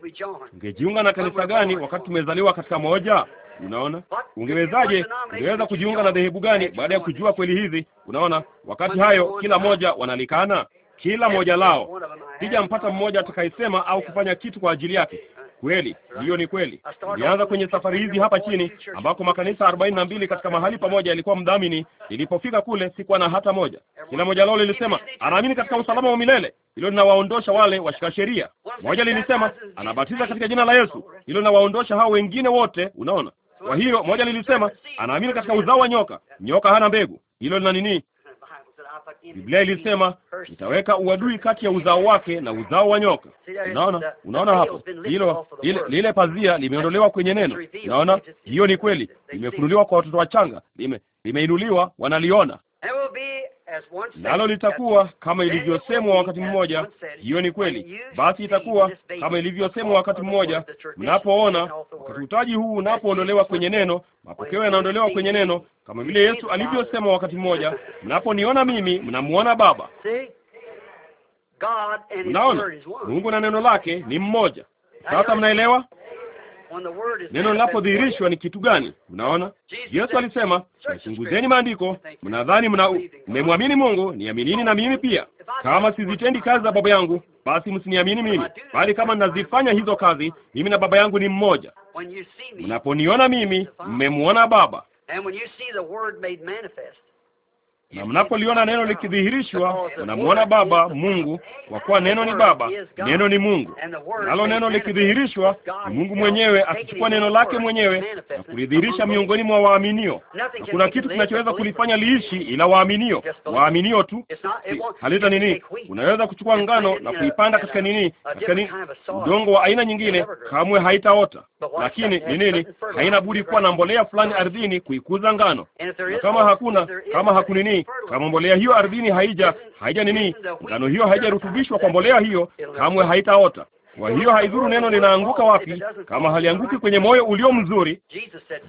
Ungejiunga na kanisa gani wakati tumezaliwa katika moja? Unaona, ungewezaje? Ungeweza kujiunga na dhehebu gani baada ya kujua kweli hizi? Unaona, wakati hayo kila moja wanalikana, kila moja lao sijampata mmoja atakayesema au kufanya kitu kwa ajili yake. Kweli, hiyo ni kweli. Nilianza kwenye safari hizi hapa chini ambako makanisa arobaini na mbili katika mahali pamoja yalikuwa mdhamini. Nilipofika kule sikuwa na hata moja. Kila moja lao lilisema anaamini katika usalama wa milele, hilo linawaondosha wale washika sheria. Moja lilisema anabatiza katika jina la Yesu, hilo linawaondosha hao wengine wote. Unaona? Kwa hiyo moja lilisema anaamini katika uzao wa nyoka, nyoka hana mbegu, hilo lina nini? Biblia ilisema nitaweka uadui kati ya uzao wake na uzao wa nyoka. Unaona, unaona hapo hilo lile, lile pazia limeondolewa kwenye neno. Unaona, hiyo ni kweli, limefunuliwa kwa watoto wachanga, lime- limeinuliwa, wanaliona nalo litakuwa kama ilivyosemwa wakati mmoja. Hiyo ni kweli, basi itakuwa kama ilivyosemwa wakati mmoja. Mnapoona ukakutaji huu unapoondolewa kwenye neno, mapokeo yanaondolewa kwenye neno, kama vile Yesu alivyosema wakati mmoja, mnaponiona mimi, mnamuona Baba. Mnaona Mungu na neno lake ni mmoja. Sasa mnaelewa? neno linapodhihirishwa ni kitu gani? Mnaona, Yesu alisema nachunguzeni maandiko, mnadhani mmemwamini Mungu, niaminini na mimi pia. Kama sizitendi kazi za Baba yangu, basi msiniamini mimi, bali kama ninazifanya hizo kazi, mimi na Baba yangu ni mmoja. Mnaponiona mimi, mmemwona Baba na mnapoliona neno likidhihirishwa, unamwona Baba Mungu, kwa kuwa neno ni Baba, neno ni Mungu. Nalo neno likidhihirishwa, ni Mungu mwenyewe akichukua neno lake mwenyewe na kulidhihirisha miongoni mwa waaminio. Hakuna kitu kinachoweza kulifanya liishi ila waaminio, waaminio tu. Halita nini, unaweza kuchukua ngano na kuipanda katika nini, katika nini, udongo wa aina nyingine, kamwe haitaota. Lakini ni nini, haina budi kuwa na mbolea fulani ardhini kuikuza ngano, na kama hakuna, kama hakunini kama mbolea hiyo ardhini haija haija nini, ngano hiyo haijarutubishwa kwa mbolea hiyo, kamwe haitaota. Kwa hiyo haidhuru neno linaanguka wapi, kama halianguki kwenye moyo ulio mzuri.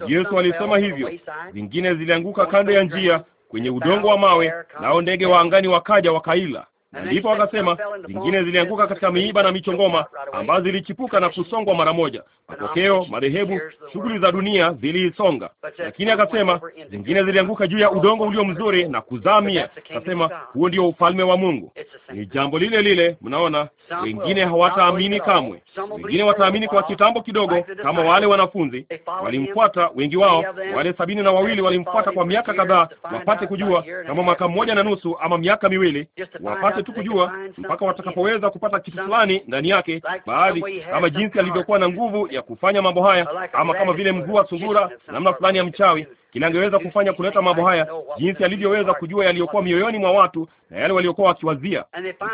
Yesu alisema hivyo. Zingine zilianguka kando ya njia, kwenye udongo wa mawe, nao ndege wa angani wakaja wakaila. Ndipo wakasema zingine zilianguka katika miiba na michongoma, ambazo zilichipuka na kusongwa mara moja. Mapokeo, madhehebu, shughuli za dunia ziliisonga. Lakini akasema zingine zilianguka juu ya udongo ulio mzuri na kuzamia. Akasema huo ndio ufalme wa Mungu. Ni jambo lile lile, mnaona. Wengine hawataamini kamwe, wengine wataamini kwa kitambo kidogo, kama wale wanafunzi walimfuata. Wengi wao wale sabini na wawili walimfuata kwa miaka kadhaa, wapate kujua kama mwaka mmoja na nusu ama miaka miwili, wapate wapate tu kujua mpaka watakapoweza kupata kitu fulani ndani yake, baadhi kama jinsi alivyokuwa na nguvu ya kufanya mambo haya, ama kama vile mguu wa sungura, namna fulani ya mchawi, kile angeweza kufanya kuleta mambo haya, jinsi alivyoweza kujua yaliyokuwa mioyoni mwa watu na yale waliokuwa wakiwazia.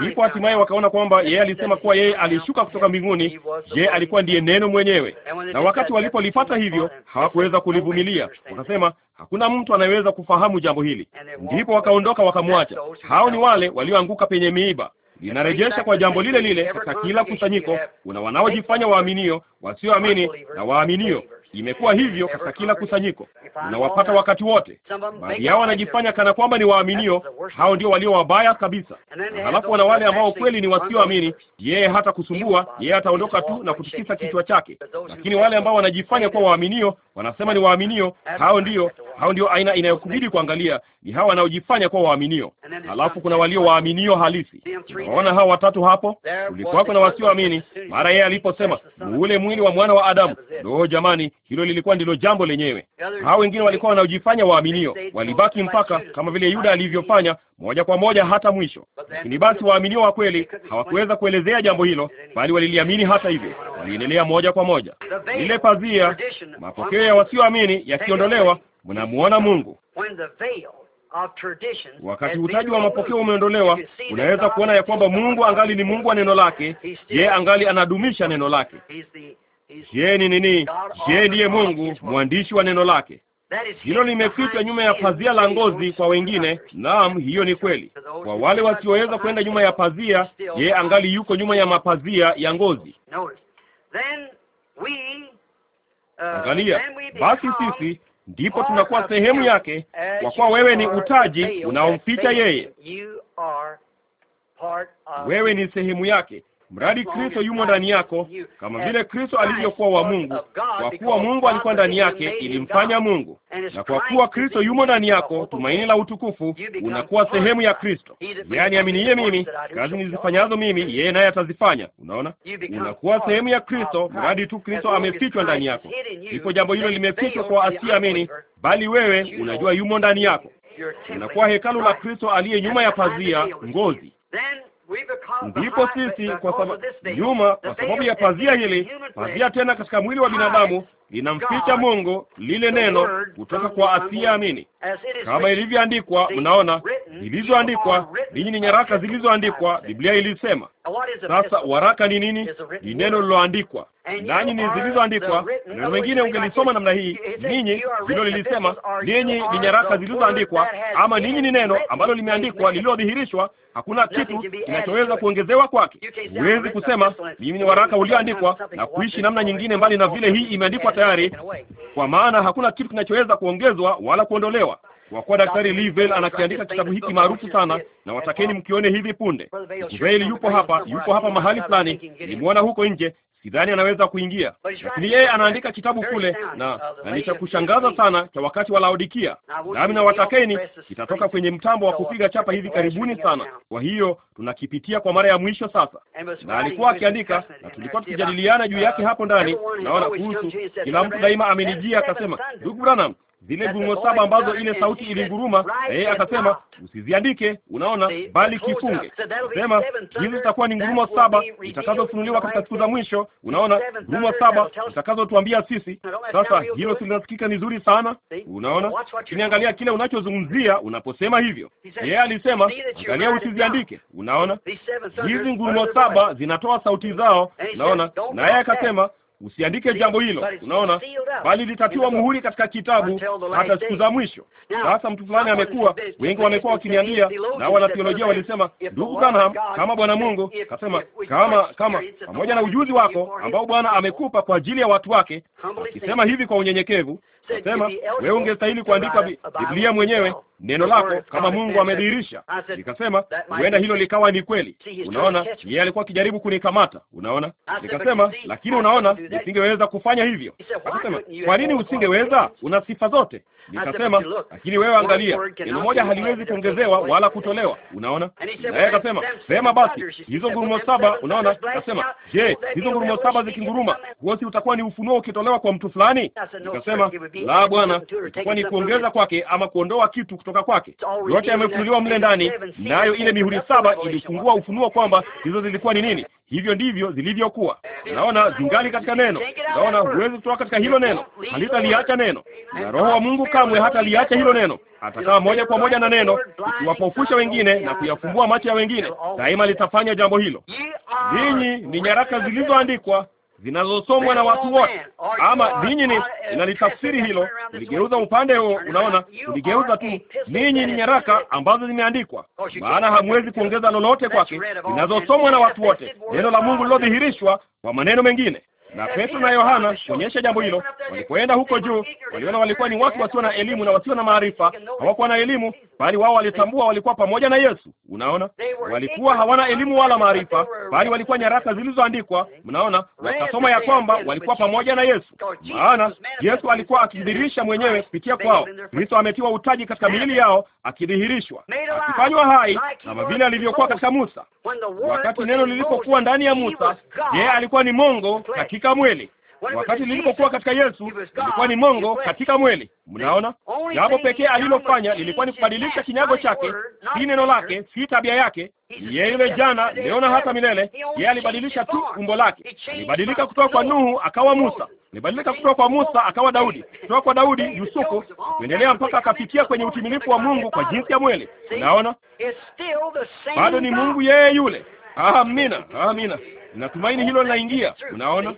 Ndipo hatimaye wakaona kwamba yeye alisema kuwa yeye alishuka kutoka mbinguni, je, alikuwa ndiye neno mwenyewe. Na wakati walipolipata hivyo, hawakuweza kulivumilia, wakasema hakuna mtu anayeweza kufahamu jambo hili. Ndipo wakaondoka wakamwacha. Hao ni wale walioanguka penye miiba. Linarejesha kwa jambo lile lile katika kila kusanyiko. Kuna wanaojifanya waaminio, wasioamini na waaminio. Imekuwa hivyo katika kila kusanyiko, unawapata wakati wote. Baadhi yao wanajifanya kana kwamba ni waaminio, hao ndio walio wabaya kabisa, na halafu wana wale ambao kweli ni wasioamini. Yeye hata kusumbua, yeye ataondoka tu na kutikisa kichwa chake. Lakini wale ambao wanajifanya kuwa waaminio, wanasema ni waaminio, hao ndio hao ndio aina inayokubidi kuangalia, ni hao wanaojifanya kuwa waaminio. Halafu kuna walio waaminio halisi. Unaona hao watatu hapo, kulikuwa kuna wasioamini. Mara yeye aliposema ule mwili wa mwana wa Adamu, ndio jamani hilo lilikuwa ndilo jambo lenyewe. Hao wengine walikuwa wanaojifanya waaminio walibaki mpaka, kama vile Yuda alivyofanya, moja kwa moja hata mwisho. Lakini basi waaminio wa kweli hawakuweza kuelezea jambo hilo, bali waliliamini hata hivyo, waliendelea moja kwa moja. Ile pazia, mapokeo ya wasioamini yakiondolewa, mnamuona Mungu. Wakati utaji wa mapokeo umeondolewa, unaweza kuona ya kwamba Mungu angali ni Mungu wa neno lake. Yeye angali anadumisha neno lake. Je, ni nini? Je, ndiye Mungu mwandishi wa neno lake? Hilo limefichwa nyuma ya pazia la ngozi kwa wengine. Naam, hiyo ni kweli. Kwa wale wasioweza kwenda nyuma ya pazia, yeye angali yuko nyuma ya mapazia ya ngozi. Angalia basi, sisi ndipo tunakuwa sehemu yake, kwa kuwa wewe ni utaji unaomficha yeye. Wewe ni sehemu yake, mradi Kristo yumo ndani yako, kama vile Kristo alivyokuwa wa Mungu. Kwa kuwa Mungu alikuwa ndani yake, ilimfanya Mungu, na kwa kuwa Kristo yumo ndani yako, tumaini la utukufu, unakuwa sehemu ya Kristo. Yeye aniaminiye mimi, kazi nizifanyazo mimi, yeye naye atazifanya. Unaona, unakuwa sehemu ya Kristo mradi tu Kristo amefichwa ndani yako. Ipo jambo hilo limefichwa kwa asiamini, bali wewe unajua yumo ndani yako. Unakuwa hekalu la Kristo aliye nyuma ya pazia ngozi ndipo sisi kwa sababu nyuma, kwa sababu ya pazia hili, pazia tena katika mwili wa binadamu linamficha Mungu lile neno kutoka kwa asiyeamini, kama ilivyoandikwa. Mnaona zilizoandikwa, ninyi ni nyaraka zilizoandikwa, Biblia ilisema. Sasa waraka ni nini? Ni neno liloandikwa, nanyi ni zilizoandikwa. Neno mengine ungelisoma namna hii, ninyi hilo lilisema, ninyi ni nyaraka zilizoandikwa, ama ninyi ni neno ambalo limeandikwa, lililodhihirishwa. Hakuna kitu kinachoweza kuongezewa kwake. Huwezi kusema mimi ni waraka ulioandikwa na kuishi namna nyingine mbali na vile hii imeandikwa daktari, kwa maana hakuna kitu kinachoweza kuongezwa wala kuondolewa. Kwa kuwa Daktari Livell anakiandika kitabu hiki maarufu sana, na watakeni mkione hivi punde. Israeli yupo hapa, yupo hapa mahali fulani, nilimwona huko nje sidhani anaweza kuingia, lakini yeye anaandika kitabu kule, na uh, na ni cha kushangaza sana cha wakati wa Laodikia. Nami nawatakeni, kitatoka kwenye mtambo wa kupiga chapa hivi karibuni sana. Kwa hiyo tunakipitia kwa mara ya mwisho sasa, na alikuwa akiandika na tulikuwa tukijadiliana juu yake hapo ndani, naona kuhusu kila mtu daima amenijia akasema, ndugu Branham zile ngurumo saba ambazo ile sauti ilinguruma, na yeye akasema usiziandike, unaona, bali kifunge. Sema hizi zitakuwa ni ngurumo saba zitakazofunuliwa katika siku za mwisho, unaona, ngurumo saba zitakazotuambia sisi. Sasa hilo silinasikika ni zuri sana, unaona. Kiniangalia kile unachozungumzia unaposema hivyo. Yeye alisema angalia, usiziandike, unaona, hizi ngurumo saba zinatoa sauti zao, unaona, na yeye akasema Usiandike jambo hilo, unaona, bali litatiwa muhuri katika kitabu hata siku za mwisho. Sasa mtu fulani amekuwa, wengi wamekuwa wakiniambia, na wanatheolojia walisema, ndugu Branham, kama Bwana Mungu kasema, kama kama pamoja na ujuzi wako ambao Bwana amekupa kwa ajili ya watu wake, akisema hivi kwa unyenyekevu, sema wewe ungestahili kuandika Biblia mwenyewe neno lako kama Mungu amedhihirisha. Nikasema huenda hilo likawa ni kweli. Unaona, yeye alikuwa akijaribu kunikamata, unaona. Nikasema lakini, unaona, usingeweza kufanya hivyo. Akasema kwa nini usingeweza? Una sifa zote. Nikasema lakini wewe angalia, neno moja haliwezi kuongezewa wala kutolewa, unaona. Naye akasema sema basi hizo ngurumo saba, unaona. Akasema je, hizo ngurumo saba zikinguruma, huosi utakuwa ni ufunuo ukitolewa kwa mtu fulani? Nikasema la, Bwana, itakuwa ni kuongeza kwake ama kuondoa kitu kutoka kwake, yote yamefunuliwa mle ndani, nayo ile mihuri saba ilifungua ufunuo kwamba hizo zilikuwa ni nini. Hivyo ndivyo zilivyokuwa. Naona zingali katika neno, naona huwezi kutoka katika hilo neno, halitaliacha neno, na Roho wa Mungu kamwe hataliacha hilo neno. Atakaa moja kwa moja na neno, ikiwapofusha wengine na kuyafumbua macho ya wengine. Daima litafanya jambo hilo. Ninyi ni nyaraka zilizoandikwa zinazosomwa na watu wote, ama ninyi ni inalitafsiri hilo, kuligeuza upande huo. Unaona, uligeuza tu. Ninyi ni nyaraka ambazo zimeandikwa, maana hamwezi kuongeza lolote kwake, zinazosomwa na watu wote, neno la Mungu lilodhihirishwa. Kwa maneno mengine na Petro na Yohana kuonyesha jambo hilo, walipoenda huko juu, waliona walikuwa ni watu wasio na elimu na wasio na maarifa. Hawakuwa na elimu, bali wao walitambua walikuwa pamoja na Yesu. Unaona, walikuwa hawana elimu wala maarifa, bali walikuwa nyaraka zilizoandikwa. Mnaona, wakasoma ya kwamba walikuwa pamoja na Yesu, maana Yesu alikuwa akidhihirisha mwenyewe kupitia kwao. Kristo ametiwa utaji katika miili yao, akidhihirishwa, akifanywa hai kama vile alivyokuwa katika Musa. Wakati neno lilipokuwa ndani ya Musa, yeye alikuwa ni Mungu katika katika mwili. Wakati nilipokuwa katika Yesu nilikuwa ni Mungu katika mwili. Mnaona, jambo pekee alilofanya lilikuwa ni kubadilisha kinyago chake, si neno lake, si tabia yake. Yeye yule jana, leo na hata milele. Yeye alibadilisha tu umbo lake. Alibadilika kutoka kwa Nuhu akawa Musa, alibadilika kutoka kwa Musa akawa Daudi, kutoka kwa Daudi Yusufu, kuendelea mpaka akafikia kwenye utimilifu wa Mungu kwa jinsi ya mwili. Mnaona, bado ni Mungu yeye yule. Amina, amina. Natumaini hilo linaingia. Unaona,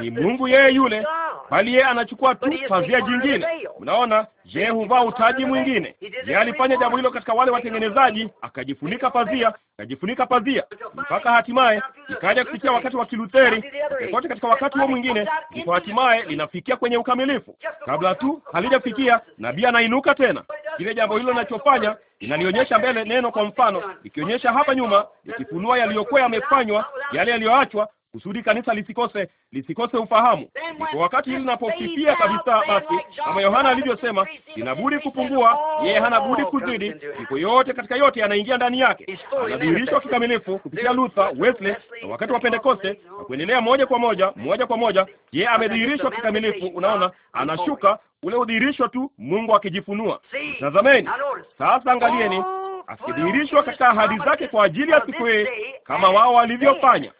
ni Mungu yeye yule, bali yeye anachukua tu pazia jingine. mnaona yeye huvaa utaji mwingine. Yeye alifanya jambo hilo katika wale watengenezaji, akajifunika pazia, akajifunika pazia mpaka hatimaye ikaja kufikia wakati wa Kilutheri, kote katika wakati huo mwingine, ndipo hatimaye linafikia kwenye ukamilifu. Kabla tu halijafikia, nabii anainuka tena. Kile jambo hilo linachofanya inanionyesha mbele neno, kwa mfano, ikionyesha hapa nyuma, ikifunua yaliyokuwa yamefanywa, yale yaliyoachwa kusudi kanisa lisikose lisikose ufahamu. Kwa wakati hili linapofifia kabisa, basi kama Yohana alivyosema, inabudi kupungua, oh, yeye hana budi kuzidi. Iko yote katika yote yanaingia ndani yake, anadhihirishwa kikamilifu kupitia Luther, Wesley na wakati wa Pentekoste na kuendelea moja kwa moja moja kwa moja, yeye amedhihirishwa kikamilifu. Unaona, anashuka ule udhihirisho tu, Mungu akijifunua. Tazameni sasa, angalieni oh, asikidhihirishwa katika ahadi zake kwa ajili ya siku hii kama wao walivyofanya.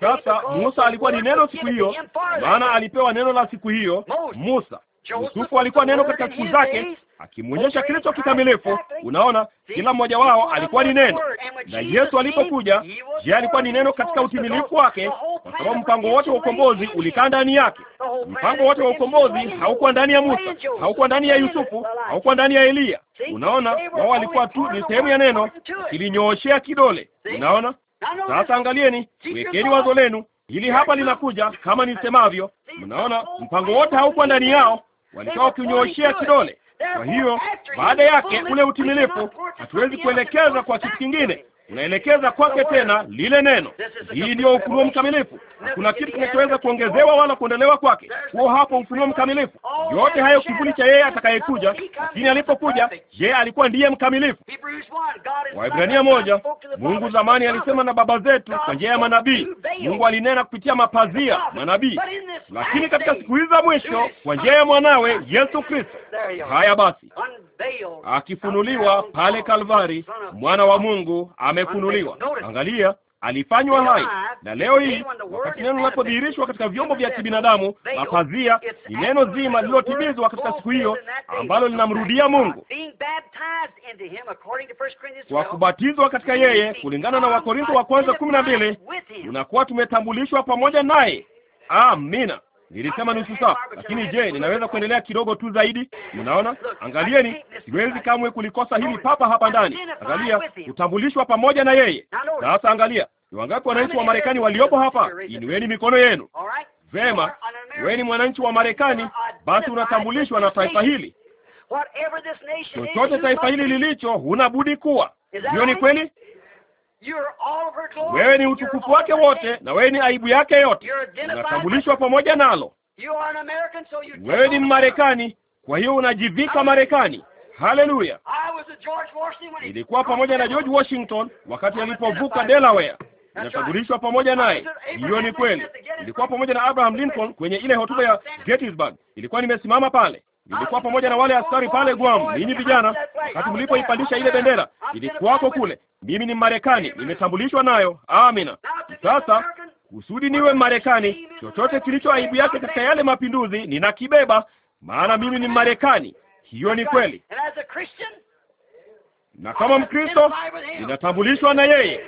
Sasa Musa alikuwa ni neno siku hiyo, maana alipewa neno la siku hiyo. Musa Yusufu alikuwa neno katika siku zake, akimwonyesha Kristo kikamilifu. Unaona, kila mmoja wao alikuwa ni neno, na Yesu alipokuja, je, alikuwa ni neno katika utimilifu wake, kwa sababu mpango wote wa ukombozi ulikaa ndani yake. Mpango wote wa ukombozi haukuwa ndani ya Musa, haukuwa ndani ya Yusufu, haukuwa ndani ya Eliya. Unaona, wao walikuwa tu ni sehemu ya neno, kilinyooshea kidole. Unaona, sasa angalieni, wekeni wazo lenu, hili hapa linakuja kama nisemavyo. Mnaona, mpango wote haukuwa ndani yao, walikuwa wakinyooshea kidole kwa hiyo baada yake ule utimilifu, hatuwezi kuelekeza kwa kitu kingine, unaelekeza kwake tena lile neno. Hii ndiyo ufunuo mkamilifu. Hakuna kitu kinachoweza kuongezewa wala kuondolewa kwake. Huo hapo ufunuo mkamilifu, yote hayo kivuli cha yeye atakayekuja. Lakini alipokuja, yeye alikuwa ndiye mkamilifu. Waibrania moja, Mungu zamani alisema na baba zetu kwa njia ya manabii. Mungu alinena kupitia mapazia manabii, lakini katika siku hizi za mwisho kwa njia ya mwanawe Yesu Kristo. Haya basi, akifunuliwa pale Kalvari, mwana wa Mungu amefunuliwa. Angalia, alifanywa hai, na leo hii wakati neno linapodhihirishwa katika vyombo vya kibinadamu, mapazia ni neno zima lililotimizwa katika siku hiyo, ambalo linamrudia Mungu kwa kubatizwa katika yeye. Kulingana na Wakorintho wa kwanza kumi na mbili, tunakuwa tumetambulishwa pamoja naye. Amina nilisema nusu saa, lakini je, ninaweza kuendelea kidogo tu zaidi? Mnaona, angalieni, siwezi kamwe kulikosa hili papa hapa ndani. Angalia, utambulishwa pamoja na yeye. Sasa angalia, ni wangapi wananchi wa Marekani waliopo hapa? Inueni mikono yenu. Vema, wewe ni mwananchi wa Marekani, basi unatambulishwa na taifa hili. Chochote taifa hili lilicho, huna budi kuwa hiyo. Ni kweli? Wewe ni utukufu wake wote, na wewe ni aibu yake yote. Unatambulishwa pamoja nalo. Wewe ni Mmarekani, kwa hiyo unajivika Marekani. Haleluya! Nilikuwa pamoja na George Washington wakati alipovuka Delaware. Inatambulishwa pamoja naye. Hiyo ni kweli. ilikuwa pamoja na Abraham Lincoln kwenye ile hotuba ya Gettysburg. Ilikuwa nimesimama pale nilikuwa pamoja na wale askari pale Guam, ninyi vijana, wakati mlipoipandisha ile bendera, ilikuwako kule. Mimi ni Marekani, nimetambulishwa nayo. Amina. Sasa kusudi niwe Marekani, chochote kilicho aibu yake katika yale mapinduzi ninakibeba, maana mimi ni Marekani. Hiyo ni kweli na kama Mkristo inatambulishwa na yeye.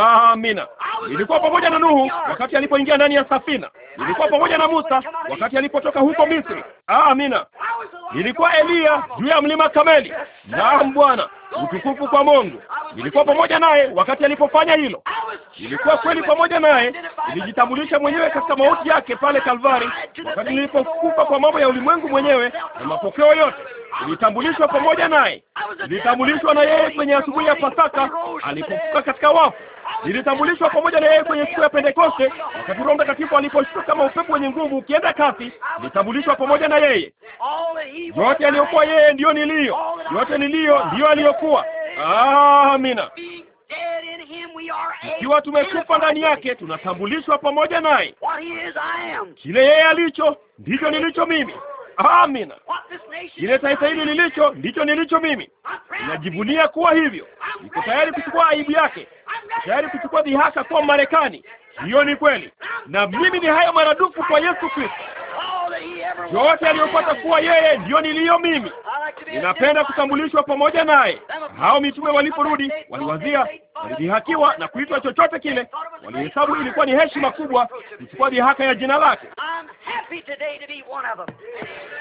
Amina. Nilikuwa pamoja na Nuhu wakati alipoingia ndani ya safina, nilikuwa pamoja na Musa wakati alipotoka huko Misri. Amina. Nilikuwa Eliya juu ya mlima Kameli. Naam Bwana, utukufu kwa Mungu. Nilikuwa pamoja naye wakati alipofanya hilo, nilikuwa kweli pamoja naye. Nilijitambulisha mwenyewe katika mauti yake pale Kalvari, wakati nilipokufa kwa mambo ya ulimwengu mwenyewe na mapokeo yote. Nilitambulishwa pamoja naye, nilitambulishwa na yeye kwenye asubuhi ya Pasaka alipofuka katika wafu. Nilitambulishwa pamoja na yeye kwenye siku ya Pentekoste, wakati Roho Mtakatifu aliposhuka kama upepo wenye nguvu ukienda kasi. Nilitambulishwa pamoja na yeye. Yote aliyokuwa yeye ndiyo niliyo, yote niliyo ndiyo aliyokuwa. Amina. Ikiwa tumekufa ndani yake, tunatambulishwa pamoja naye. Kile yeye alicho ndicho nilicho mimi. Amina. Ile taifa hili lilicho ndicho nilicho mimi, najivunia kuwa hivyo. Niko tayari kuchukua aibu yake, tayari kuchukua dhihaka kuwa Marekani, hiyo ni kweli, na mimi ni hayo maradufu kwa Yesu Kristo. Yote aliyopata kuwa yeye ndiyo niliyo mimi. Ninapenda kutambulishwa pamoja naye. Hao mitume waliporudi, waliwazia, walidhihakiwa na kuitwa chochote kile, walihesabu ilikuwa ni heshima kubwa kuchukua dhihaka ya jina lake.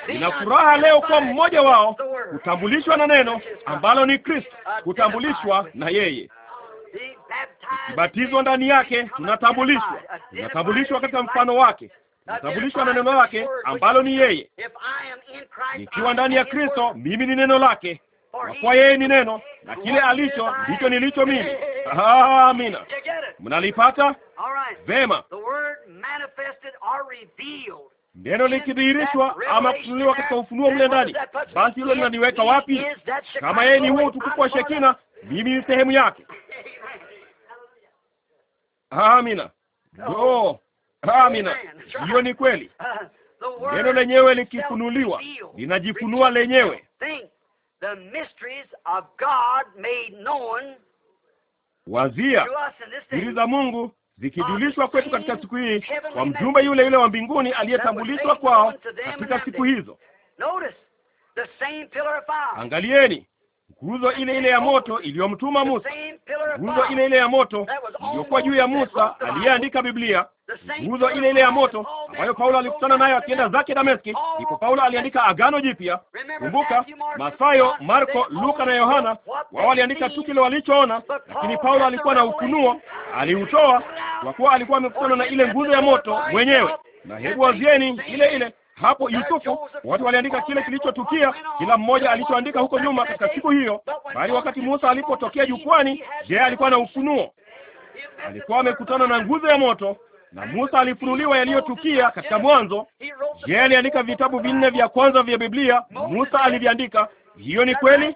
Nina furaha leo kuwa mmoja wao, kutambulishwa na neno ambalo ni Kristo, kutambulishwa na yeye batizwa ndani yake, tunatambulishwa, tunatambulishwa katika mfano wake, tunatambulishwa na neno lake ambalo ni yeye. Nikiwa ndani ya Kristo, mimi ni neno lake, kwa kuwa yeye ni neno, na kile alicho ndicho nilicho mimi. Amina, mnalipata vema. Neno likidhihirishwa ama kufunuliwa katika ufunuo mle ndani, basi hilo linaniweka wapi? Kama yeye ni huo utukufu wa Shekina, mimi ni sehemu yake. Amina. Oh, amina. Hiyo ni kweli. Uh, Neno lenyewe likifunuliwa linajifunua lenyewe. Wazia siri za Mungu zikijulishwa kwetu katika siku hii kwa mjumbe yule yule wa mbinguni aliyetambulishwa kwao katika siku hizo. Angalieni, nguzo ile ile ya moto iliyomtuma Musa, nguzo ile ile ya moto iliyokuwa juu ya Musa aliyeandika Biblia, nguzo ile ile ya moto ambayo Paulo alikutana nayo akienda zake Dameski, oh, ndipo Paulo aliandika Agano Jipya. Kumbuka, Mathayo, Marko, Luka na Yohana wao waliandika tu kile walichoona, lakini Paulo alikuwa na ufunuo, aliutoa kwa kuwa alikuwa amekutana na ile nguzo ya moto mwenyewe. Na hebu wazieni ile ile hapo Yusufu, watu waliandika kile kilichotukia, kila mmoja alichoandika huko nyuma katika siku hiyo. Bali wakati Musa alipotokea jukwani, je, alikuwa na ufunuo? Alikuwa amekutana na nguzo ya moto na Musa alifunuliwa yaliyotukia katika Mwanzo. Je, aliandika vitabu vinne vya kwanza vya Biblia, Musa aliviandika. Hiyo ni kweli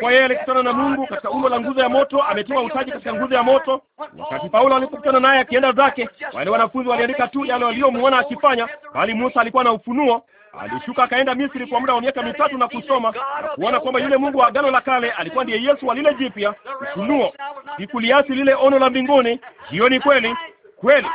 kwa yeye alikutana na Mungu katika umbo la nguzo ya moto, ametiwa utaji katika nguzo ya moto. Wakati Paulo alipokutana naye akienda zake, wale wanafunzi waliandika tu yale waliomuona akifanya, bali Musa alikuwa na ufunuo. Alishuka akaenda Misri kwa muda wa miaka mitatu na kusoma na kuona kwamba yule Mungu wa Agano la Kale alikuwa ndiye Yesu wa lile jipya, ufunuo. Sikuliasi lile ono la mbinguni, hiyo ni kweli kweli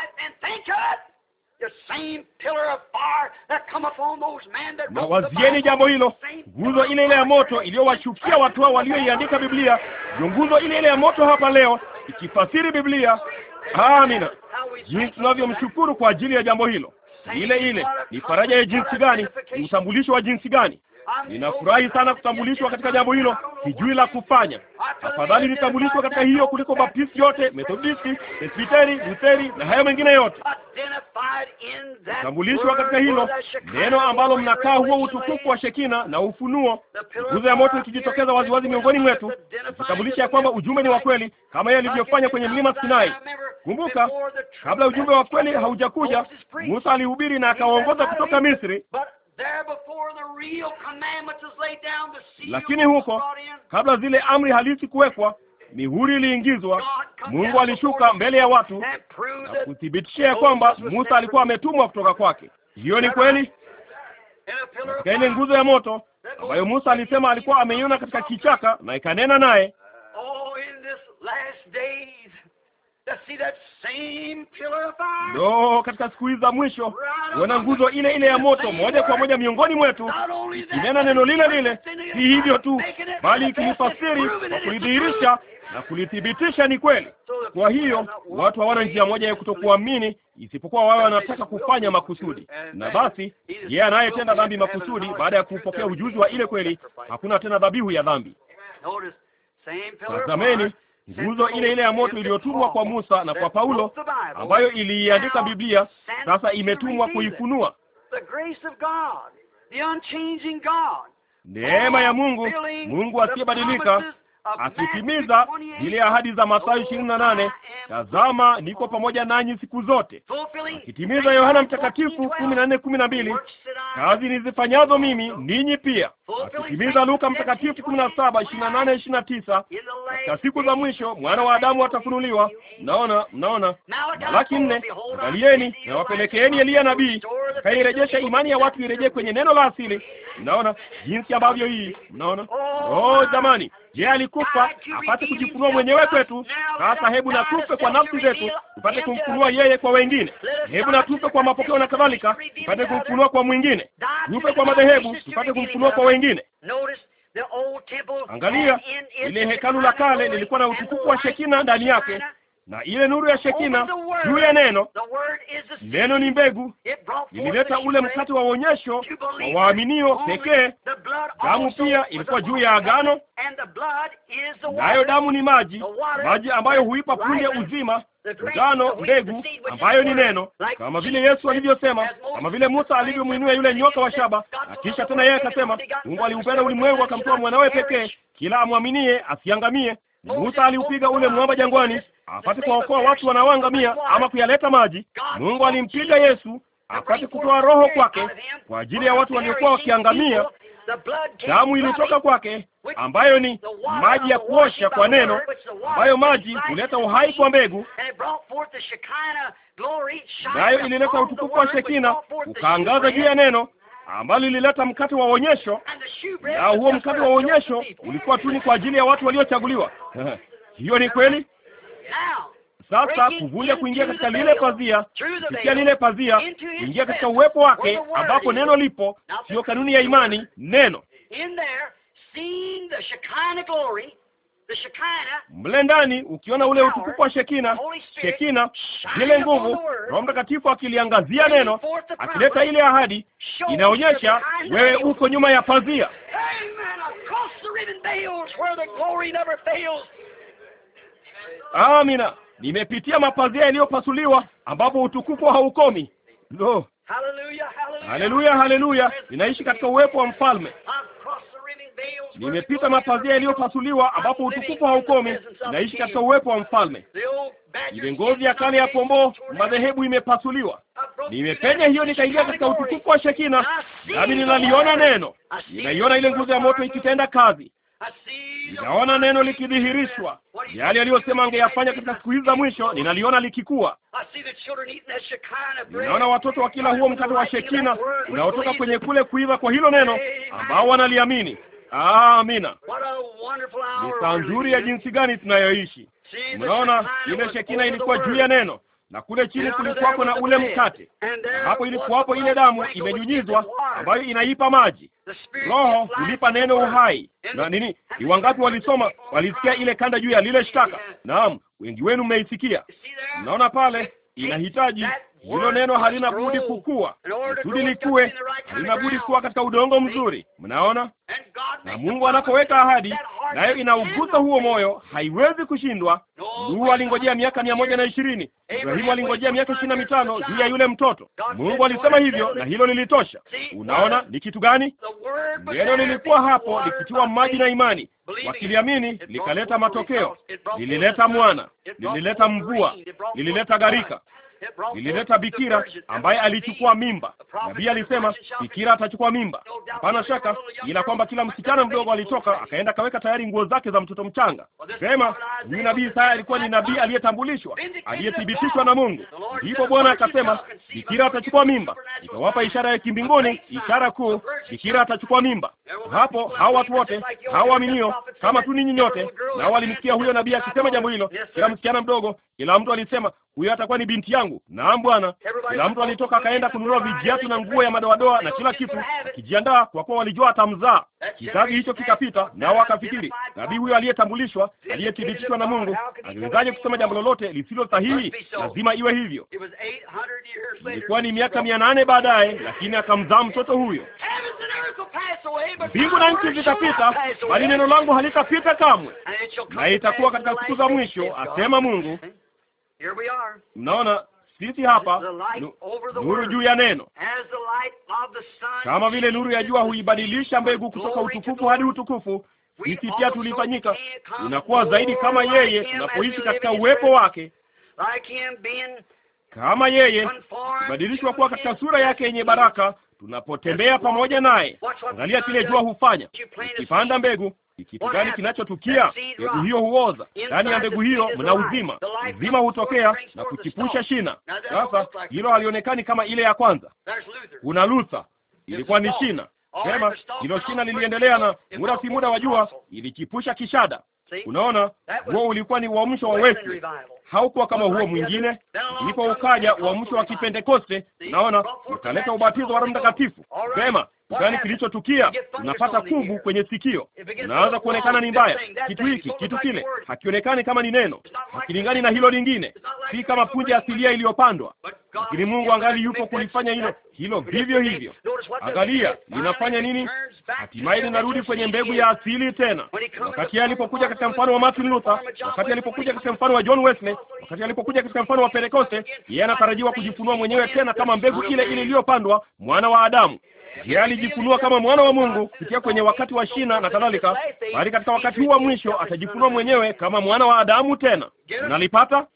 na wazieni jambo hilo, nguzo ile ile ya moto iliyowashukia watu hao walioiandika Biblia, ndio nguzo ile ile ya moto hapa leo ikifasiri Biblia. Amina, jinsi tunavyomshukuru kwa ajili ya jambo hilo. Ile ile ni faraja ya jinsi gani, ni utambulisho wa jinsi gani. Ninafurahi sana kutambulishwa katika jambo hilo, sijui la kufanya. Afadhali nitambulishwa katika hiyo kuliko Baptisti yote, Methodisti, Presbiteri, Lutheri na hayo mengine yote. Tambulishwa katika hilo neno ambalo mnakaa huo utukufu wa Shekina na ufunuo, nguzo ya moto ikijitokeza waziwazi miongoni mwetu, kutambulisha ya kwamba ujumbe ni wa kweli kama yeye alivyofanya kwenye mlima Sinai. Kumbuka, kabla ujumbe wa kweli haujakuja, Musa alihubiri na akaongoza kutoka Misri lakini huko kabla zile amri halisi kuwekwa mihuri iliingizwa, Mungu alishuka mbele ya watu na kuthibitisha ya kwamba Musa alikuwa ametumwa kutoka kwake. Hiyo ni kweli. Katika ile nguzo ya moto ambayo Musa alisema alikuwa ameiona katika kichaka na ikanena naye, oh, Lo, katika siku hizi za mwisho wana nguzo ile ile ya moto moja kwa moja miongoni mwetu ikinena neno lile lile, si hivyo tu, bali ikilifasiri kwa kulidhihirisha na kulithibitisha ni kweli. Kwa hiyo watu hawana njia moja ya kutokuamini isipokuwa wawe wanataka kufanya makusudi, na basi yeye anayetenda dhambi makusudi, baada ya kupokea ujuzi wa ile kweli, hakuna tena dhabihu ya dhambi. Tazameni nguzo ile ile ya moto iliyotumwa kwa Musa na kwa Paulo, ambayo iliiandika Biblia, sasa imetumwa kuifunua neema ya Mungu, Mungu asiyebadilika akitimiza ile ahadi za Mathayo ishirini na nane, tazama niko pamoja nanyi siku zote, akitimiza Yohana Mtakatifu kumi na nne kumi na mbili, kazi nizifanyazo mimi ninyi pia akitimiza Luka mtakatifu kumi na saba ishirini na nane ishirini na tisa katika siku za mwisho mwana wa Adamu atafunuliwa. Mnaona, mnaona. Malaki nne, angalieni na wapelekeeni Eliya nabii kairejesha imani ya watu irejee kwenye neno la asili. Mnaona jinsi ambavyo hii, mnaona. Oh jamani, je, alikufa apate kujifunua mwenyewe kwetu? Sasa hebu na tufe kwa nafsi zetu tupate kumfunua yeye kwa wengine. Hebu na tufe kwa mapokeo na kadhalika tupate kumfunua kwa mwingine. Tufe kwa madhehebu tupate kumfunua kwa wengine mengine. Angalia ile hekalu la kale lilikuwa na utukufu wa Shekina ndani yake na ile nuru ya Shekina juu ya neno. Neno ni mbegu, ilileta ule mkate wa uonyesho wa waaminio pekee. Damu pia ilikuwa juu ya agano, nayo damu ni maji, maji ambayo huipa punde uzima ugano mbegu ambayo ni neno, kama vile Yesu alivyosema, kama vile Musa alivyomwinua yule nyoka wa shaba, na kisha tena yeye akasema, Mungu aliupenda ulimwengu akamtoa mwanawe pekee, kila amwaminie asiangamie. Musa aliupiga ule mwamba jangwani, apate kuwaokoa watu wanaoangamia ama kuyaleta maji. Mungu alimpiga Yesu apate kutoa roho kwake kwa ajili ya watu waliokuwa wakiangamia. Damu ilitoka kwake, ambayo ni maji ya kuosha kwa neno, ambayo maji huleta uhai kwa mbegu, nayo ilileta utukufu wa Shekina, ukaangaza juu ya neno ambalo lilileta mkate wa uonyesho, na huo mkate wa uonyesho ulikuwa tu ni kwa ajili ya watu waliochaguliwa. Hiyo ni kweli. Sasa kuvuja kuingia katika lile pazia, kupitia lile pazia, kuingia katika uwepo wake, ambapo neno lipo, siyo kanuni ya imani, neno mle ndani ukiona ule utukufu wa Shekina, Shekina, zile nguvu, Roho Mtakatifu akiliangazia neno, akileta ile ahadi, inaonyesha wewe uko nyuma ya pazia. Amina. Nimepitia mapazia yaliyopasuliwa ambapo utukufu haukomi. Lo, haleluya, haleluya! Ninaishi katika uwepo wa mfalme. Nimepita mapazia yaliyopasuliwa ambapo utukufu haukomi. Ninaishi katika uwepo wa mfalme. Ile ngozi ya kale ya pomboo madhehebu imepasuliwa. Nimepenya hiyo, nikaingia katika utukufu wa Shekina, nami ninaliona neno, ninaiona ile nguzo ya moto ikitenda kazi. Ninaona neno likidhihirishwa, yale aliyosema angeyafanya katika siku hizi za mwisho, ninaliona likikuwa. Ninaona watoto wakila huo mkate wa Shekina unaotoka kwenye kule kuiva kwa hilo neno, ambao wanaliamini. Amina. Ni saa nzuri ya jinsi gani tunayoishi! Mnaona, ile Shekina ilikuwa juu ya neno na kule chini kulikuwako na ule mkate, hapo ilikuwapo ile damu imenyunyizwa, ambayo inaipa maji. Roho ulipa neno uhai na nini. Ni wangapi walisoma, walisikia ile kanda juu ya lile shtaka? Naam, wengi wenu mmeisikia. Mnaona pale inahitaji hilo neno halina budi kukua, kusudi likue, halina budi kuwa katika udongo mzuri. Mnaona, na Mungu anapoweka ahadi, nayo inaugusa huo moyo, haiwezi kushindwa. Nuhu alingojea miaka mia moja na ishirini Ibrahimu alingojea miaka ishirini na mitano juu ya yule mtoto. Mungu alisema hivyo, na hilo lilitosha. Unaona ni kitu gani? Neno lilikuwa hapo likitiwa maji na imani, wakiliamini likaleta matokeo. Lilileta mwana, lilileta mvua, lilileta garika lilileta bikira ambaye alichukua mimba. Nabii alisema bikira atachukua mimba, hapana shaka, ila kwamba kila msichana mdogo alitoka akaenda akaweka tayari nguo zake za mtoto mchanga. Sema huyu nabii Isaya alikuwa ni nabii aliyetambulishwa, aliyethibitishwa na Mungu. Ndipo Bwana akasema bikira atachukua mimba, ikawapa ishara ya kimbinguni, ishara kuu, bikira atachukua mimba hapo hao watu wote hao waaminio kama tu ninyi nyote, na walimsikia huyo nabii akisema jambo hilo, kila msichana mdogo, kila mtu alisema huyo atakuwa ni binti yangu. Naam Bwana, kila mtu alitoka akaenda kununua vijiatu na nguo ya madoadoa na kila kitu, akijiandaa kwa kuwa walijua atamzaa. Kizazi hicho kikapita, nao wakafikiri nabii huyo aliyetambulishwa, aliyethibitishwa na Mungu, angewezaje kusema jambo lolote lisilo sahihi? Lazima iwe hivyo. Ilikuwa ni miaka mia nane baadaye, lakini akamzaa mtoto huyo. Mbingu na nchi zitapita, bali neno langu halitapita kamwe, na itakuwa katika siku za mwisho, asema Mungu. Mnaona, sisi hapa nuru juu ya neno, kama vile nuru ya jua huibadilisha mbegu kutoka utukufu hadi utukufu. Sisi pia tulifanyika, unakuwa zaidi kama yeye tunapoishi katika uwepo wake, kama yeye badilishwa kuwa katika sura yake yenye baraka tunapotembea pamoja naye. Angalia kile jua hufanya, ikipanda mbegu kitu gani kinachotukia? Mbegu hiyo huoza. Ndani ya mbegu hiyo mna uzima, uzima hutokea na kuchipusha shina. Sasa hilo halionekani kama ile ya kwanza. Kuna Luther, ilikuwa ni shina sema, hilo shina liliendelea na muda si muda wa jua ilichipusha kishada. Unaona, huo ulikuwa ni uamsho wa Wesley haukuwa kama huo mwingine. Ndipo ukaja wa mtu wa Kipentekoste. Naona utaleta ubatizo wa Roho Mtakatifu. Vema, gani kilichotukia, unapata kubu kwenye sikio, unaweza kuonekana ni mbaya, kitu hiki kitu kile, hakionekani kama ni neno, hakilingani na hilo lingine, si kama punje asilia iliyopandwa. Lakini Mungu angali yupo kulifanya hilo hilo vivyo hivyo. Angalia linafanya nini, hatimaye linarudi kwenye mbegu ya asili tena. Wakati alipokuja katika mfano wa Martin Luther, wakati alipokuja katika mfano wa John Wesley, wakati alipokuja katika mfano wa Pentecoste, yeye anatarajiwa kujifunua mwenyewe tena kama mbegu ile ile iliyopandwa, mwana wa Adamu yeye alijifunua kama mwana wa Mungu kupitia kwenye wakati wa shina na kadhalika, bali katika wakati huu wa mwisho atajifunua mwenyewe kama mwana wa Adamu tena. Nalipata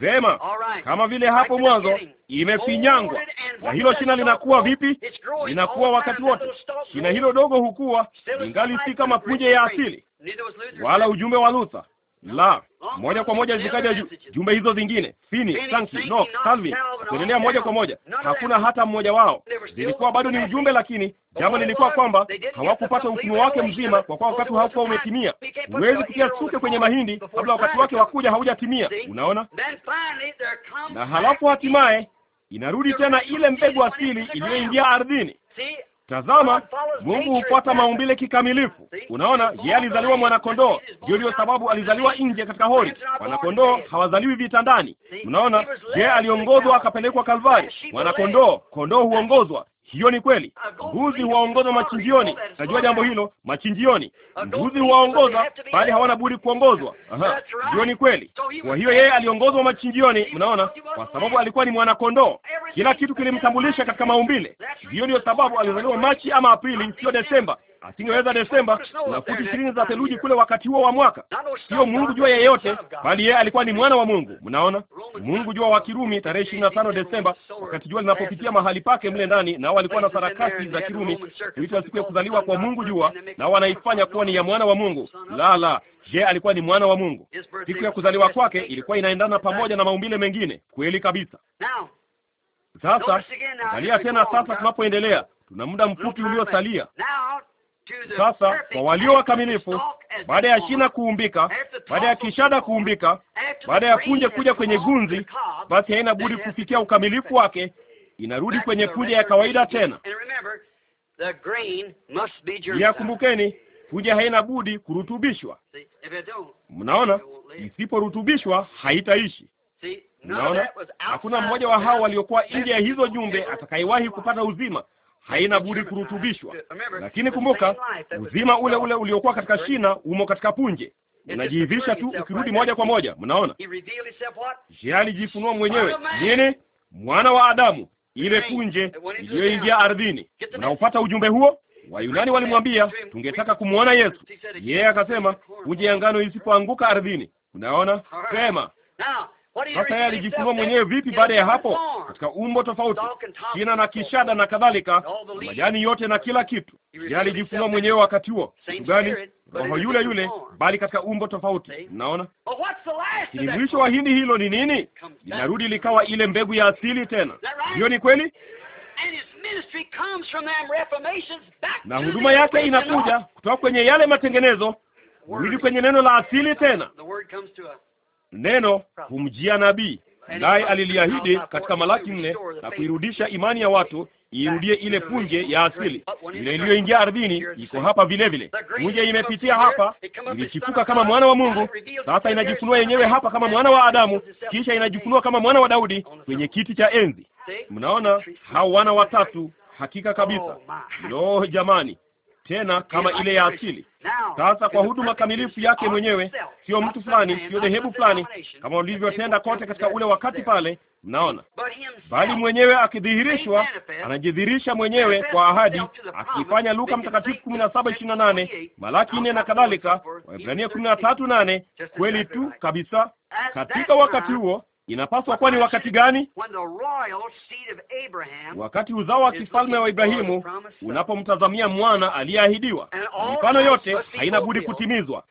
vema, kama vile hapo mwanzo imefinyangwa. Na hilo shina linakuwa vipi? Linakuwa wakati wote. Shina hilo dogo hukua, ingali si kama punje ya asili, wala ujumbe wa Luther la moja kwa moja zikaja jumbe hizo zingine Fini, Sankti, no Calvin, kuendelea moja kwa moja. Hakuna hata mmoja wao, zilikuwa bado ni ujumbe, lakini jambo lilikuwa kwamba hawakupata ufunuo wake mzima, kwa kuwa wakati haukuwa umetimia. Huwezi kutia suke kwenye mahindi kabla wakati wake wakuja haujatimia. Unaona, na halafu hatimaye inarudi tena ile mbegu asili iliyoingia ardhini. Tazama, Mungu hupata maumbile kikamilifu. Unaona, yeye alizaliwa mwanakondoo, ndio ndio sababu alizaliwa nje katika hori. mwanakondoo hawazaliwi vitandani. Unaona, yeye aliongozwa akapelekwa Kalvari. Mwanakondoo, kondoo huongozwa, hiyo ni kweli. Mbuzi huwaongoza machinjioni, najua jambo hilo. Machinjioni mbuzi huwaongoza, bali hawana budi kuongozwa. Aha, hiyo ni kweli. Kwa hiyo yeye aliongozwa machinjioni, mnaona, kwa sababu alikuwa ni mwanakondoo. Kila kitu kilimtambulisha katika maumbile. Hiyo ndiyo sababu alizaliwa Machi ama Aprili, sio Desemba asingeweza Desemba na futi ishirini za theluji kule wakati huo wa mwaka. Sio Mungu jua yeyote, bali yeye alikuwa ni mwana wa Mungu. Mnaona, Mungu jua wa Kirumi tarehe ishirini na tano Desemba, wakati jua linapopitia mahali pake mle ndani, nao walikuwa na sarakasi za Kirumi kuita siku ya kuzaliwa kwa Mungu jua, nao wanaifanya kuwa ni ya mwana wa Mungu. La, la Je, alikuwa ni mwana wa Mungu? Siku ya kuzaliwa kwake ilikuwa inaendana pamoja na maumbile mengine, kweli kabisa. Sasa angalia tena, sasa tunapoendelea, tuna muda mfupi uliosalia. Sasa kwa walio wakamilifu, baada ya shina kuumbika, baada ya kishada kuumbika, baada ya punje kuja kwenye gunzi, basi haina budi kufikia ukamilifu wake, inarudi kwenye punje ya kawaida tena. Ya kumbukeni, punje haina budi kurutubishwa. Mnaona, isiporutubishwa haitaishi. Mnaona, hakuna mmoja wa hao waliokuwa nje ya hizo jumbe atakayewahi kupata uzima haina budi kurutubishwa. Lakini kumbuka, uzima ule ule uliokuwa katika shina umo katika punje, unajiivisha tu ukirudi moja kwa moja. Mnaona, je, alijifunua mwenyewe nini? Mwana wa Adamu, ile punje iliyoingia ardhini. unaupata ujumbe huo? Wayunani walimwambia tungetaka kumwona Yesu, yeye akasema punje ya ngano isipoanguka ardhini. Unaona, sema sasa yeye alijifunua mwenyewe vipi baada ya hapo, katika umbo tofauti, kina na kishada na kadhalika, majani yote na kila kitu. Yeye alijifunua mwenyewe wakati huo gani? Roho yule yule, bali katika umbo tofauti. Naona ni mwisho wa hindi hilo ni nini? Linarudi likawa ile mbegu ya asili tena. Hiyo ni kweli na huduma yake inakuja kutoka kwenye yale matengenezo, rudi kwenye neno la asili tena. Neno humjia nabii, naye aliliahidi katika Malaki nne na kuirudisha imani ya watu iirudie ile punje ya asili ile iliyoingia ardhini, iko hapa vile vile. Punje imepitia hapa, ilichipuka kama mwana wa Mungu, sasa inajifunua yenyewe hapa kama mwana wa Adamu, kisha inajifunua kama mwana wa Daudi kwenye kiti cha enzi. Mnaona hao wana watatu, hakika kabisa. Oh, Lo, jamani, tena kama ile ya asili sasa kwa huduma kamilifu yake mwenyewe, sio mtu fulani, sio dhehebu fulani, kama ulivyotenda kote katika ule wakati pale. Mnaona, bali mwenyewe akidhihirishwa, anajidhihirisha mwenyewe kwa ahadi, akifanya Luka Mtakatifu kumi na saba ishirini na nane, Malaki nne na kadhalika, Waebrania kumi na tatu nane, kweli tu kabisa katika wakati huo Inapaswa kuwa ni wakati gani? Wakati uzao wa kifalme wa Ibrahimu unapomtazamia mwana aliyeahidiwa. Mifano yote haina budi kutimizwa,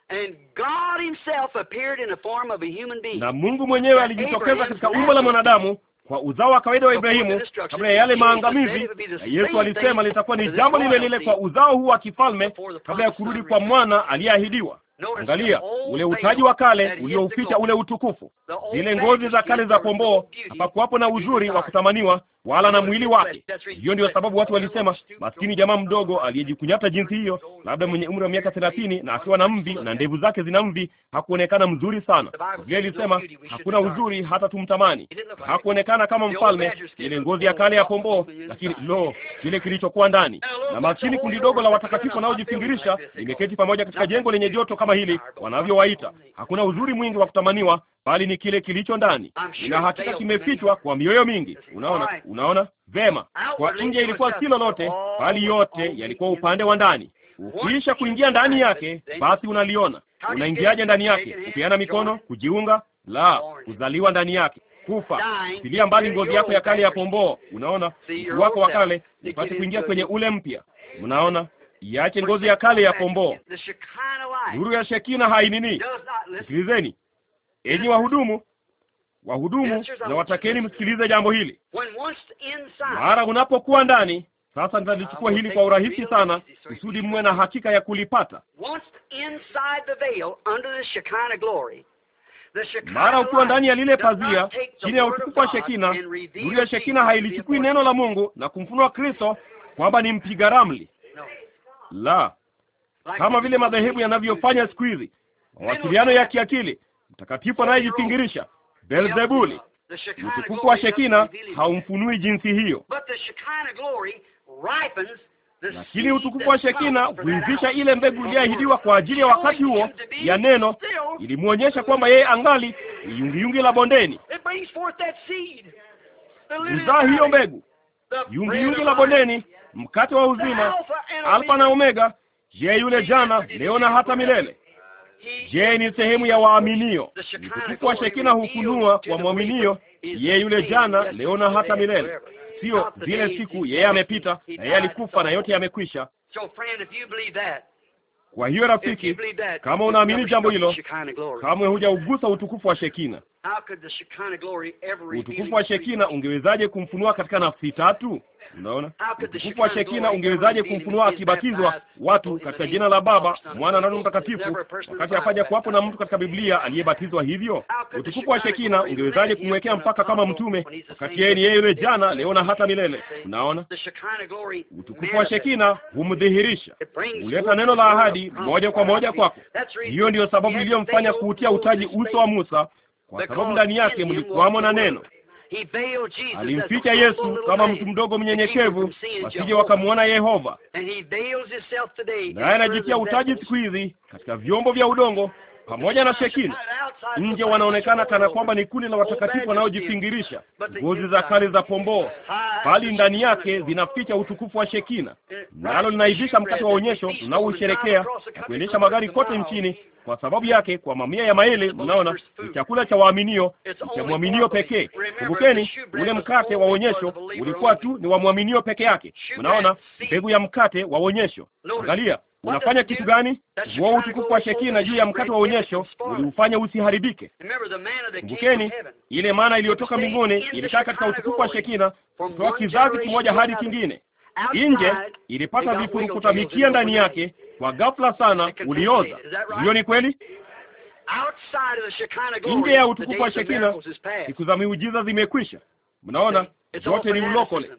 na Mungu mwenyewe alijitokeza katika umbo la mwanadamu kwa uzao wa kawaida wa Ibrahimu kabla ya yale maangamizi, na Yesu alisema litakuwa ni jambo lile lile kwa uzao huu wa kifalme kabla ya kurudi kwa mwana aliyeahidiwa. Angalia ule utaji wa kale uliouficha ule utukufu, zile ngozi za kale za pomboo Hapakuwapo na uzuri wa kutamaniwa wala na mwili wake. Hiyo ndio sababu watu walisema, maskini jamaa mdogo aliyejikunyata jinsi hiyo, labda mwenye umri wa miaka thelathini na akiwa na mvi na ndevu zake zina mvi, hakuonekana mzuri sana. Biblia ilisema hakuna uzuri hata tumtamani. Hakuonekana kama mfalme, ile ngozi ya kale ya pomboo, lakini lo, kile kilichokuwa ndani. Na maskini kundi dogo la watakatifu wanaojifingirisha limeketi pamoja katika jengo lenye joto kama hili wanavyowaita. Hakuna uzuri mwingi wa kutamaniwa, bali ni kile kilicho ndani. Ina hakika kimefichwa kwa mioyo mingi. Unaona, unaona vema. Kwa nje ilikuwa si lolote, bali yote yalikuwa upande wa ndani. Ukiisha kuingia ndani yake, basi unaliona. Unaingiaje ndani yake? Kupeana mikono, kujiunga? La, kuzaliwa ndani yake kufa tilia mbali ngozi yako ya kale ya pomboo, unaona mtu wako wa kale, upate kuingia kwenye ule mpya. Mnaona, iache ngozi ya kale ya pomboo. Nuru ya Shekina hainini, sikilizeni, enyi wahudumu, wahudumu na watakeni msikilize jambo hili. Mara unapokuwa ndani sasa, nitalichukua hili kwa urahisi sana, kusudi mwe na hakika ya kulipata. Mara ukiwa ndani ya lile pazia chini ya utukufu wa Shekina, nuru ya Shekina hailichukui neno la Mungu na kumfunua Kristo kwamba ni mpiga ramli, la kama vile madhehebu yanavyofanya siku hizi, mawasiliano ya kiakili mtakatifu anayejipingirisha Beelzebuli. Utukufu wa Shekina haumfunui jinsi hiyo, lakini utukufu wa Shekina huivisha ile mbegu iliyoahidiwa kwa ajili ya wakati huo ya neno. Ilimwonyesha kwamba yeye angali ni yungiyungi la bondeni, uzaa hiyo mbegu yungiyungi la bondeni, mkate wa uzima, Alfa na Omega, yeye yule jana, leo na hata milele. Je, ni sehemu ya waaminio, mtukufu wa shekina hufunua wa mwaminio. Yeye yule jana, leo na hata milele, sio zile siku. Yeye amepita na yeye alikufa na yote yamekwisha. Kwa hiyo rafiki, kama unaamini jambo hilo, kamwe hujaugusa utukufu wa Shekina. Utukufu wa Shekina ungewezaje kumfunua katika nafsi tatu? Unaona, utukufu wa Shekina, ungewezaje kumfunua akibatizwa watu katika jina la Baba, Mwana na Roho Mtakatifu, wakati hapaja kuwapo na mtu katika Biblia aliyebatizwa hivyo? Utukufu wa Shekina, ungewezaje kumwekea mpaka kama mtume, wakati yeye ni yeye yule jana, leo na hata milele. Unaona, utukufu wa Shekina humdhihirisha, huleta neno la ahadi moja kwa moja kwako. Hiyo ndiyo sababu iliyomfanya kuutia utaji uso wa Musa, kwa sababu ndani yake mlikuwamo na neno alimficha Yesu kama mtu mdogo mnyenyekevu, wasije wakamwona Yehova. Naye anajitia utaji siku hizi katika vyombo vya udongo pamoja na shekina nje, wanaonekana kana kwamba ni kundi la watakatifu wanaojifingirisha ngozi za kale za pomboo, bali ndani yake zinaficha utukufu wa shekina. Nalo linaivisha mkate wa onyesho mnaousherekea na kuendesha magari kote nchini kwa sababu yake, kwa mamia ya maele Mnaona, ni chakula cha waaminio, cha mwaminio pekee. Kumbukeni, ule mkate wa onyesho ulikuwa tu ni wa mwaminio peke yake. Mnaona, mbegu ya mkate wa onyesho. Angalia Unafanya kitu gani? Huo utukufu wa Shekina juu ya mkate wa onyesho uliufanya usiharibike. Kumbukeni, ile maana iliyotoka mbinguni ilikaa katika utukufu wa Shekina kutoa kizazi kimoja hadi kingine. Nje ilipata vipurukuta mikia ndani yake, kwa ghafla sana ulioza. Hiyo ni kweli. Nje ya utukufu wa Shekina, siku za miujiza zimekwisha. Mnaona, yote ni ulokole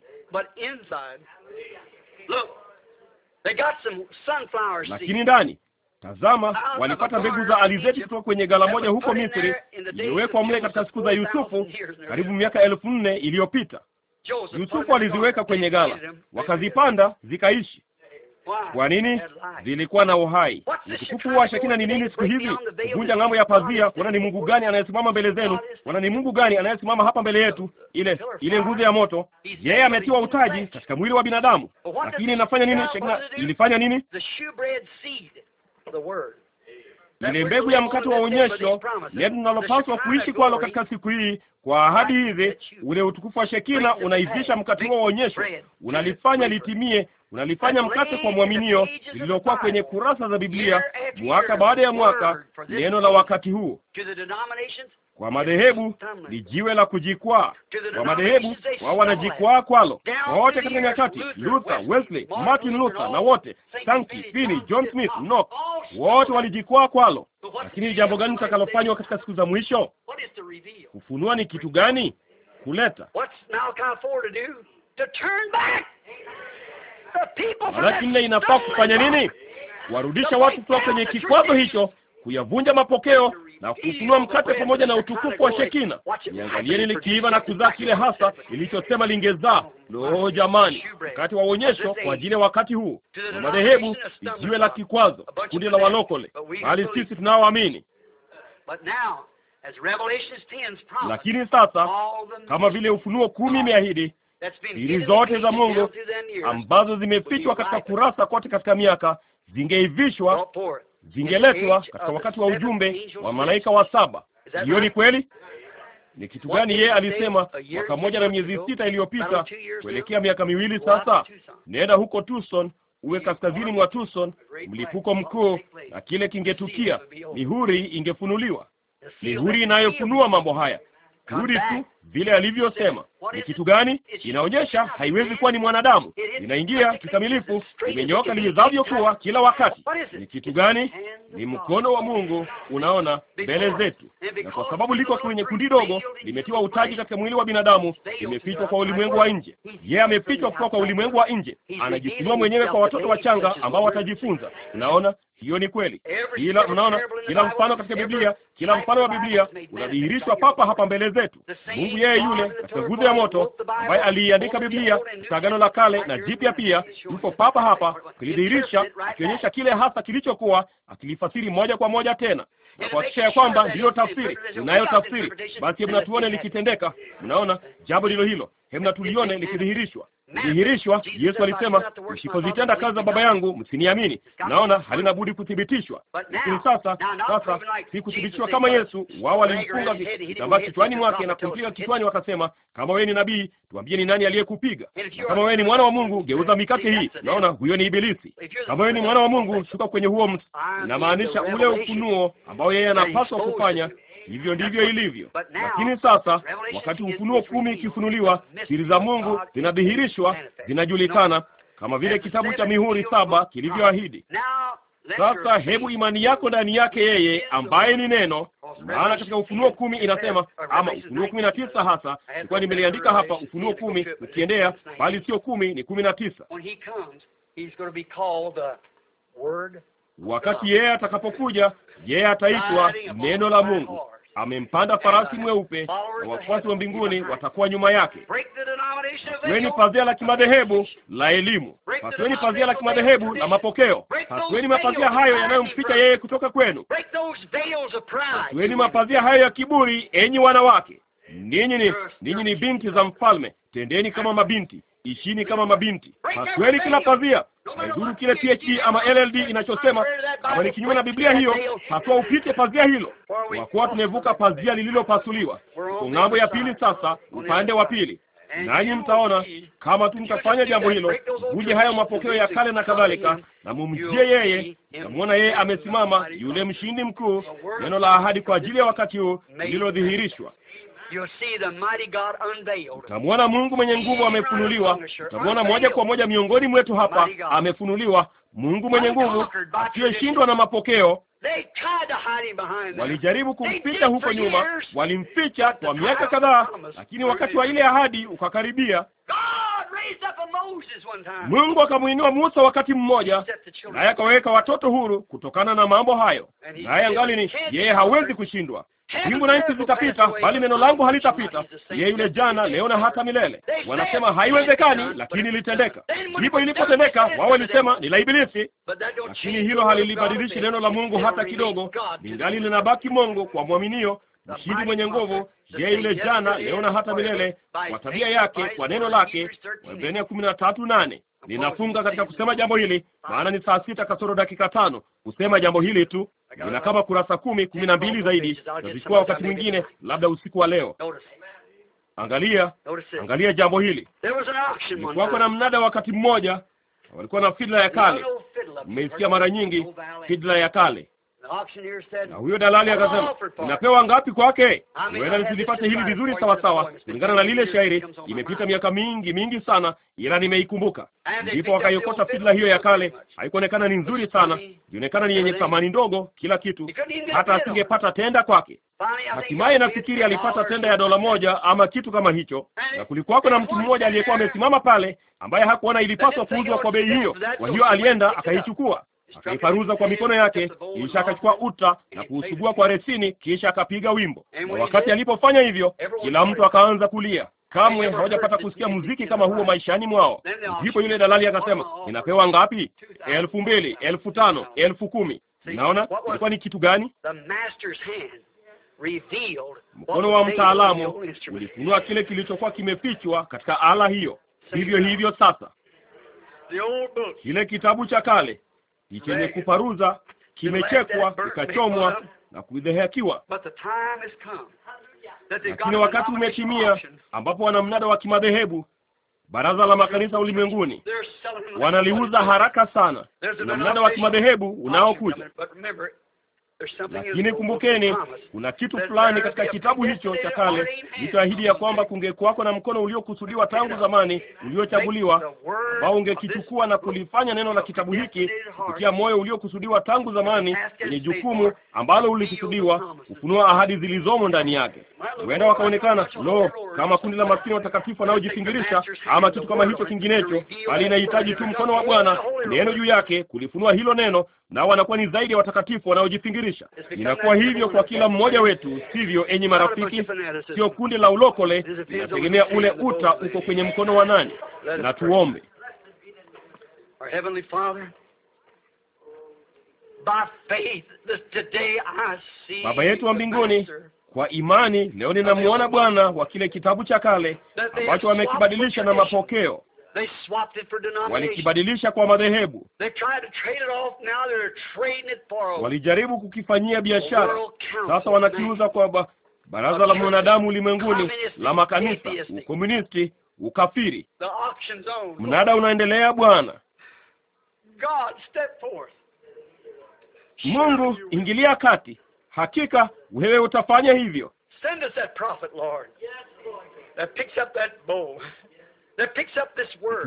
lakini ndani, tazama, walipata mbegu za alizeti kutoka kwenye gala moja huko Misri, iliyowekwa mle katika siku za Yusufu, karibu miaka elfu nne iliyopita. Yusufu aliziweka kwenye gala, wakazipanda zikaishi. Kwa nini? Zilikuwa na uhai. Utukufu wa shekina ni nini siku hizi? Kuvunja ng'ambo ya pazia, wana ni Mungu gani anayesimama mbele zenu? Wana ni Mungu gani anayesimama hapa mbele yetu? Ile ile nguzo ya moto, yeye ametiwa utaji katika mwili wa binadamu, lakini inafanya nini? Shekina ilifanya nini? ile mbegu ya mkate wa onyesho neno tunalopaswa kuishi kwalo katika siku hii, kwa ahadi hizi. Ule utukufu wa Shekina unaivisha mkate huo wa onyesho, unalifanya litimie, unalifanya mkate kwa mwaminio, lililokuwa kwenye kurasa za Biblia mwaka baada ya mwaka, neno la wakati huo kwa madhehebu ni jiwe la kujikwaa. Kwa madhehebu wao wanajikwaa kwalo, wote katika nyakati, Luther, Wesley, Martin Luther na wote, Sankey, Finney, John Smith, Knox, wote walijikwaa kwalo. Lakini jambo gani litakalofanywa katika siku za mwisho? Kufunua ni kitu gani? Kuleta lakini inafaa kufanya nini? Warudisha watu kutoka kwenye kikwazo hicho, kuyavunja mapokeo na kufunua mkate pamoja na utukufu wa Shekina. Niangalieni likiiva na kuzaa kile hasa ilichosema lingezaa. Lo, jamani, wakati wa uonyesho kwa ajili ya wakati huu na madhehebu ijiwe la kikwazo, kundi la walokole, bali sisi tunaoamini lakini sasa kama vile Ufunuo kumi imeahidi siri zote za Mungu ambazo zimefichwa katika kurasa kote katika miaka zingeivishwa zingeletwa katika wakati wa ujumbe wa malaika wa saba. Hiyo ni kweli. Ni kitu gani yeye alisema mwaka moja na miezi sita iliyopita kuelekea miaka miwili sasa? Nenda huko Tucson, uwe kaskazini mwa Tucson, mlipuko mkuu, na kile kingetukia, mihuri ingefunuliwa, mihuri inayofunua mambo haya rudi tu vile alivyosema. Ni kitu gani? Inaonyesha haiwezi kuwa ni mwanadamu, inaingia kikamilifu, imenyoka lizavyokuwa kila wakati. Ni kitu gani? Ni mkono wa Mungu unaona mbele zetu, na kwa sababu liko kwenye kundi dogo, limetiwa utaji katika mwili wa binadamu, limefichwa kwa ulimwengu wa nje. Yeye amefichwa kutoka kwa ulimwengu wa nje, anajifunua mwenyewe kwa watoto wachanga ambao watajifunza. Unaona, hiyo ni kweli. Kila mnaona, kila mfano katika Biblia, kila mfano wa Biblia unadhihirishwa papa hapa mbele zetu. Mungu yeye yule katika nguzo ya moto ambaye aliiandika Biblia katika Agano la Kale na Jipya pia yupo papa hapa kilidhihirisha, akionyesha kile hasa kilichokuwa, akilifasiri moja kwa moja tena na kuhakikisha ya kwamba ndiyo tafsiri, unayo tafsiri. Basi hebu natuone likitendeka. Mnaona jambo lilo hilo, hebu natulione likidhihirishwa dhihirishwa. Yesu alisema msipozitenda kazi za Baba yangu msiniamini. Naona halina budi kuthibitishwa. Lakini sasa, sasa si kuthibitishwa kama Yesu. Wao walimfunga kitambaa kichwani mwake na kumpiga kichwani, wakasema, kama wewe ni nabii, tuambie ni nani aliyekupiga. Kama wewe ni mwana wa Mungu, geuza mikate hii. Naona huyo ni Ibilisi. Kama wewe ni mwana wa Mungu, shuka kwenye huo mti. Inamaanisha ule ufunuo ambao yeye anapaswa kufanya Hivyo ndivyo ilivyo. Lakini sasa, wakati Ufunuo kumi ikifunuliwa, siri za Mungu zinadhihirishwa, zinajulikana kama vile kitabu cha mihuri saba kilivyoahidi. Sasa hebu imani yako ndani yake yeye ambaye ni neno, maana katika Ufunuo kumi inasema ama Ufunuo kumi na tisa hasa, ilikuwa nimeliandika hapa Ufunuo kumi ukiendea, bali sio kumi, ni kumi na tisa. Wakati yeye atakapokuja, yeye ataitwa neno la Mungu amempanda farasi mweupe, na wafuasi wa mbinguni watakuwa nyuma yake. Pasiweni pazia la kimadhehebu la elimu, pasiweni pazia la kimadhehebu la mapokeo, pasiweni mapazia hayo yanayomficha yeye kutoka kwenu, pasiweni mapazia hayo ya kiburi, enyi wanawake. Ninyi ni ninyi ni binti za mfalme, tendeni kama mabinti ishini kama mabinti. Hakweli kila pazia haidhuru kile PhD e ama LLD inachosema, kama ni kinyume na Biblia hiyo, hatua upite pazia hilo, kwa kuwa tumevuka pazia lililopasuliwa. Tuko ng'ambo ya pili sasa, upande wa pili nanyi mtaona kama tu mtafanya jambo hilo, vuje hayo mapokeo ya kale na kadhalika, na mumjie yeye, namwona yeye amesimama, yule mshindi mkuu, neno la ahadi kwa ajili ya wakati huu lililodhihirishwa utamwona Mungu mwenye nguvu amefunuliwa. Utamwona moja kwa moja miongoni mwetu hapa amefunuliwa, Mungu mwenye nguvu asiyeshindwa na mapokeo. Walijaribu kumficha huko nyuma, walimficha kwa miaka kadhaa, lakini wakati wa ile ahadi ukakaribia. Mungu akamwinua Musa wakati mmoja, naye akaweka watoto huru kutokana na mambo hayo, naye angali ni yeye, hawezi kushindwa. Wingu na nchi zitapita bali neno langu halitapita. Yeye yule jana, leo na hata milele. Wanasema haiwezekani, lakini ilitendeka. Ndipo ilipotendeka, wao walisema ni la Ibilisi, lakini hilo halilibadilishi neno la Mungu hata kidogo. Lingali linabaki Mungu kwa mwaminio, mshindi mwenye nguvu yeye yule jana leo na hata milele, kwa tabia yake, kwa neno lake. Waebrania kumi na tatu nane. Ninafunga katika kusema jambo hili, maana ni saa sita kasoro dakika tano kusema jambo hili tu. Nina kama kurasa kumi kumi na mbili zaidi, nazichukua wakati mwingine, labda usiku wa leo. Angalia, angalia jambo hili. Kulikuwako na mnada wakati mmoja, walikuwa na fidla ya kale. Mmeisikia mara nyingi, fidla ya kale. Na huyo dalali akasema, napewa ngapi kwake? Huenda nisilipate hili vizuri sawa sawa, kulingana na lile shairi. Imepita miaka mingi mingi sana, ila nimeikumbuka. Ndipo wakaiokota fidla hiyo ya kale. Haikuonekana ni nzuri sana, ilionekana ni yenye thamani ndogo, kila kitu, hata asingepata tenda kwake. Hatimaye nafikiri alipata tenda ya dola moja ama kitu kama hicho, na kulikuwako na mtu mmoja aliyekuwa amesimama pale, ambaye hakuona ilipaswa kuuzwa kwa bei hiyo. Kwa hiyo alienda akaichukua akaiparuza kwa mikono yake, kisha akachukua uta na kuusugua kwa resini, kisha akapiga wimbo. Na wakati alipofanya hivyo, kila mtu akaanza kulia. Kamwe hawajapata kusikia muziki kama huo maishani mwao. Ndipo yule dalali akasema, ninapewa ngapi? Elfu mbili, elfu tano, elfu kumi. Naona ilikuwa ni kitu gani? Mkono wa mtaalamu ulifunua kile kilichokuwa kimefichwa katika ala hiyo. Hivyo hivyo sasa, kile kitabu cha kale ni chenye kuparuza, kimechekwa, kikachomwa na kuidhehekiwa. Lakini wakati umetimia ambapo wanamnada wa kimadhehebu Baraza la makanisa ulimwenguni wanaliuza haraka sana. na mnada wa kimadhehebu unaokuja, lakini kumbukeni, kuna kitu fulani katika kitabu hicho cha kale lichoahidi ya kwamba kungekuwako na mkono uliokusudiwa tangu zamani, uliochaguliwa, ambao ungekichukua na kulifanya neno la kitabu hiki kupitia moyo uliokusudiwa tangu zamani, yenye jukumu ambalo ulikusudiwa kufunua ahadi zilizomo ndani yake. Huenda wakaonekana lo, kama kundi la maskini watakatifu wanaojipingirisha ama kitu kama hicho kinginecho, bali inahitaji tu mkono wa Bwana, neno juu yake, kulifunua hilo neno, nao wanakuwa ni zaidi ya watakatifu wanaojifingirisha kuwafundisha. Inakuwa hivyo kwa kila mmoja wetu, sivyo? Enyi marafiki, sio kundi la ulokole, inategemea ule uta uko kwenye mkono wa nani. Na tuombe. Baba yetu wa mbinguni, kwa imani leo ninamwona Bwana wa kile kitabu cha kale ambacho wamekibadilisha na mapokeo walikibadilisha kwa madhehebu, walijaribu kukifanyia biashara, sasa wanakiuza kwa ba baraza la mwanadamu ulimwenguni la makanisa, ukomunisti, ukafiri. Mnada unaendelea bwana. Mungu, ingilia kati, hakika wewe utafanya hivyo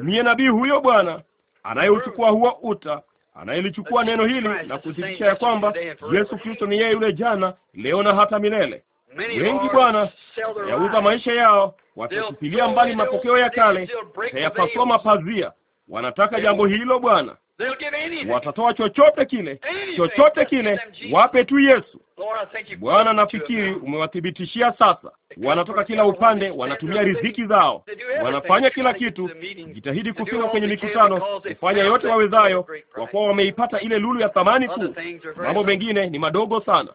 niye nabii huyo Bwana anayeuchukua huo uta anayelichukua neno hili na kuthibitisha ya kwamba Yesu Kristo ni yeye yule jana, leo na hata milele. Wengi Bwana yauza maisha yao, watatupilia mbali mapokeo ya kale, tayapasua mapazia. Wanataka jambo hilo Bwana, watatoa chochote kile, chochote kile, wape tu Yesu. Bwana, nafikiri umewathibitishia sasa. Wanatoka kila upande, wanatumia riziki zao, wanafanya kila kitu, jitahidi kufika kwenye mikutano, kufanya yote wawezayo, kwa kuwa wameipata ile lulu ya thamani kuu. Mambo mengine ni madogo sana.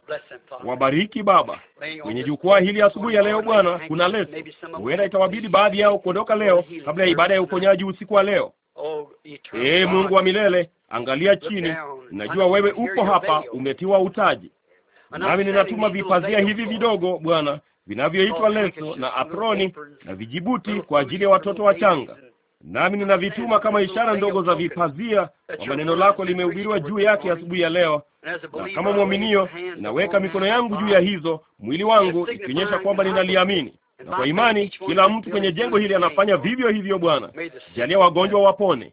Wabariki Baba kwenye jukwaa hili asubuhi ya leo. Bwana, kuna leso, huenda itawabidi baadhi yao kuondoka leo kabla ya ibada ya uponyaji usiku wa leo. Oh, ee Mungu wa milele, angalia chini. Najua wewe upo hapa, umetiwa utaji, nami ninatuma vipazia hivi vidogo Bwana, vinavyoitwa oh, leso na aproni na vijibuti kwa ajili ya watoto wachanga, nami ninavituma kama ishara ndogo za vipazia, kwamba neno lako limehubiriwa juu yake asubuhi ya leo. Na kama mwaminio, ninaweka mikono yangu juu ya hizo, mwili wangu ikionyesha kwamba ninaliamini na kwa imani kila mtu kwenye jengo hili anafanya vivyo hivyo. Bwana, jalia wagonjwa wapone.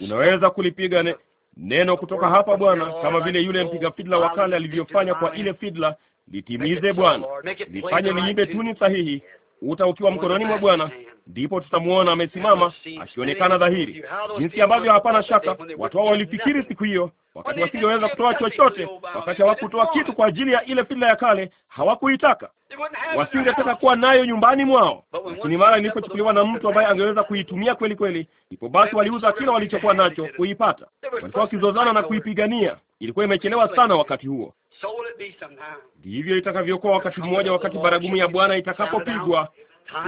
Unaweza kulipiga ne, neno kutoka hapa Bwana, kama vile yule mpiga fidla wa kale alivyofanya kwa ile fidla. Litimize Bwana, lifanye liimbe tuni sahihi, uta ukiwa mkononi mwa Bwana, ndipo tutamwona amesimama akionekana dhahiri, jinsi ambavyo hapana shaka watu hao walifikiri siku hiyo, wakati wasingeweza kutoa chochote, wakati hawakutoa kitu kwa ajili ya ile fidla ya kale, hawakuitaka, wasingetaka kuwa nayo nyumbani mwao. Lakini mara ilipochukuliwa na mtu ambaye angeweza kuitumia kweli kweli, ndipo basi waliuza kila walichokuwa nacho kuipata. Walikuwa wakizozana na kuipigania, ilikuwa imechelewa sana wakati huo. Ndivyo itakavyokuwa wakati mmoja, wakati baragumu ya Bwana itakapopigwa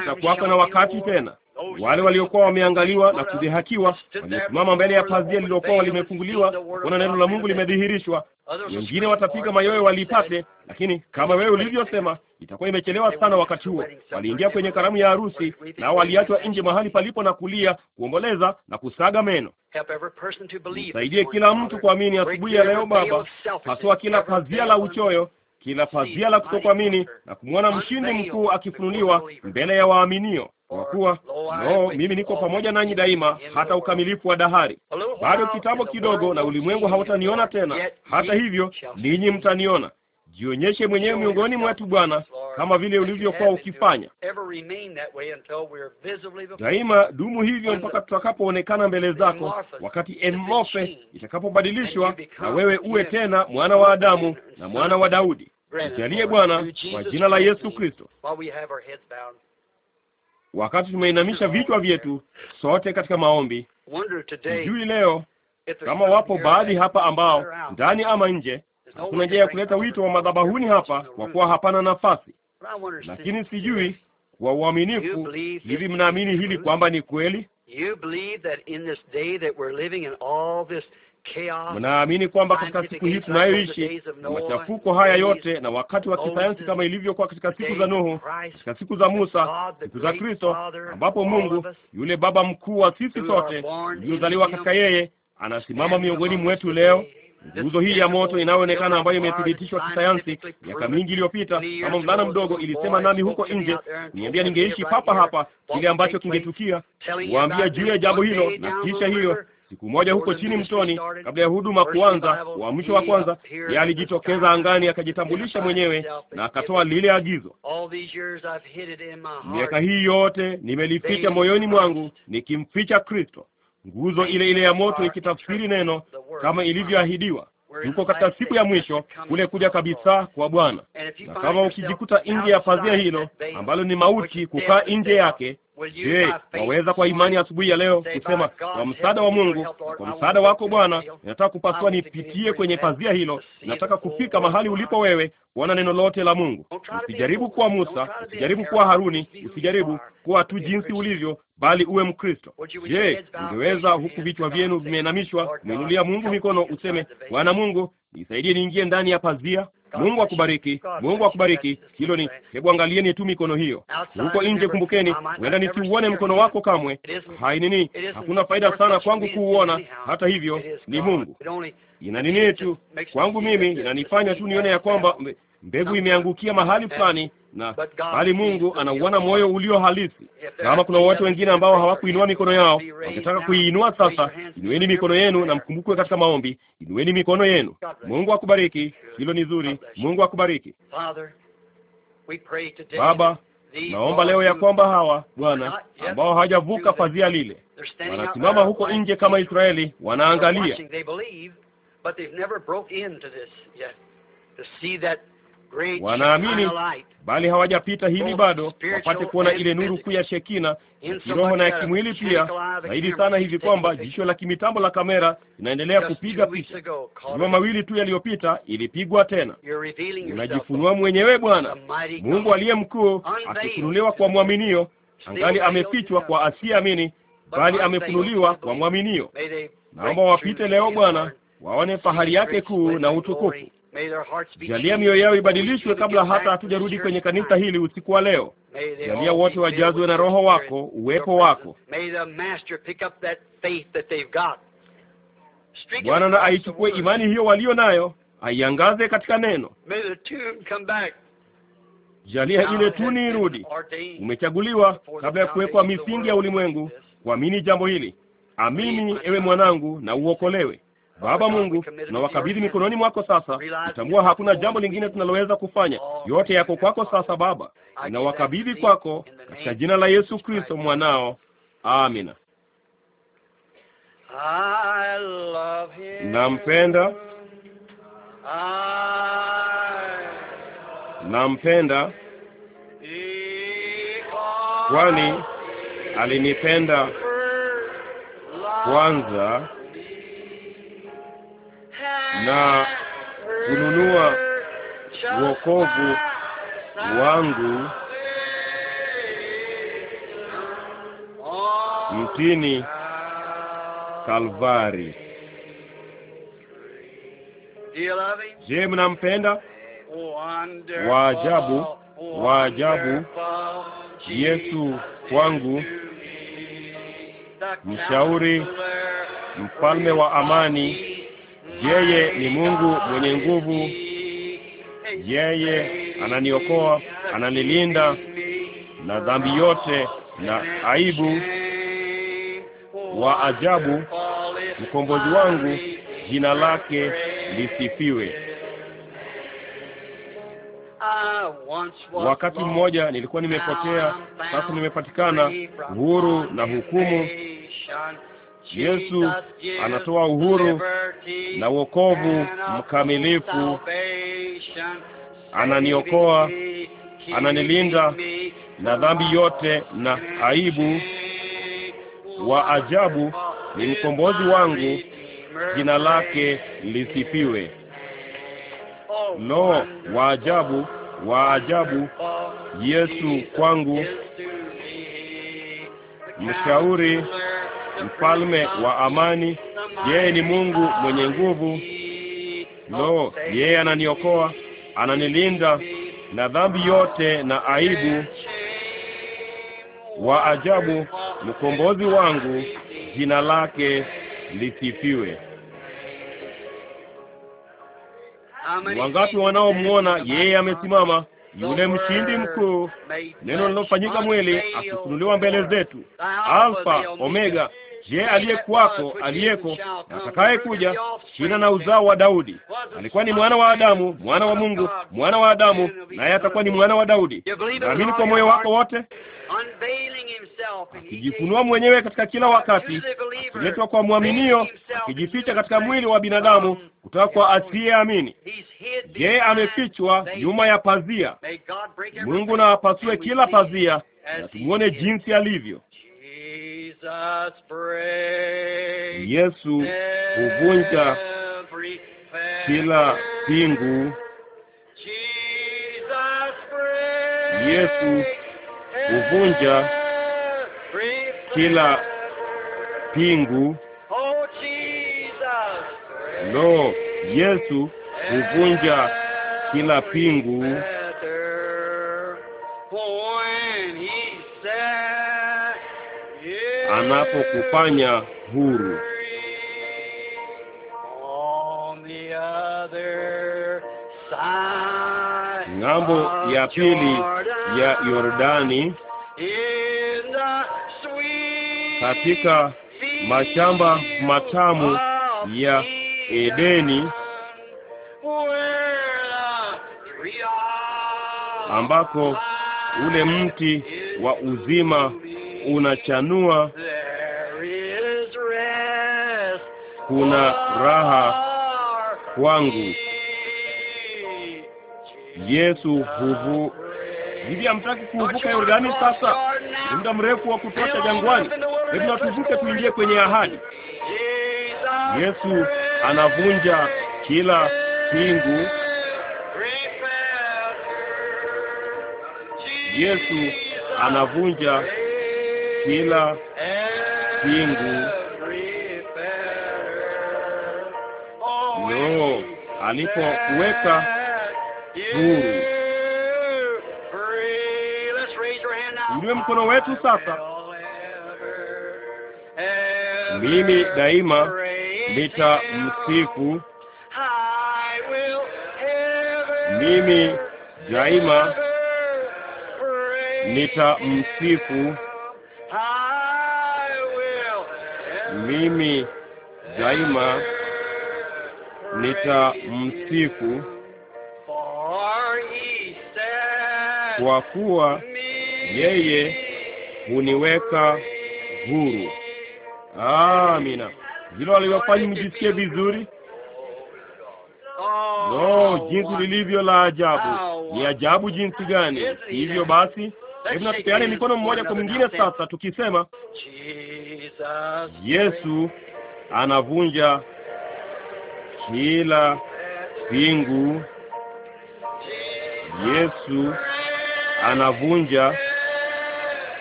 Kutakuwako na wakati tena, wale waliokuwa wameangaliwa na kudhihakiwa waliosimama mbele ya pazia lililokuwa limefunguliwa, kuna neno la Mungu limedhihirishwa. Wengine watapiga mayowe walipate, lakini kama wewe ulivyosema, itakuwa imechelewa sana. Wakati huo waliingia kwenye karamu ya harusi, na waliachwa nje mahali palipo na kulia, kuomboleza na kusaga meno. Saidie kila mtu kuamini asubuhi ya leo, Baba, pasua kila pazia la uchoyo kila fadhila la kutokuamini na kumwona mshindi mkuu akifunuliwa mbele ya waaminio, kwa kuwa no, mimi niko pamoja nanyi daima hata ukamilifu wa dahari. Bado kitambo kidogo, na ulimwengu hautaniona tena, hata hivyo ninyi mtaniona. Jionyeshe mwenyewe miongoni mwetu, Bwana, kama vile ulivyokuwa ukifanya daima. Dumu hivyo mpaka tutakapoonekana mbele zako, wakati enmofe itakapobadilishwa na wewe uwe tena mwana wa Adamu na mwana wa Daudi. Mjalie Bwana, kwa jina la Yesu Kristo. Wakati tumeinamisha vichwa vyetu sote katika maombi, sijui leo kama wapo baadhi hapa ambao ndani ama nje, hakuna njia ya kuleta wito wa madhabahuni hapa kwa kuwa hapana nafasi, lakini sijui kwa uaminifu, hivi mnaamini hili kwamba ni kweli? Mnaamini kwamba katika siku hii tunayoishi na machafuko haya yote na wakati wa kisayansi kama ilivyokuwa katika siku za Nuhu, katika siku za Musa, siku za Kristo, ambapo Mungu yule Baba mkuu wa sisi sote uliozaliwa katika yeye anasimama miongoni mwetu leo. Nguzo hii ya moto inayoonekana ambayo imethibitishwa kisayansi miaka mingi iliyopita, kama mvulana mdogo ilisema nami huko nje, niambia ningeishi papa hapa, kile ambacho kingetukia, kuwaambia juu ya jambo hilo na kisha hiyo Siku moja huko chini mtoni, kabla ya huduma kuanza, wa mwisho wa kwanza, yeye alijitokeza angani akajitambulisha mwenyewe na akatoa lile agizo. Miaka hii yote nimelificha moyoni mwangu, nikimficha Kristo, nguzo ile ile ya moto ikitafsiri neno kama ilivyoahidiwa yuko katika siku ya mwisho, kule kuja kabisa kwa Bwana. Na kama ukijikuta nje ya pazia hilo ambalo ni mauti, kukaa nje yake, je, waweza kwa imani asubuhi ya leo kusema kwa msaada wa Mungu, kwa msaada wako Bwana, nataka kupasua nipitie kwenye pazia hilo, nataka kufika mahali ulipo wewe, kuona neno lote la Mungu. Usijaribu kuwa Musa, usijaribu kuwa Haruni, usijaribu kuwa tu jinsi ulivyo, bali uwe Mkristo. Je, ungeweza huku vichwa vyenu vimeinamishwa kumwinulia Mungu mikono useme, Bwana Mungu nisaidie niingie ndani ya pazia. Mungu akubariki, Mungu akubariki. Hilo ni hebu angalieni tu mikono hiyo huko nje. Kumbukeni, huenda nisiuone mkono wako kamwe. Hai nini, hakuna faida sana kwangu kuuona. Hata hivyo, ni Mungu ina nini tu kwangu mimi, inanifanya tu nione ya kwamba mbegu imeangukia mahali fulani, na bali Mungu anauona moyo ulio halisi. Kama kuna watu wengine ambao hawakuinua mikono yao, wangetaka kuiinua sasa, inueni mikono yenu na mkumbukwe katika maombi, inueni mikono yenu. Mungu akubariki, hilo ni zuri. Mungu akubariki. Baba, naomba leo ya kwamba hawa Bwana ambao hawajavuka fadhia lile wanasimama huko nje kama Israeli, wanaangalia wanaamini, bali hawajapita hili bado, wapate kuona ile nuru kuu ya Shekina ya kiroho na ya kimwili pia, zaidi sana hivi kwamba jicho la kimitambo la kamera inaendelea kupiga picha. Juma mawili tu yaliyopita ilipigwa tena. Unajifunua mwenyewe, Bwana Mungu aliye mkuu akifunuliwa kwa mwaminio, angali amefichwa kwa asiamini, bali amefunuliwa kwa mwaminio. Naomba wapite leo, Bwana waone fahari yake kuu na utukufu. Jalia mioyo yao ibadilishwe kabla hata hatujarudi kwenye kanisa hili usiku wa leo. Jalia wote wajazwe na Roho wako, uwepo wako. Bwana na aichukue imani hiyo walio nayo, aiangaze katika neno. Jalia ile tuni irudi. Umechaguliwa kabla ya kuwekwa misingi ya ulimwengu kuamini jambo hili. Amini ewe mwanangu, na uokolewe. Baba Mungu, tunawakabidhi mikononi mwako sasa. Tutambua hakuna jambo lingine tunaloweza kufanya, yote yako kwako sasa. Baba, ninawakabidhi kwako katika jina la Yesu Kristo mwanao, amina. Nampenda, nampenda kwani alinipenda kwanza na kununua wokovu wangu mtini Kalvari. Je, mnampenda? Waajabu, waajabu Yesu kwangu, mshauri, mfalme wa amani yeye ni Mungu mwenye nguvu, yeye ananiokoa, ananilinda na dhambi yote na aibu. Wa ajabu, mkombozi wangu, jina lake lisifiwe. Wakati mmoja nilikuwa nimepotea, sasa nimepatikana, huru na hukumu Yesu anatoa uhuru na wokovu mkamilifu, ananiokoa, ananilinda na dhambi yote na aibu. Wa ajabu ni mkombozi wangu, jina lake lisifiwe. Lo, wa ajabu, wa ajabu Yesu kwangu, mshauri mfalme wa amani. Yeye ni Mungu mwenye nguvu. Lo, yeye ananiokoa, ananilinda na dhambi yote na aibu. Wa ajabu, mkombozi wangu, jina lake lisifiwe. Wangapi wanaomwona yeye amesimama, yule mshindi mkuu, neno lilofanyika mwili, akifunuliwa mbele zetu, Alfa Omega, Je, aliyekuwako, aliyeko na atakayekuja, jina na uzao wa Daudi, alikuwa ni mwana wa Adamu, mwana wa Mungu, mwana wa Adamu, naye atakuwa ni mwana wa Daudi. Naamini kwa moyo wako wote, akijifunua mwenyewe katika kila wakati, akiletwa kwa mwaminio, akijificha katika mwili wa binadamu kutoka kwa asiyeamini. Je, amefichwa nyuma ya pazia? Mungu na apasue kila pazia na tumwone jinsi alivyo. Yesu huvunja kila pingu. Yesu huvunja kila pingu. Oh, Lo, Yesu huvunja kila pingu. anapokufanya huru. Ng'ambo ya pili ya Yordani, katika mashamba matamu ya Edeni ambako ule mti wa uzima unachanua kuna raha kwangu. Yesu huvu hivi, hamtaki kuvuka Yordani? Sasa ni muda mrefu wa kutosha jangwani, hebu tuvuke tuingie kwenye ahadi. Yesu anavunja kila pingu. Yesu anavunja kila pingu. alipokuweka huru. Ndiwe mkono wetu sasa. Mimi daima nitamsifu, mimi daima nitamsifu, mimi daima nitamsifu kwa kuwa yeye huniweka huru. Amina. Hilo aliwafanya mjisikie vizuri. No, jinsi lilivyo la ajabu! Ni ajabu jinsi gani! Hivyo basi, hebu na tupeane mikono mmoja kwa mwingine sasa, tukisema Yesu anavunja kila pingu. Yesu anavunja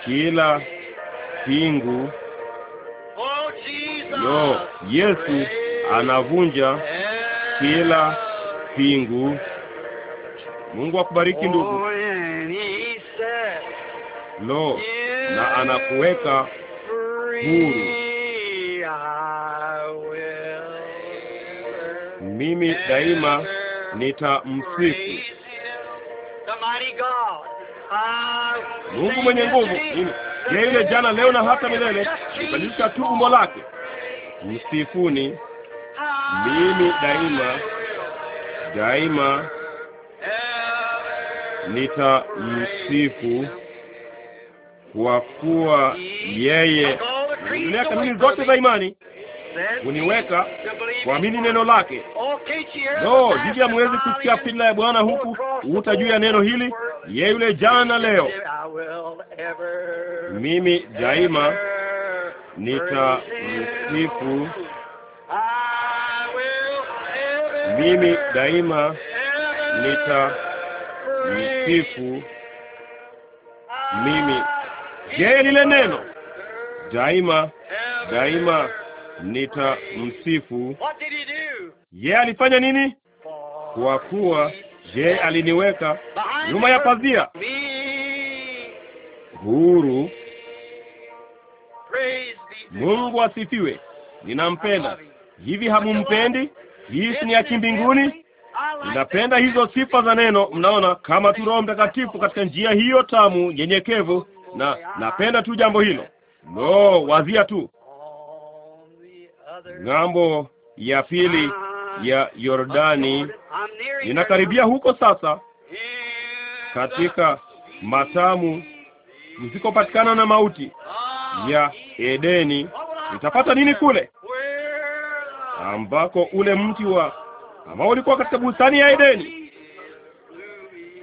kila pingu. No, Yesu anavunja kila pingu. Mungu akubariki ndugu. Lo, na anakuweka huru. mimi daima nitamsifu Mungu mwenye nguvu. Mimi yeye yule jana, leo na hata milele, ibadilisha tu umbo lake. Msifuni mimi daima daima nitamsifu kwa kuwa yeye, endelea kamili zote za imani uniweka kuamini neno lake. No, hivi hamwezi kusikia fidla ya Bwana huku uta juu ya neno hili, ye yule jana leo. Mimi daima nita msifu mimi daima nita msifu mimi. Je, lile neno daima daima nitamsifu ye Yeah, alifanya nini? Kwa kuwa je, aliniweka nyuma ya pazia huru. Mungu asifiwe. Ninampenda. Hivi hamumpendi? Hii ni ya kimbinguni. Ninapenda hizo sifa za neno. Mnaona kama tu Roho Mtakatifu katika njia hiyo tamu nyenyekevu, na napenda tu jambo hilo. No, wazia tu ng'ambo ya pili ah, ya Yordani. Ninakaribia huko sasa, katika matamu nisikopatikana na mauti ah, ya Edeni. Nitapata nini kule ambako ule mti wa ambao ulikuwa katika bustani ya Edeni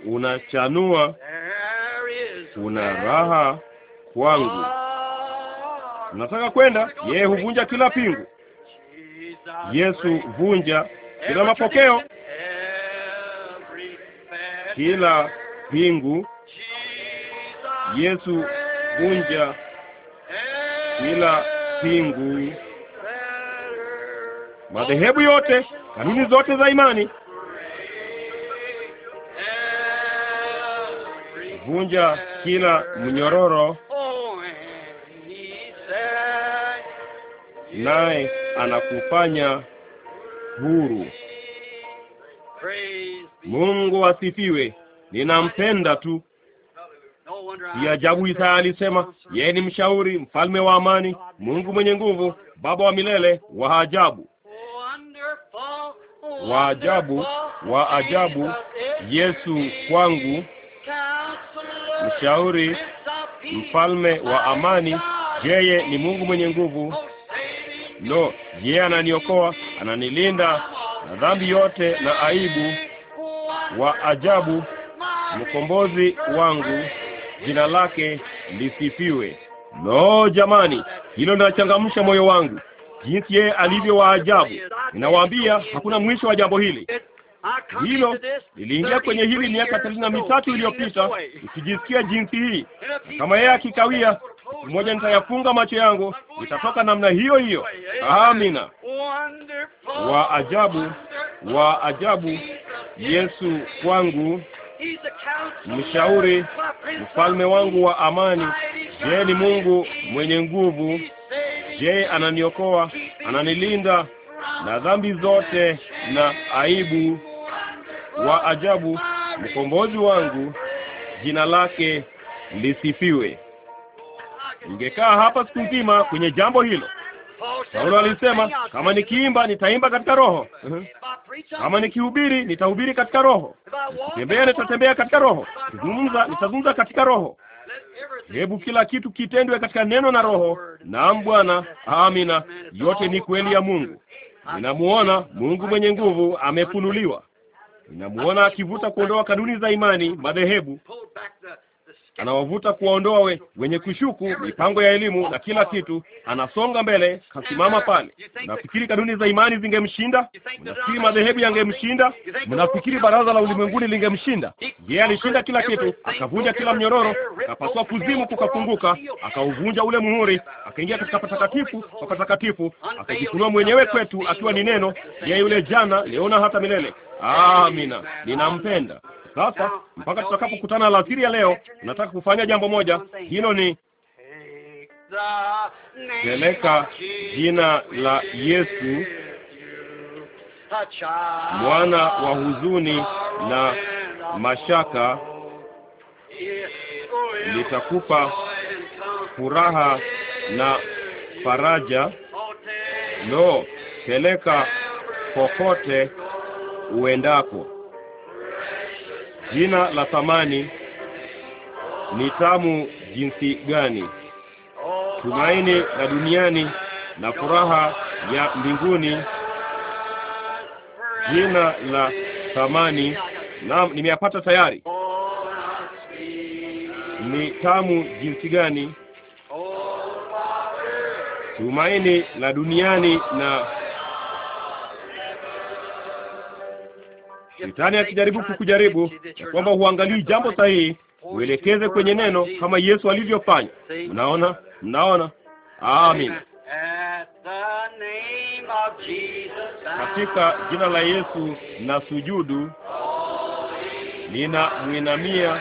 unachanua? Kuna raha kwangu. Ah, Nataka kwenda, yeye huvunja kila pingu Yesu, vunja kila mapokeo, kila pingu. Yesu, vunja kila pingu, madhehebu yote, kanuni zote za imani, vunja kila mnyororo, naye anakufanya huru. Mungu asifiwe. Ninampenda tu. Si ajabu Isaya alisema yeye ni mshauri, mfalme wa amani, Mungu mwenye nguvu, Baba wa milele, wa ajabu, wa ajabu, wa ajabu, Yesu kwangu, mshauri, mfalme wa amani. Yeye ni Mungu mwenye nguvu, Lo, yeye ananiokoa, ananilinda na dhambi yote na aibu. Wa ajabu, mkombozi wangu, jina lake lisifiwe. Lo, jamani, hilo linachangamsha moyo wangu, jinsi yeye alivyo wa ajabu. Ninawaambia hakuna mwisho wa jambo hili. Hilo liliingia kwenye hili miaka thelathini na mitatu iliyopita, ukijisikia jinsi hii, kama yeye akikawia mmoja nitayafunga macho yangu, nitatoka namna hiyo hiyo. Amina. Wa ajabu, wa ajabu, Yesu kwangu, mshauri, mfalme wangu wa amani. Je, ni Mungu mwenye nguvu? Je, ananiokoa, ananilinda na dhambi zote na aibu. Wa ajabu, mkombozi wangu, jina lake lisifiwe. Ningekaa hapa siku nzima kwenye jambo hilo. Paulo alisema kama nikiimba nitaimba katika roho, kama nikihubiri nitahubiri katika roho, nikitembea nitatembea katika roho, nikizungumza nitazungumza katika roho. Hebu kila kitu kitendwe katika neno na roho. Naam Bwana, amina. Yote ni kweli ya Mungu. Ninamuona Mungu mwenye nguvu amefunuliwa. Ninamuona akivuta kuondoa kanuni za imani, madhehebu anawavuta kuwaondoa we, wenye kushuku mipango ya elimu na kila kitu. Anasonga mbele, kasimama pale. Mnafikiri kanuni za imani zingemshinda? Mnafikiri madhehebu yangemshinda? Mnafikiri baraza la ulimwenguni lingemshinda? Yeye alishinda kila kitu, akavunja kila mnyororo, akapasua kuzimu kukafunguka, akauvunja ule muhuri, akaingia katika patakatifu kwa patakatifu, akajifunua mwenyewe kwetu, akiwa ni neno. Yeye yule jana, leona hata milele. Amina, ninampenda. Sasa mpaka tutakapokutana alasiri ya leo, nataka kufanya jambo moja. Hilo ni peleka jina la Yesu, mwana wa huzuni na mashaka, litakupa furaha na faraja. Lo, peleka popote uendako. Jina la thamani ni tamu jinsi gani! Tumaini la duniani na furaha ya mbinguni. Jina la thamani, naam, nimeyapata tayari. Ni tamu jinsi gani! Tumaini la duniani na Shetani akijaribu kukujaribu ya kwamba huangalii jambo sahihi, uelekeze kwenye neno kama Yesu alivyofanya. Mnaona, mnaona? Amin. Katika jina la Yesu na sujudu, nina mwinamia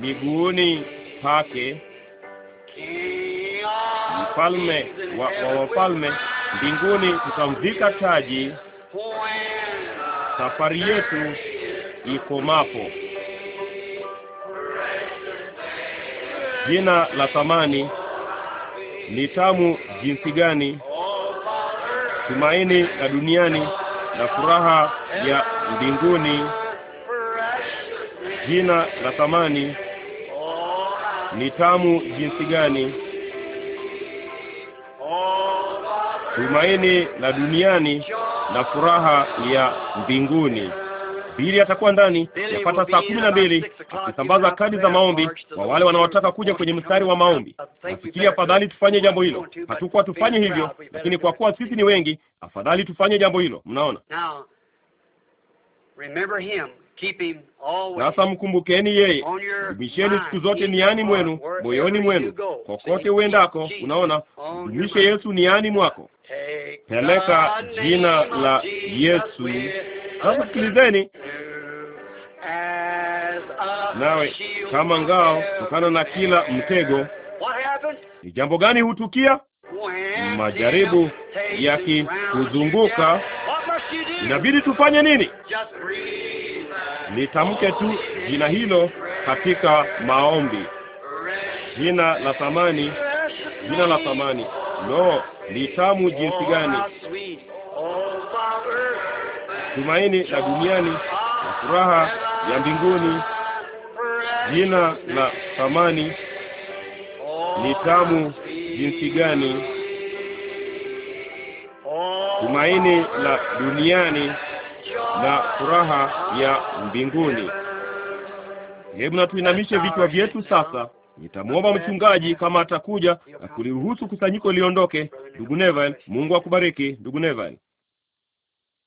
miguuni pake, mfalme wa wafalme mbinguni, tutamvika taji safari yetu ikomapo. Jina la thamani ni tamu jinsi gani, tumaini la duniani na furaha ya mbinguni. Jina la thamani ni tamu jinsi gani, tumaini la duniani na furaha ya mbinguni. Bili atakuwa ndani yapata saa kumi na mbili akisambaza kadi za maombi kwa wale wanaotaka kuja kwenye mstari wa maombi. Uh, Nafikiri afadhali tufanye jambo hilo. Hatukuwa tufanye hivyo, lakini kwa kuwa sisi ni wengi, afadhali tufanye jambo hilo. Mnaona sasa mkumbukeni yeye, dumisheni siku zote niani mwenu, moyoni mwenu, kokote uendako. Unaona, dumishe Yesu niani mwako, peleka jina la Yesu. Sasa sikilizeni, nawe kama ngao kutokana na kila mtego. Ni jambo gani hutukia? Majaribu yakikuzunguka, inabidi tufanye nini? nitamke tu jina hilo katika maombi, jina la thamani, jina la thamani. No, litamu jinsi gani! Tumaini la duniani na furaha ya mbinguni, jina la thamani ni tamu jinsi gani! Tumaini la duniani na furaha ya mbinguni. Hebu na tuinamishe vichwa vyetu sasa. Nitamwomba mchungaji kama atakuja na kuliruhusu kusanyiko liondoke. Ndugu Neville, Mungu akubariki ndugu Neville.